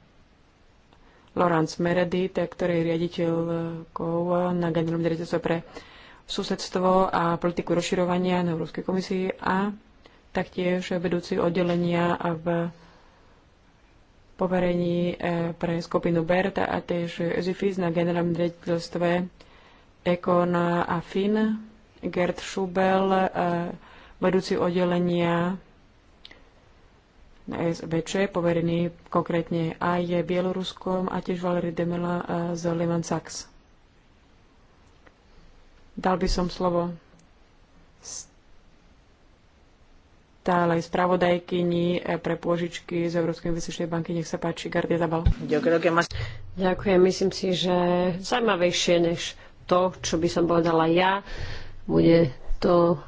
Laurence Meredith, ktorý je riaditeľkou na generálnom riaditeľstve pre susedstvo a politiku rozširovania na Európskej komisii a taktiež vedúci oddelenia v poverení eh, pre skupinu BERT a tiež ZIFIS na generálnom riaditeľstve Econ a FIN, Gerd Schubel, eh, vedúci oddelenia SBČ, poverený konkrétne aj Bieloruskom a tiež Valery Demela eh, z Lehman Sachs. Dal by som slovo stálej spravodajkyni eh, pre pôžičky z Európskej investičnej banky. Nech sa páči, Gardia Zabal. Ďakujem, myslím si, že zaujímavejšie než to, čo by som povedala ja, bude to,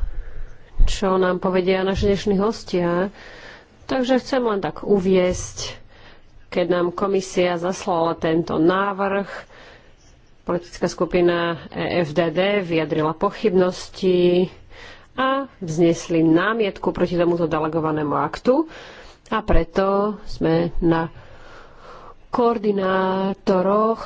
čo nám povedia naši dnešní hostia. Takže chcem len tak uviesť, keď nám komisia zaslala tento návrh, politická skupina e FDD vyjadrila pochybnosti a vznesli námietku proti tomuto delegovanému aktu a preto sme na koordinátoroch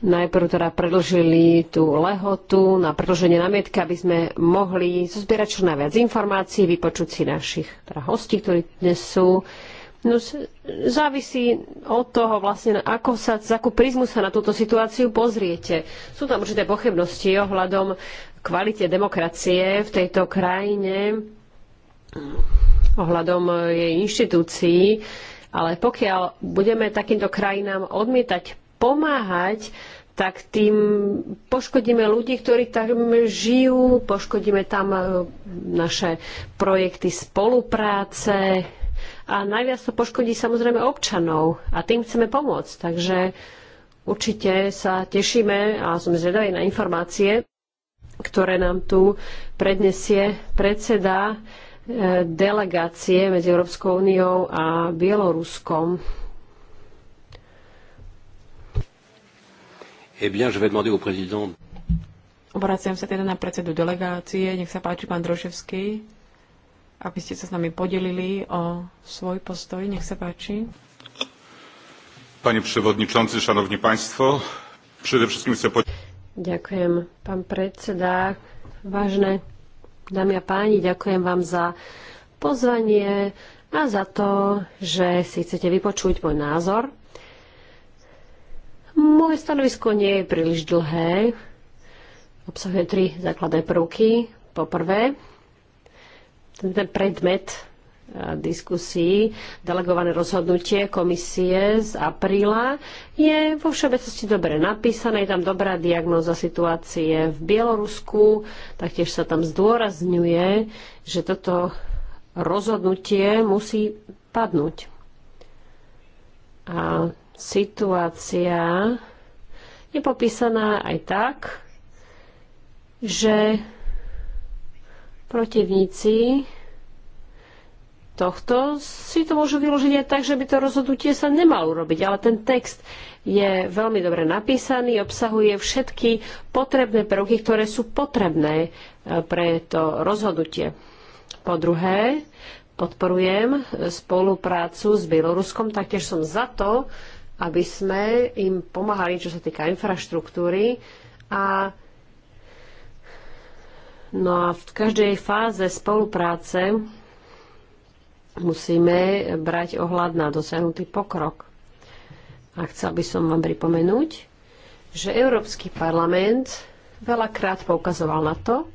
najprv teda predlžili tú lehotu na predlženie namietky, aby sme mohli zozbierať čo najviac informácií, vypočuť si našich teda hostí, ktorí dnes sú. No, závisí od toho vlastne, ako sa, z akú prizmu sa na túto situáciu pozriete. Sú tam určité pochybnosti ohľadom kvalite demokracie v tejto krajine, ohľadom eh, jej inštitúcií, ale pokiaľ budeme takýmto krajinám odmietať pomáhať, tak tým poškodíme ľudí, ktorí tam žijú, poškodíme tam e, naše projekty spolupráce a najviac to poškodí samozrejme občanov a tým chceme pomôcť. Takže určite sa tešíme a sme zvedaví na informácie, ktoré nám tu prednesie predseda e, delegácie medzi Európskou úniou a Bieloruskom. Eh bien, je vais demander au président. Obraciam sa teda na predsedu delegácie. Nech sa páči, pán Droševský, aby ste sa s nami podelili o svoj postoj. Nech sa páči. Pani przewodniczący, szanowni państwo, przede wszystkim chcę podziękować. Ďakujem, pán predseda. Vážne dámy a páni, ďakujem vám za pozvanie a za to, že si chcete vypočuť môj názor moje stanovisko nie je príliš dlhé. Obsahuje tri základné prvky. Po prvé, ten predmet eh, diskusí, delegované rozhodnutie komisie z apríla je vo všeobecnosti dobre napísané. Je tam dobrá diagnóza situácie v Bielorusku. Taktiež sa tam zdôrazňuje, že toto rozhodnutie musí padnúť. A situácia je popísaná aj tak, že protivníci tohto si to môžu vyložiť aj tak, že by to rozhodnutie sa nemalo urobiť, ale ten text je veľmi dobre napísaný, obsahuje všetky potrebné prvky, ktoré sú potrebné e, pre to rozhodnutie. Po druhé, podporujem e, spoluprácu s Bieloruskom, taktiež som za to, aby sme im pomáhali, čo sa týka infraštruktúry a No a v každej fáze spolupráce musíme brať ohľad na dosiahnutý pokrok. A chcel by som vám pripomenúť, že Európsky parlament veľakrát poukazoval na to,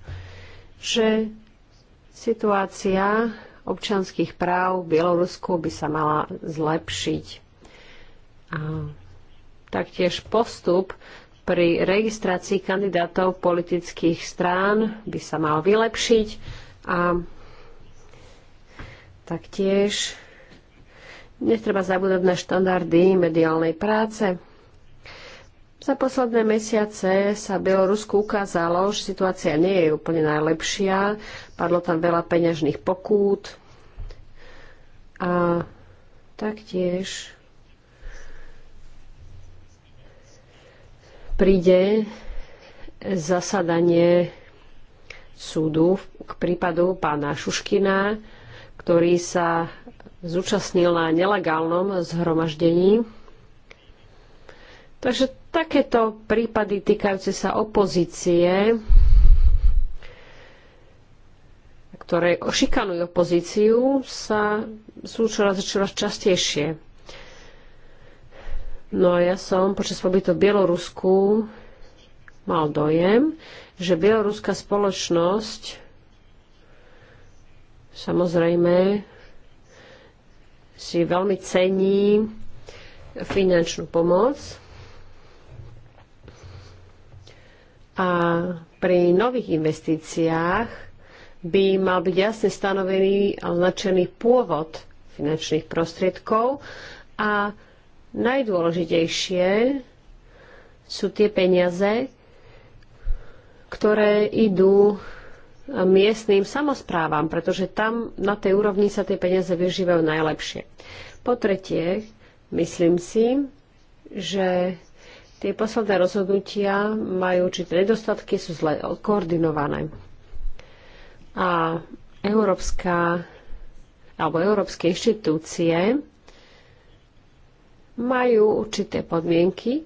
že situácia občanských práv v Bielorusku by sa mala zlepšiť taktiež postup pri registrácii kandidátov politických strán by sa mal vylepšiť a taktiež netreba zabúdať na štandardy mediálnej práce. Za posledné mesiace sa Bielorusku ukázalo, že situácia nie je úplne najlepšia. Padlo tam veľa peňažných pokút a taktiež príde zasadanie súdu k prípadu pána Šuškina, ktorý sa zúčastnil na nelegálnom zhromaždení. Takže takéto prípady týkajúce sa opozície, ktoré ošikanujú opozíciu, sa sú čoraz, čoraz častejšie. No a ja som počas pobytu v Bielorusku mal dojem, že bieloruská spoločnosť samozrejme si veľmi cení finančnú pomoc a pri nových investíciách by mal byť jasne stanovený a označený pôvod finančných prostriedkov a Najdôležitejšie sú tie peniaze, ktoré idú miestným samozprávam, pretože tam na tej úrovni sa tie peniaze využívajú najlepšie. Po tretie, myslím si, že tie posledné rozhodnutia majú určité nedostatky, sú zle koordinované. A európska alebo európske inštitúcie majú určité podmienky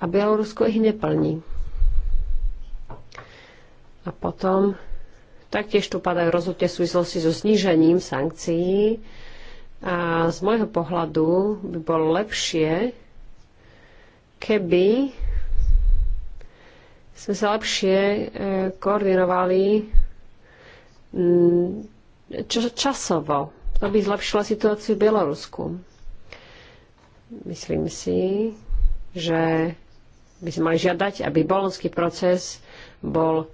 a Bielorusko ich neplní. A potom taktiež tu padajú rozhodnutia v súvislosti so snížením sankcií. A z môjho pohľadu by bolo lepšie, keby sme sa lepšie e, koordinovali časovo. To by zlepšila situáciu v Bielorusku. Myslím si, že by sme mali žiadať, aby bolonský proces bol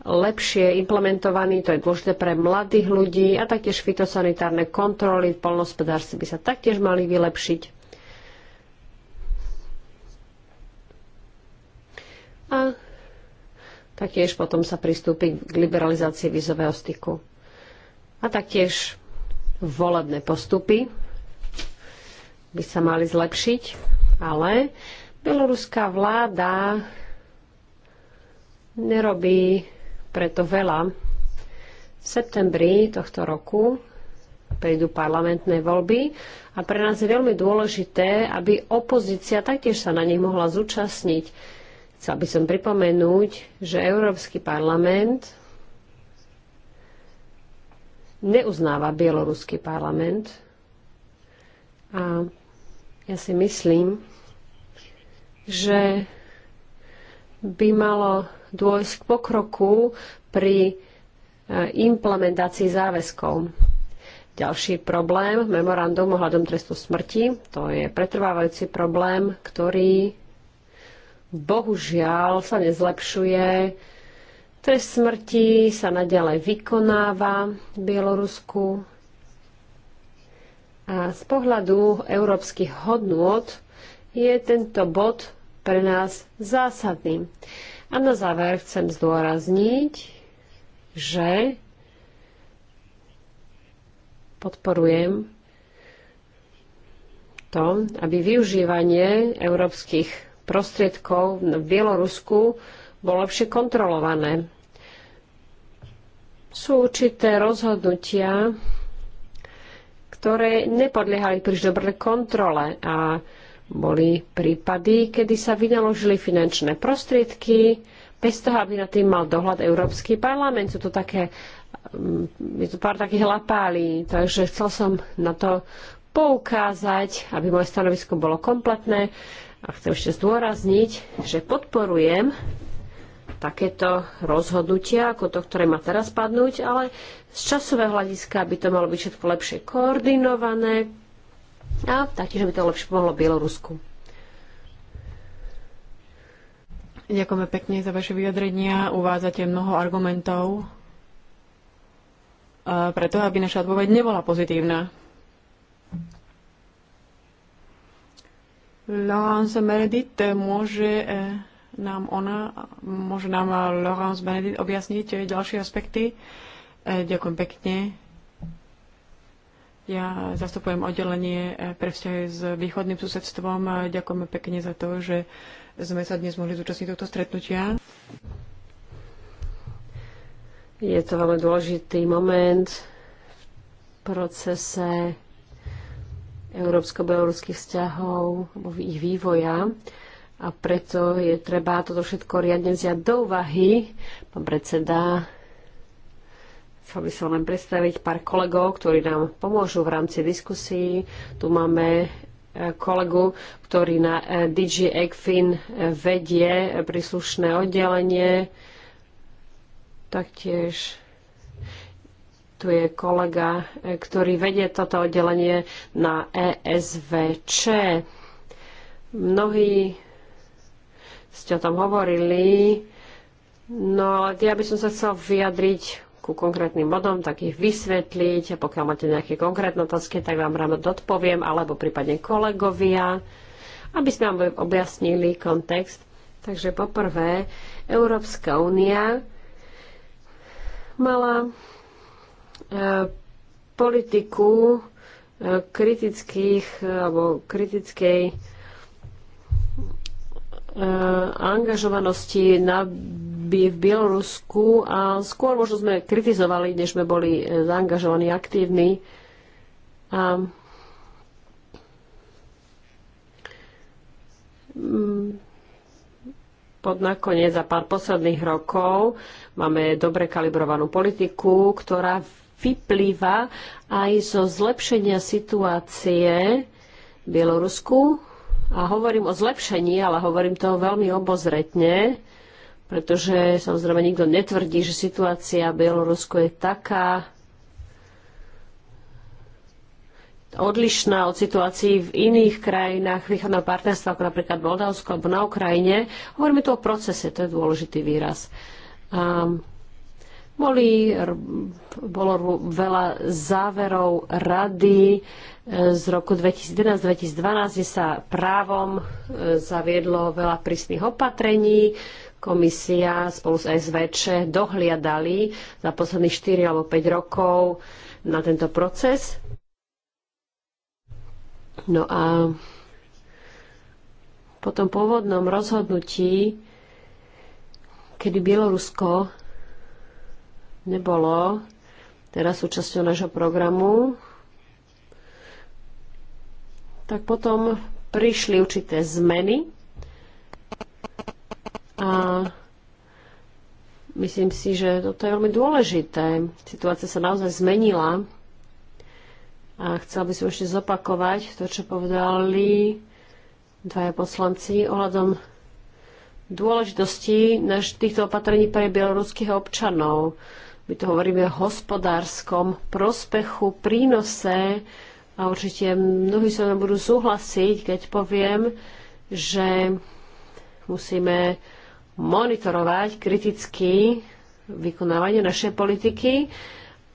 lepšie implementovaný, to je dôležité pre mladých ľudí a taktiež fitosanitárne kontroly v polnospodárstve by sa taktiež mali vylepšiť. A taktiež potom sa pristúpi k liberalizácii vizového styku. A taktiež volebné postupy by sa mali zlepšiť, ale bieloruská vláda nerobí preto veľa. V septembri tohto roku prídu parlamentné voľby a pre nás je veľmi dôležité, aby opozícia taktiež sa na nich mohla zúčastniť. Chcel by som pripomenúť, že Európsky parlament neuznáva bieloruský parlament a ja si myslím, že by malo dôjsť k pokroku pri e, implementácii záväzkov. Ďalší problém, memorandum ohľadom trestu smrti, to je pretrvávajúci problém, ktorý bohužiaľ sa nezlepšuje. Trest smrti sa nadalej vykonáva v Bielorusku. A z pohľadu európskych hodnôt je tento bod pre nás zásadný. A na záver chcem zdôrazniť, že podporujem to, aby využívanie európskych prostriedkov v Bielorusku bolo lepšie kontrolované. Sú určité rozhodnutia ktoré nepodliehali príliš dobrej kontrole a boli prípady, kedy sa vynaložili finančné prostriedky bez toho, aby na tým mal dohľad Európsky parlament. Sú to také, mm, je to pár takých lapálí, takže chcel som na to poukázať, aby moje stanovisko bolo kompletné. A chcem ešte zdôrazniť, že podporujem takéto rozhodnutia, ako to, ktoré má teraz padnúť, ale z časového hľadiska by to malo byť všetko lepšie koordinované a taktiež by to lepšie pomohlo Bielorusku. Ďakujeme pekne za vaše vyjadrenia. Uvádzate mnoho argumentov e, preto, aby naša odpoveď nebola pozitívna. Lance Meredith môže e, nám ona, môže nám Laurence Benedict objasniť ďalšie aspekty. E, ďakujem pekne. Ja zastupujem oddelenie e, pre vzťahy s východným susedstvom. E, ďakujeme pekne za to, že sme sa dnes mohli zúčastniť tohto stretnutia. Je to veľmi dôležitý moment v procese európsko beorúských vzťahov, ich vývoja a preto je treba toto všetko riadne vziať do úvahy. Pán predseda, chcel by som len predstaviť pár kolegov, ktorí nám pomôžu v rámci diskusí. Tu máme e, kolegu, ktorý na e, DG ECFIN e, vedie príslušné oddelenie. Taktiež tu je kolega, ktorý vedie toto oddelenie na ESVČ. Mnohí ste o tom hovorili. No ale ja by som sa chcel vyjadriť ku konkrétnym bodom, tak ich vysvetliť a pokiaľ máte nejaké konkrétne otázky, tak vám ráno odpoviem, alebo prípadne kolegovia, aby sme vám objasnili kontext. Takže poprvé, Európska únia mala e, politiku e, kritických alebo kritickej E, angažovanosti na v Bielorusku a skôr možno sme kritizovali, než sme boli e, zaangažovaní, aktívni. A mm, pod nakoniec za pár posledných rokov máme dobre kalibrovanú politiku, ktorá vyplýva aj zo zlepšenia situácie v Bielorusku a hovorím o zlepšení, ale hovorím to veľmi obozretne, pretože samozrejme nikto netvrdí, že situácia v Bielorusku je taká odlišná od situácií v iných krajinách východného partnerstva, ako napríklad Moldavsko alebo na Ukrajine. Hovoríme tu o procese, to je dôležitý výraz. Um, boli, bolo veľa záverov rady e, z roku 2011-2012, kde sa právom e, zaviedlo veľa prísnych opatrení. Komisia spolu s SVČ dohliadali za posledných 4 alebo 5 rokov na tento proces. No a po tom pôvodnom rozhodnutí, kedy Bielorusko nebolo teraz súčasťou nášho programu, tak potom prišli určité zmeny a myslím si, že toto je veľmi dôležité. Situácia sa naozaj zmenila a chcela by som ešte zopakovať to, čo povedali dvaja poslanci ohľadom dôležitosti týchto opatrení pre bieloruských občanov. My to hovoríme o hospodárskom prospechu, prínose a určite mnohí sa nám budú súhlasiť, keď poviem, že musíme monitorovať kriticky vykonávanie našej politiky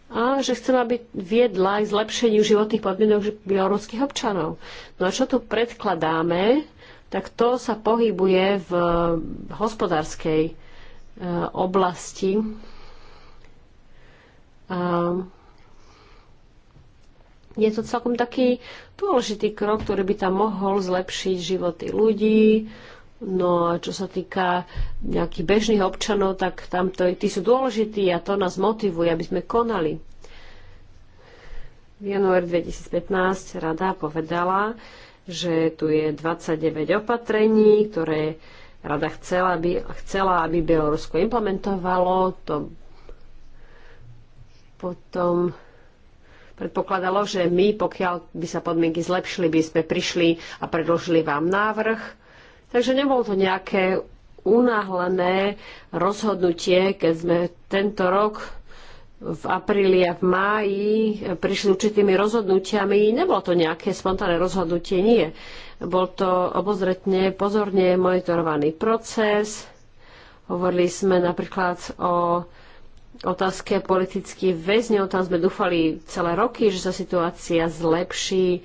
a že chcem, aby viedla aj zlepšeniu životných podmienok bieloruských občanov. No a čo tu predkladáme, tak to sa pohybuje v hospodárskej e, oblasti a je to celkom taký dôležitý krok, ktorý by tam mohol zlepšiť životy ľudí. No a čo sa týka nejakých bežných občanov, tak tam to, tí sú dôležití a to nás motivuje, aby sme konali. V január 2015 rada povedala, že tu je 29 opatrení, ktoré rada chcela, aby, chcela, aby Bielorusko implementovalo. To potom predpokladalo, že my, pokiaľ by sa podmienky zlepšili, by sme prišli a predložili vám návrh. Takže nebolo to nejaké unáhlené rozhodnutie, keď sme tento rok v apríli a v máji prišli určitými rozhodnutiami. Nebolo to nejaké spontánne rozhodnutie, nie. Bol to obozretne, pozorne monitorovaný proces. Hovorili sme napríklad o otázke politických väzňov. Tam sme dúfali celé roky, že sa situácia zlepší.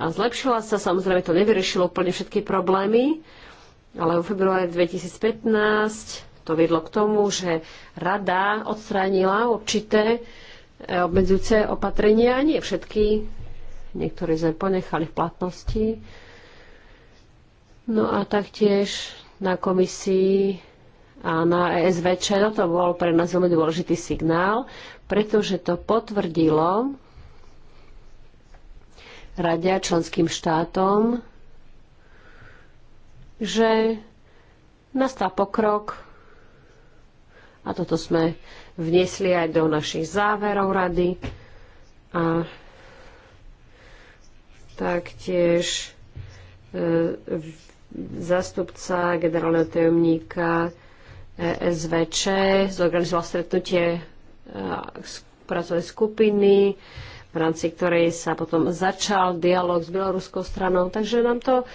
A zlepšila sa, samozrejme to nevyriešilo úplne všetky problémy, ale v februári 2015 to viedlo k tomu, že rada odstránila určité e, obmedzujúce opatrenia. Nie všetky, niektoré sme ponechali v platnosti. No a taktiež na komisii a na ESVČ. to bol pre nás veľmi dôležitý signál, pretože to potvrdilo radia členským štátom, že nastal pokrok a toto sme vniesli aj do našich záverov rady a taktiež e, zástupca generálneho tajomníka E SVČ, zorganizoval stretnutie e, pracovnej skupiny, v rámci ktorej sa potom začal dialog s bieloruskou stranou. Takže nám to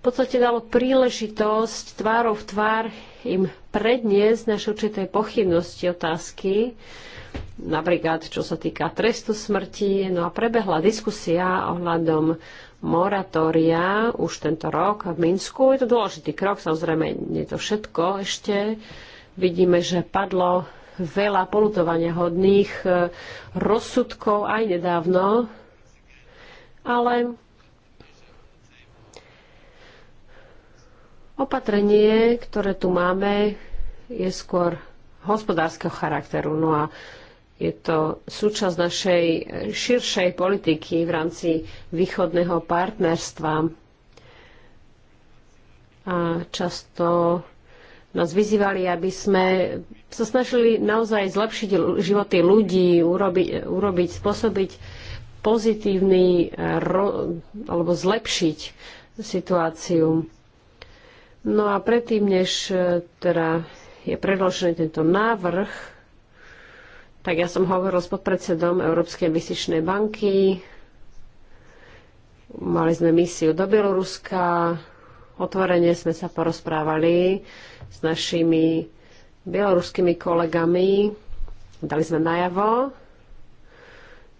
v podstate dalo príležitosť tvárov v tvár im predniesť naše určité pochybnosti, otázky, napríklad čo sa týka trestu smrti. No a prebehla diskusia ohľadom moratória už tento rok v Minsku. Je to dôležitý krok, samozrejme nie to všetko ešte. Vidíme, že padlo veľa polutovania hodných e, rozsudkov aj nedávno, ale opatrenie, ktoré tu máme, je skôr hospodárskeho charakteru. No a je to súčasť našej e, širšej politiky v rámci východného partnerstva. A často nás vyzývali, aby sme sa snažili naozaj zlepšiť životy ľudí, urobiť, urobiť spôsobiť pozitívny e, alebo zlepšiť situáciu. No a predtým, než e, teda je predložený tento návrh, tak ja som hovoril s podpredsedom Európskej investičnej banky. Mali sme misiu do Bieloruska. Otvorene sme sa porozprávali s našimi bieloruskými kolegami. Dali sme najavo,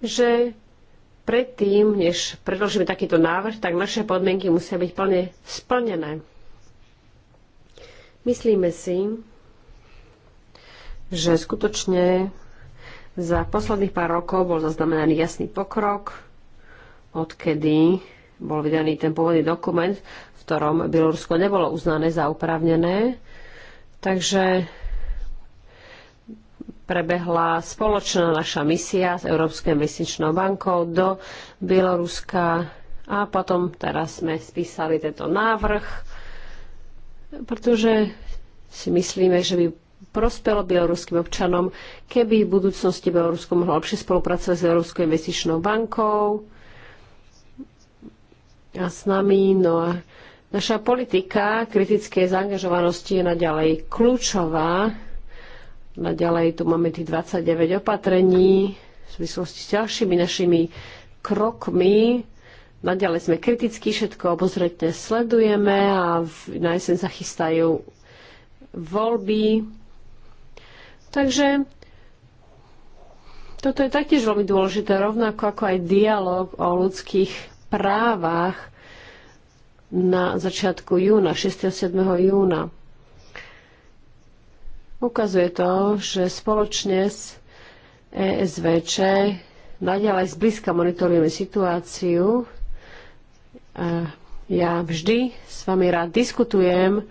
že predtým, než predložíme takýto návrh, tak naše podmienky musia byť plne splnené. Myslíme si, že skutočne za posledných pár rokov bol zaznamenaný jasný pokrok, odkedy bol vydaný ten pôvodný dokument, v ktorom Bielorusko nebolo uznané za upravnené, Takže prebehla spoločná naša misia s Európskou investičnou bankou do Bieloruska a potom teraz sme spísali tento návrh, pretože si myslíme, že by prospelo bieloruským občanom, keby v budúcnosti Bielorusko mohlo lepšie spolupracovať s Európskou investičnou bankou a s nami. No a naša politika kritickej zaangažovanosti je naďalej kľúčová. Naďalej tu máme tých 29 opatrení v súvislosti s ďalšími našimi krokmi. Naďalej sme kriticky, všetko obozretne sledujeme a na jeseň sa chystajú voľby Takže toto je taktiež veľmi dôležité, rovnako ako aj dialog o ľudských právach na začiatku júna, 6. a 7. júna. Ukazuje to, že spoločne s ESVČ naďalej zblízka monitorujeme situáciu. E, ja vždy s vami rád diskutujem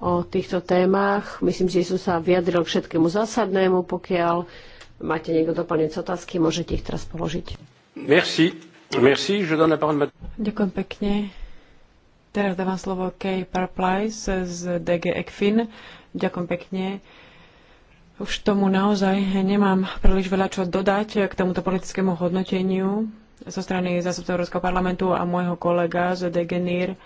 o týchto témach. Myslím, že som sa vyjadril k všetkému zásadnému. Pokiaľ máte niekto doplňujúce otázky, môžete ich teraz položiť. Merci. Merci. Je donne la parole. Ďakujem pekne. Teraz dávam slovo Kay Parplais z DG ECFIN. Ďakujem pekne. Už tomu naozaj nemám príliš veľa čo dodať k tomuto politickému hodnoteniu zo strany zástupcov Európskeho parlamentu a môjho kolega z DG NIR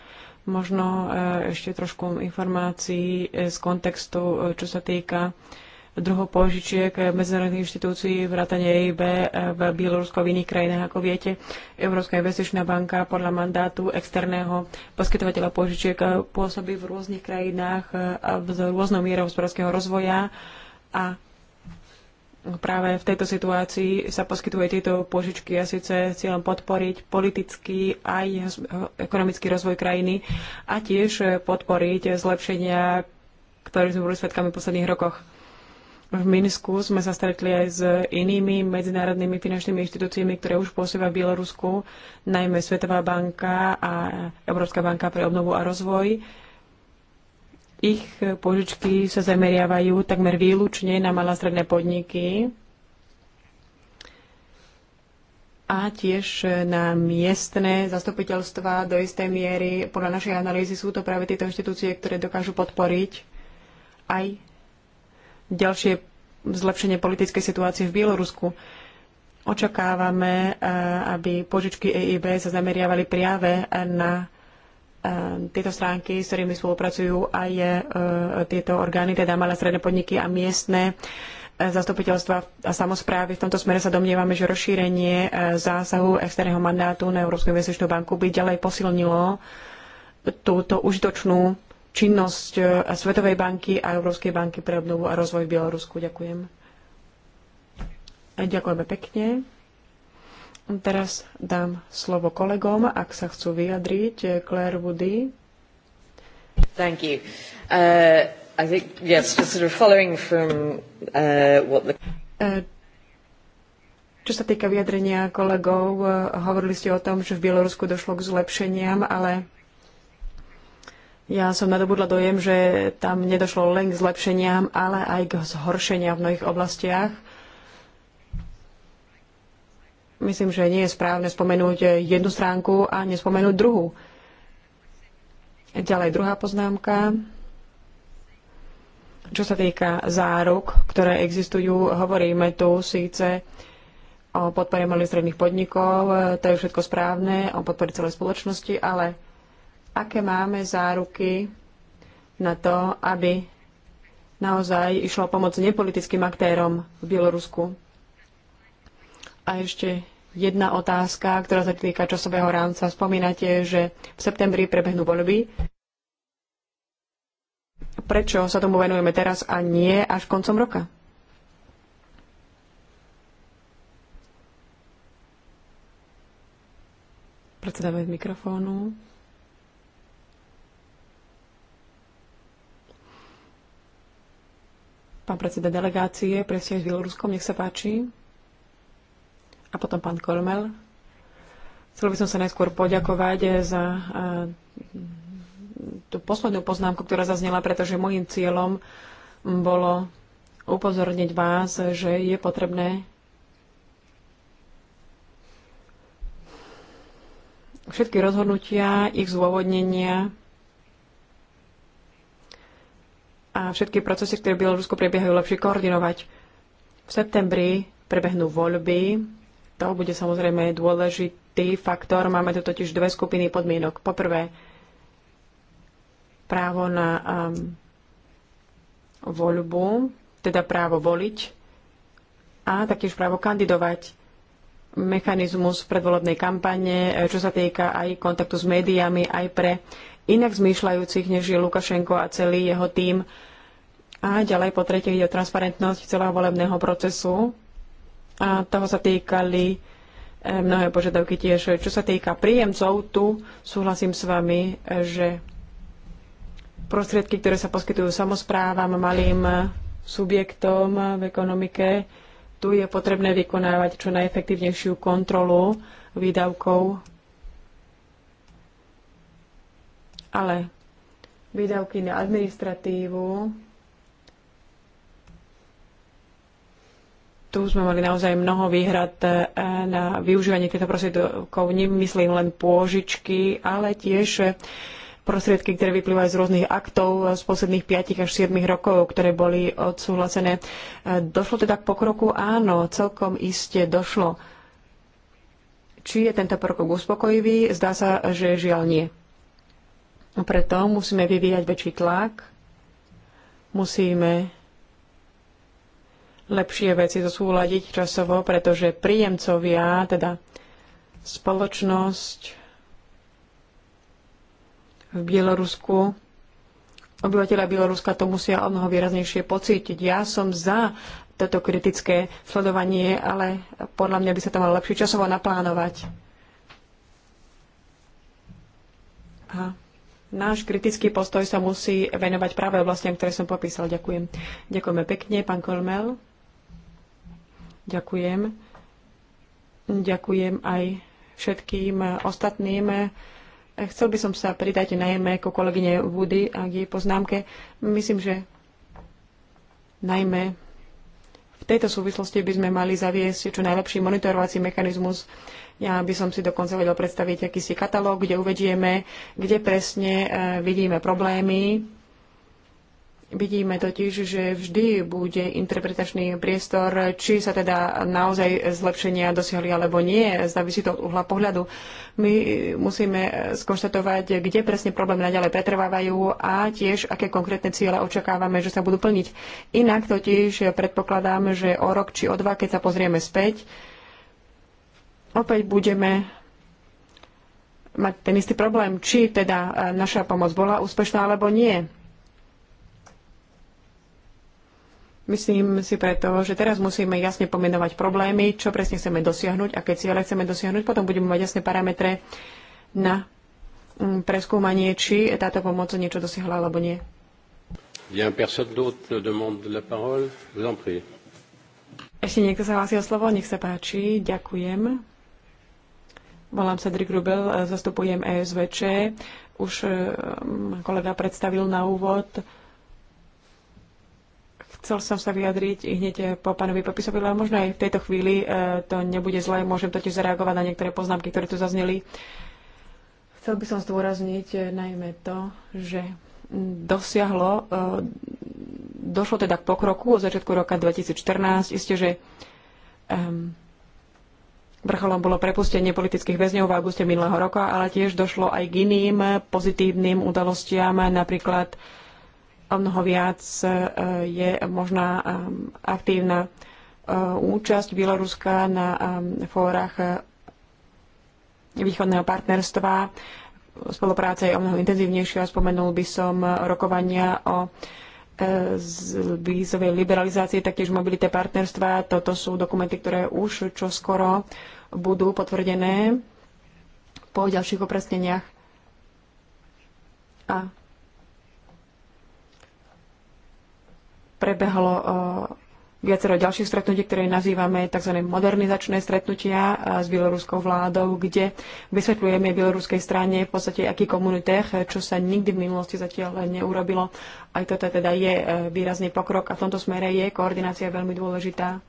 Možno e, ešte trošku informácií e, z kontextu, e, čo sa týka druhou požičiek medzinárodných inštitúcií, vrátane EIB v Bielorusku a v iných krajinách. Ako viete, Európska investičná banka podľa mandátu externého poskytovateľa požičiek pôsobí v rôznych krajinách a v rôznou mierou hospodárskeho rozvoja a práve v tejto situácii sa poskytuje tieto požičky a síce cieľom podporiť politický aj ekonomický rozvoj krajiny a tiež podporiť zlepšenia, ktoré sme boli svetkami v posledných rokoch. V Minsku sme sa stretli aj s inými medzinárodnými finančnými inštitúciami, ktoré už pôsobia v Bielorusku, najmä Svetová banka a Európska banka pre obnovu a rozvoj ich požičky sa zameriavajú takmer výlučne na malé stredné podniky a tiež na miestne zastupiteľstva do istej miery. Podľa našej analýzy sú to práve tieto inštitúcie, ktoré dokážu podporiť aj ďalšie zlepšenie politickej situácie v Bielorusku. Očakávame, eh, aby požičky EIB sa zameriavali práve na Ehm, tieto stránky, s ktorými spolupracujú aj eh, tieto orgány, teda malé stredné podniky a miestne eh, zastupiteľstva a samozprávy. V tomto smere sa domnievame, že rozšírenie eh, zásahu externého mandátu na Európsku investičnú banku by ďalej posilnilo túto užitočnú činnosť Svetovej banky a Európskej banky pre obnovu a rozvoj v Bielorusku. Ďakujem. Ďakujeme pekne. Teraz dám slovo kolegom, ak sa chcú vyjadriť. Claire Woody. Thank you. Uh, I think, yes, just sort of following from uh, what the... Uh, čo sa týka vyjadrenia kolegov, uh, hovorili ste o tom, že v Bielorusku došlo k zlepšeniam, ale ja som nadobudla dojem, že tam nedošlo len k zlepšeniam, ale aj k zhoršeniam v mnohých oblastiach Myslím, že nie je správne spomenúť jednu stránku a nespomenúť druhú. Ďalej druhá poznámka. Čo sa týka záruk, ktoré existujú, hovoríme tu síce o podpore malých stredných podnikov, to je všetko správne, o podpore celej spoločnosti, ale aké máme záruky na to, aby naozaj išlo pomoc nepolitickým aktérom v Bielorusku? A ešte jedna otázka, ktorá sa týka časového rámca. Spomínate, že v septembri prebehnú voľby. Prečo sa tomu venujeme teraz a nie až koncom roka? Predseda bez mikrofónu. Pán predseda delegácie, presne s Bieloruskom, nech sa páči. A potom pán kormel. Chcel by som sa najskôr poďakovať za tú poslednú poznámku, ktorá zaznela, pretože môjim cieľom bolo upozorniť vás, že je potrebné všetky rozhodnutia, ich zôvodnenia a všetky procesy, ktoré v Bielorusku prebiehajú, lepšie koordinovať. V septembri prebehnú voľby, to bude samozrejme dôležitý faktor. Máme tu totiž dve skupiny podmienok. Poprvé, právo na um, voľbu, teda právo voliť a taktiež právo kandidovať mechanizmus predvolebnej kampane, eh, čo sa týka aj kontaktu s médiami, aj pre inak zmýšľajúcich, než je Lukašenko a celý jeho tím. A ďalej po tretie ide o transparentnosť celého volebného procesu, a toho sa týkali eh, mnohé požiadavky tiež. Čo sa týka príjemcov, tu súhlasím s vami, eh, že prostriedky, ktoré sa poskytujú samozprávam, malým eh, subjektom v ekonomike, tu je potrebné vykonávať čo najefektívnejšiu kontrolu výdavkov. Ale výdavky na administratívu tu sme mali naozaj mnoho výhrad e, na využívanie týchto prostriedkov. Nemyslím len pôžičky, ale tiež prostriedky, ktoré vyplývajú z rôznych aktov z posledných 5 až 7 rokov, ktoré boli odsúhlasené. E, došlo teda k pokroku? Áno, celkom iste došlo. Či je tento pokrok uspokojivý? Zdá sa, že žiaľ nie. Preto musíme vyvíjať väčší tlak, musíme lepšie veci zosúľadiť časovo, pretože príjemcovia, teda spoločnosť v Bielorusku, obyvateľa Bieloruska to musia o mnoho výraznejšie pocítiť. Ja som za toto kritické sledovanie, ale podľa mňa by sa to malo lepšie časovo naplánovať. Aha. Náš kritický postoj sa musí venovať práve oblastiam, ktoré som popísal. Ďakujem. Ďakujeme pekne, pán Kolmel. Ďakujem. Ďakujem aj všetkým ostatným. Chcel by som sa pridať najmä ako kolegyne Woody a k jej poznámke. Myslím, že najmä v tejto súvislosti by sme mali zaviesť čo najlepší monitorovací mechanizmus. Ja by som si dokonca vedel predstaviť akýsi katalóg, kde uvedieme, kde presne eh, vidíme problémy Vidíme totiž, že vždy bude interpretačný priestor, či sa teda naozaj zlepšenia dosiahli alebo nie, závisí to od uhla pohľadu. My musíme skonštatovať, kde presne problémy naďalej pretrvávajú a tiež, aké konkrétne ciele očakávame, že sa budú plniť. Inak totiž predpokladám, že o rok či o dva, keď sa pozrieme späť, opäť budeme mať ten istý problém, či teda naša pomoc bola úspešná alebo nie Myslím si preto, že teraz musíme jasne pomenovať problémy, čo presne chceme dosiahnuť, aké ciele chceme dosiahnuť, potom budeme mať jasné parametre na mm, preskúmanie, či táto pomoc niečo dosiahla alebo nie. Ešte niekto sa hlási o slovo? Nech sa páči. Ďakujem. Volám sa Drik Rubel, zastupujem ESVČ. Už eh, kolega predstavil na úvod Chcel som sa vyjadriť i hneď eh, po pánovi popisovi, ale možno aj v tejto chvíli eh, to nebude zlé, Môžem totiž zareagovať na niektoré poznámky, ktoré tu zazneli. Chcel by som zdôrazniť eh, najmä to, že dosiahlo, došlo teda k pokroku od začiatku roka 2014. Isté, že ehm, vrcholom bolo prepustenie politických väzňov v auguste minulého roka, ale tiež došlo aj k iným pozitívnym udalostiam, napríklad o mnoho viac e, je možná e, aktívna e, účasť Bieloruska na fórach východného partnerstva. Spolupráca je o mnoho intenzívnejšia. Spomenul by som rokovania o vízovej liberalizácie, taktiež mobilité partnerstva. Toto sú dokumenty, ktoré už čoskoro budú potvrdené po ďalších opresneniach. A prebehlo viacero ďalších stretnutí, ktoré nazývame tzv. modernizačné stretnutia s bieloruskou vládou, kde vysvetľujeme bieloruskej strane v podstate aký komunitách, čo sa nikdy v minulosti zatiaľ neurobilo. Aj toto teda je e, výrazný pokrok a v tomto smere je koordinácia veľmi dôležitá.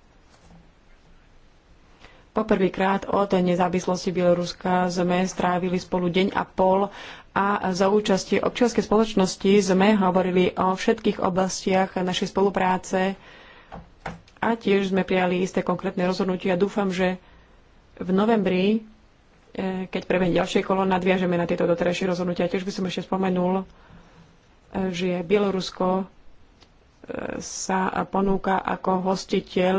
Poprvýkrát od nezávislosti Bieloruska sme strávili spolu deň a pol a za účasti občianskej spoločnosti sme hovorili o všetkých oblastiach našej spolupráce a tiež sme prijali isté konkrétne rozhodnutia. Dúfam, že v novembri, e, keď prebehne ďalšie kolo, nadviažeme na tieto doterajšie rozhodnutia. Tiež by som ešte spomenul, e, že Bielorusko e, sa ponúka ako hostiteľ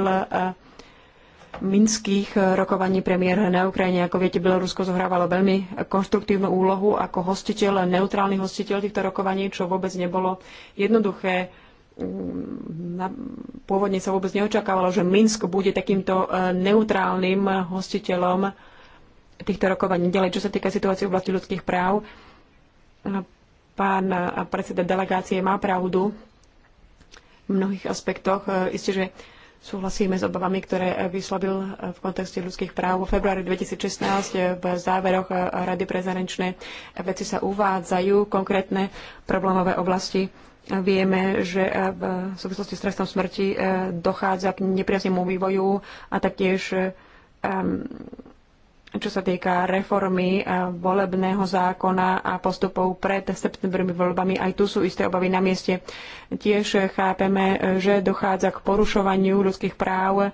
minských eh, rokovaní premiér na Ukrajine. Ako viete, Bielorusko zohrávalo veľmi konštruktívnu úlohu ako hostiteľ, neutrálny hostiteľ týchto rokovaní, čo vôbec nebolo jednoduché. Mm, na, pôvodne sa vôbec neočakávalo, že Minsk bude takýmto eh, neutrálnym hostiteľom týchto rokovaní. Ďalej, čo sa týka situácie v oblasti ľudských práv, pán eh, predseda delegácie má pravdu v mnohých aspektoch. Isté, že Súhlasíme s obavami, ktoré vyslovil v kontexte ľudských práv. Vo februári 2016 v záveroch Rady pre zahraničné veci sa uvádzajú konkrétne problémové oblasti. Vieme, že v súvislosti s trestom smrti dochádza k nepriaznému vývoju a taktiež čo sa týka reformy eh, volebného zákona a postupov pred septembrými voľbami, aj tu sú isté obavy na mieste. Tiež chápeme, že dochádza k porušovaniu ľudských práv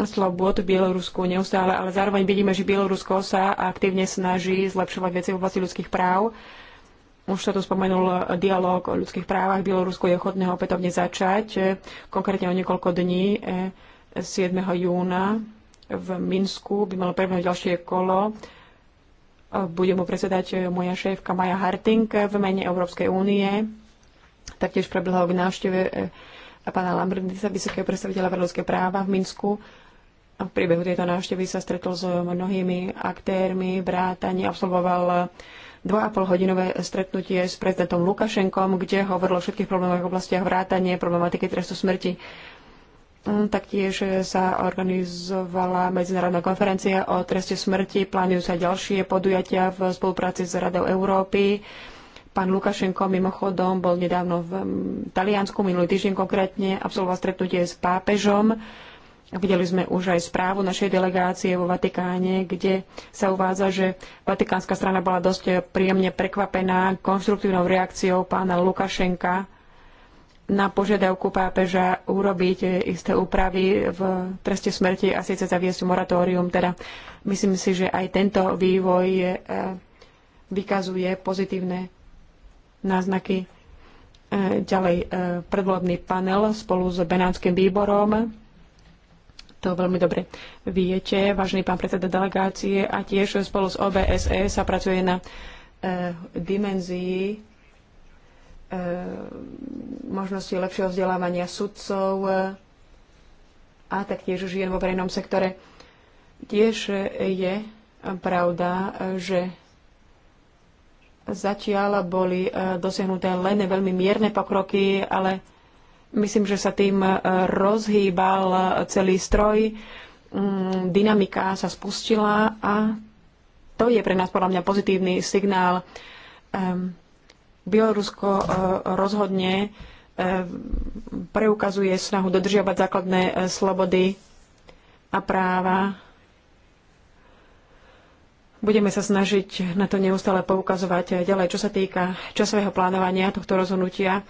slobod v Bielorusku neustále, ale zároveň vidíme, že Bielorusko sa aktívne snaží zlepšovať veci v oblasti ľudských práv. Už sa tu spomenul dialog o ľudských právach. Bielorusko je ochotné opätovne začať, eh, konkrétne o niekoľko dní, 7. Eh, júna v Minsku by malo prebehnúť ďalšie kolo. Bude mu predsedať moja šéfka Maja Harting v mene Európskej únie. Taktiež prebehlo k návšteve eh, pána Lambrindisa, vysokého predstaviteľa pre ľudské práva v Minsku. A v priebehu tejto návštevy sa stretol s mnohými aktérmi, brátani, absolvoval 2,5 hodinové stretnutie s prezidentom Lukašenkom, kde hovoril o všetkých problémoch v oblastiach vrátanie, problematiky trestu smrti. Mm, taktiež sa organizovala medzinárodná konferencia o treste smrti, plánujú sa ďalšie podujatia v spolupráci s Radou Európy. Pán Lukašenko mimochodom bol nedávno v mm, Taliansku, minulý týždeň konkrétne, absolvoval stretnutie s pápežom. Videli sme už aj správu našej delegácie vo Vatikáne, kde sa uvádza, že vatikánska strana bola dosť príjemne prekvapená konštruktívnou reakciou pána Lukašenka na požiadavku pápeža urobiť isté úpravy v treste smrti a síce zaviesť moratórium. Teda myslím si, že aj tento vývoj e, vykazuje pozitívne náznaky. E, ďalej e, predvolebný panel spolu s Benátským výborom. To veľmi dobre viete, vážený pán predseda delegácie a tiež spolu s OBSE sa pracuje na dimenzii Eh, možnosti lepšieho vzdelávania sudcov eh, a taktiež žien vo verejnom sektore. Tiež eh, je pravda, že zatiaľ boli dosiahnuté len veľmi mierne pokroky, ale myslím, že sa tým rozhýbal celý stroj, mm, dynamika sa spustila a to je pre nás podľa mňa pozitívny signál. Um, Bielorusko e, rozhodne e, preukazuje snahu dodržiavať základné e, slobody a práva. Budeme sa snažiť na to neustále poukazovať ďalej, čo sa týka časového plánovania tohto rozhodnutia.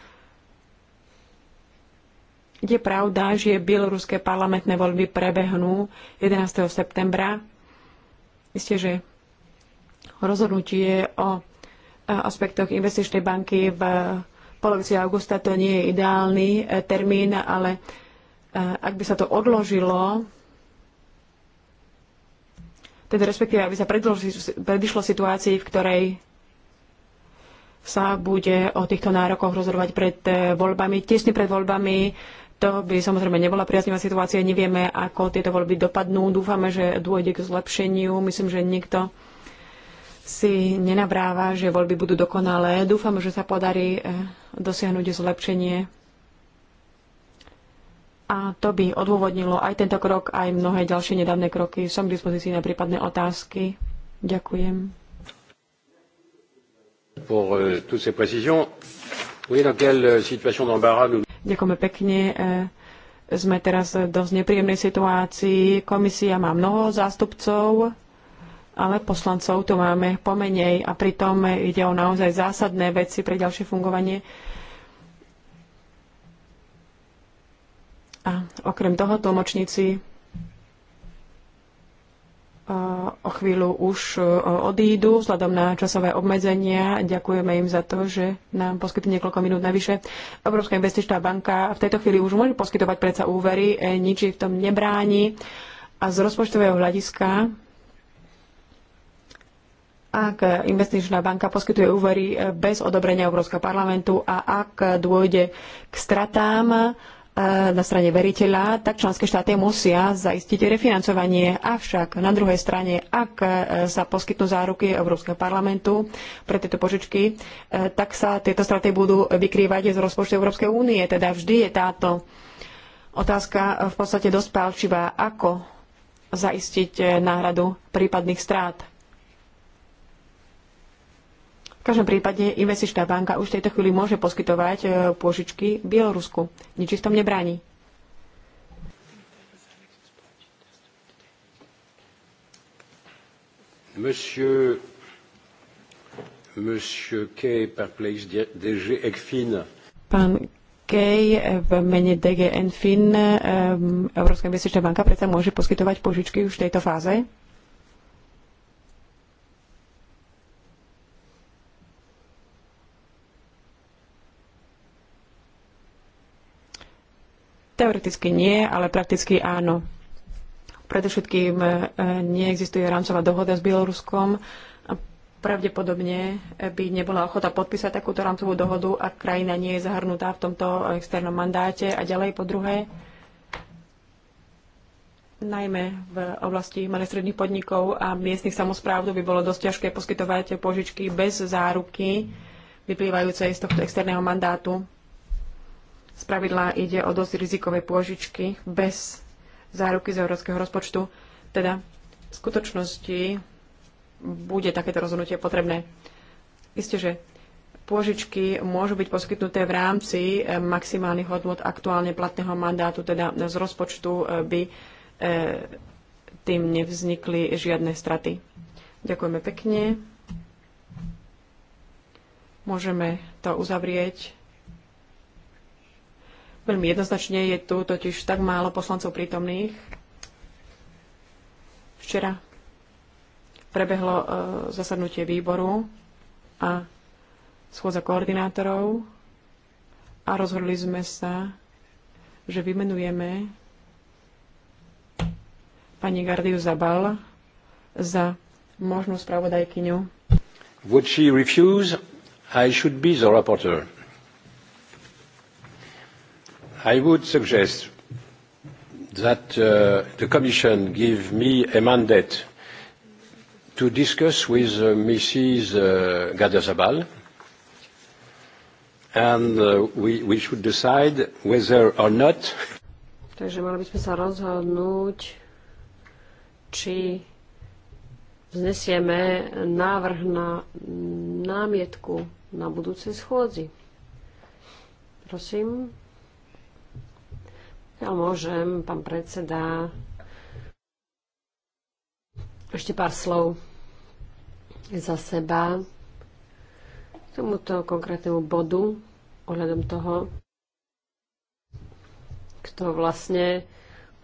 Je pravda, že bieloruské parlamentné voľby prebehnú 11. septembra. Isté, že rozhodnutie o aspektoch investičnej banky v polovici augusta. To nie je ideálny e, termín, ale e, ak by sa to odložilo, teda respektíve, aby sa predišlo situácii, v ktorej sa bude o týchto nárokoch rozhodovať pred e, voľbami, tesne pred voľbami. To by samozrejme nebola priaznivá situácia, nevieme, ako tieto voľby dopadnú. Dúfame, že dôjde k zlepšeniu. Myslím, že nikto si nenabráva, že voľby budú dokonalé. Dúfam, že sa podarí eh, dosiahnuť zlepšenie. A to by odôvodnilo aj tento krok, aj mnohé ďalšie nedávne kroky. Som k dispozícii na prípadné otázky. Ďakujem. Pour, uh, toutes ces précisions, oui, dans quelle eh, situation nous... Ďakujeme pekne. Sme teraz v dosť nepríjemnej situácii. Komisia má mnoho zástupcov ale poslancov tu máme pomenej a pritom ide o naozaj zásadné veci pre ďalšie fungovanie. A okrem toho tlmočníci e, o chvíľu už e, odídu vzhľadom na časové obmedzenia. Ďakujeme im za to, že nám poskytli niekoľko minút navyše. Európska investičná banka v tejto chvíli už môže poskytovať predsa úvery, e, nič v tom nebráni. A z rozpočtového hľadiska ak investičná banka poskytuje úvery bez odobrenia Európskeho parlamentu a ak dôjde k stratám e, na strane veriteľa, tak členské štáty musia zaistiť refinancovanie. Avšak na druhej strane, ak e, sa poskytnú záruky Európskeho parlamentu pre tieto požičky, e, tak sa tieto straty budú vykrývať z rozpočtu Európskej únie. Teda vždy je táto otázka v podstate dosť pálčivá, ako zaistiť náhradu prípadných strát v každom prípade investičná banka už v tejto chvíli môže poskytovať e, pôžičky Bielorusku. Nič v tom nebráni. Monsieur, Monsieur Kay, par DG ECFIN. Pán Kej v mene DG ECFIN, e, Európska investičná banka, preto môže poskytovať požičky už v tejto fáze? Teoreticky nie, ale prakticky áno. Predovšetkým e, neexistuje rámcová dohoda s Bieloruskom a pravdepodobne by nebola ochota podpísať takúto rámcovú dohodu, ak krajina nie je zahrnutá v tomto externom mandáte. A ďalej po druhé, najmä v oblasti malých stredných podnikov a miestnych samozpráv by bolo dosť ťažké poskytovať požičky bez záruky vyplývajúcej z tohto externého mandátu. Spravidla ide o dosť rizikové pôžičky bez záruky z európskeho rozpočtu. Teda v skutočnosti bude takéto rozhodnutie potrebné. Isté, že pôžičky môžu byť poskytnuté v rámci eh, maximálnych hodnot aktuálne platného mandátu, teda z rozpočtu eh, by eh, tým nevznikli žiadne straty. Ďakujeme pekne. Môžeme to uzavrieť Veľmi jednoznačne je tu totiž tak málo poslancov prítomných. Včera prebehlo e, zasadnutie výboru a schôdza koordinátorov a rozhodli sme sa, že vymenujeme pani Gardiu Zabal za možnú spravodajkyňu. Would she refuse? I should be the rapporteur. I would suggest that uh, the Commission give me a mandate to discuss with uh, Mrs. Uh, Gadazabal, and uh, we, we should decide whether or not. Takže mali by sme sa rozhodnúť, či vznesieme návrh na námietku na budúcej schôdzi. Prosím. Ja môžem, pán predseda. Ešte pár slov za seba k tomuto konkrétnemu bodu ohľadom toho, kto vlastne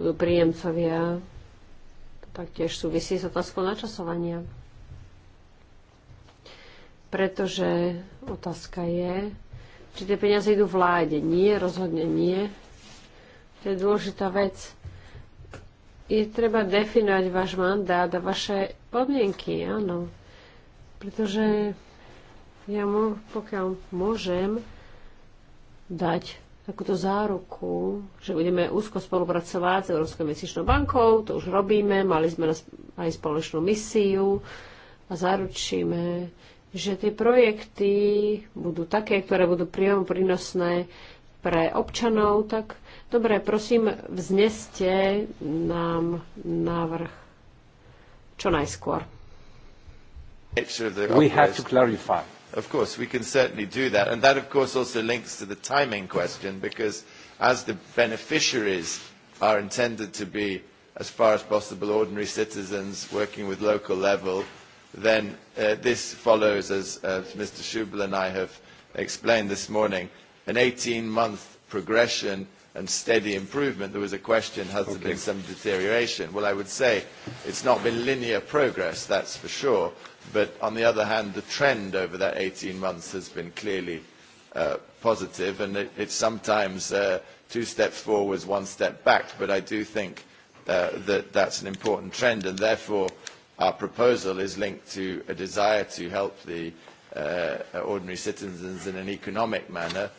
budú príjemcovia. To taktiež súvisí s otázkou načasovania. Pretože otázka je, či tie peniaze idú vláde. Nie, rozhodne nie. To je dôležitá vec. Je treba definovať váš mandát a vaše podmienky, áno. Pretože ja mu, pokiaľ môžem, dať takúto záruku, že budeme úzko spolupracovať s Európskou investičnou bankou, to už robíme, mali sme aj spoločnú misiu a zaručíme, že tie projekty budú také, ktoré budú priamo prínosné pre občanov, tak Dobre, prosím, vzneste nám návrh čo najskôr. We have to clarify. Of course, we can certainly do that. And that, of course, also links to the timing question, because as the beneficiaries are intended to be, as far as possible, ordinary citizens working with local level, then uh, this follows, as uh, Mr. Schubel and I have explained this morning, an 18-month progression and steady improvement, there was a question, has okay. there been some deterioration? Well, I would say it's not been linear progress, that's for sure. But on the other hand, the trend over that 18 months has been clearly uh, positive, and it, it's sometimes uh, two steps forwards, one step back. But I do think uh, that that's an important trend, and therefore our proposal is linked to a desire to help the uh, ordinary citizens in an economic manner –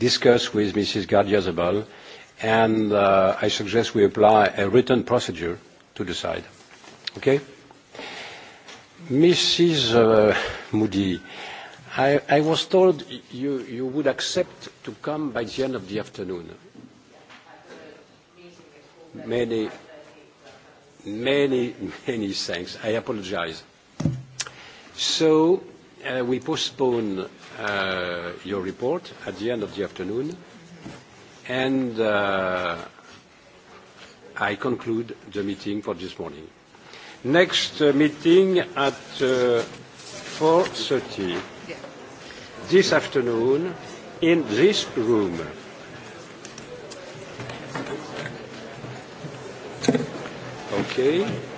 discuss with Mrs. Gardia Zabal, and uh, I suggest we apply a written procedure to decide. Okay? Mrs. Uh, Moody, I, I was told you, you would accept to come by the end of the afternoon. Many, many, many thanks. I apologize. So uh, we postpone uh, your report at the end of the afternoon, and uh, I conclude the meeting for this morning. Next uh, meeting at uh, 4.30 this afternoon in this room. Okay.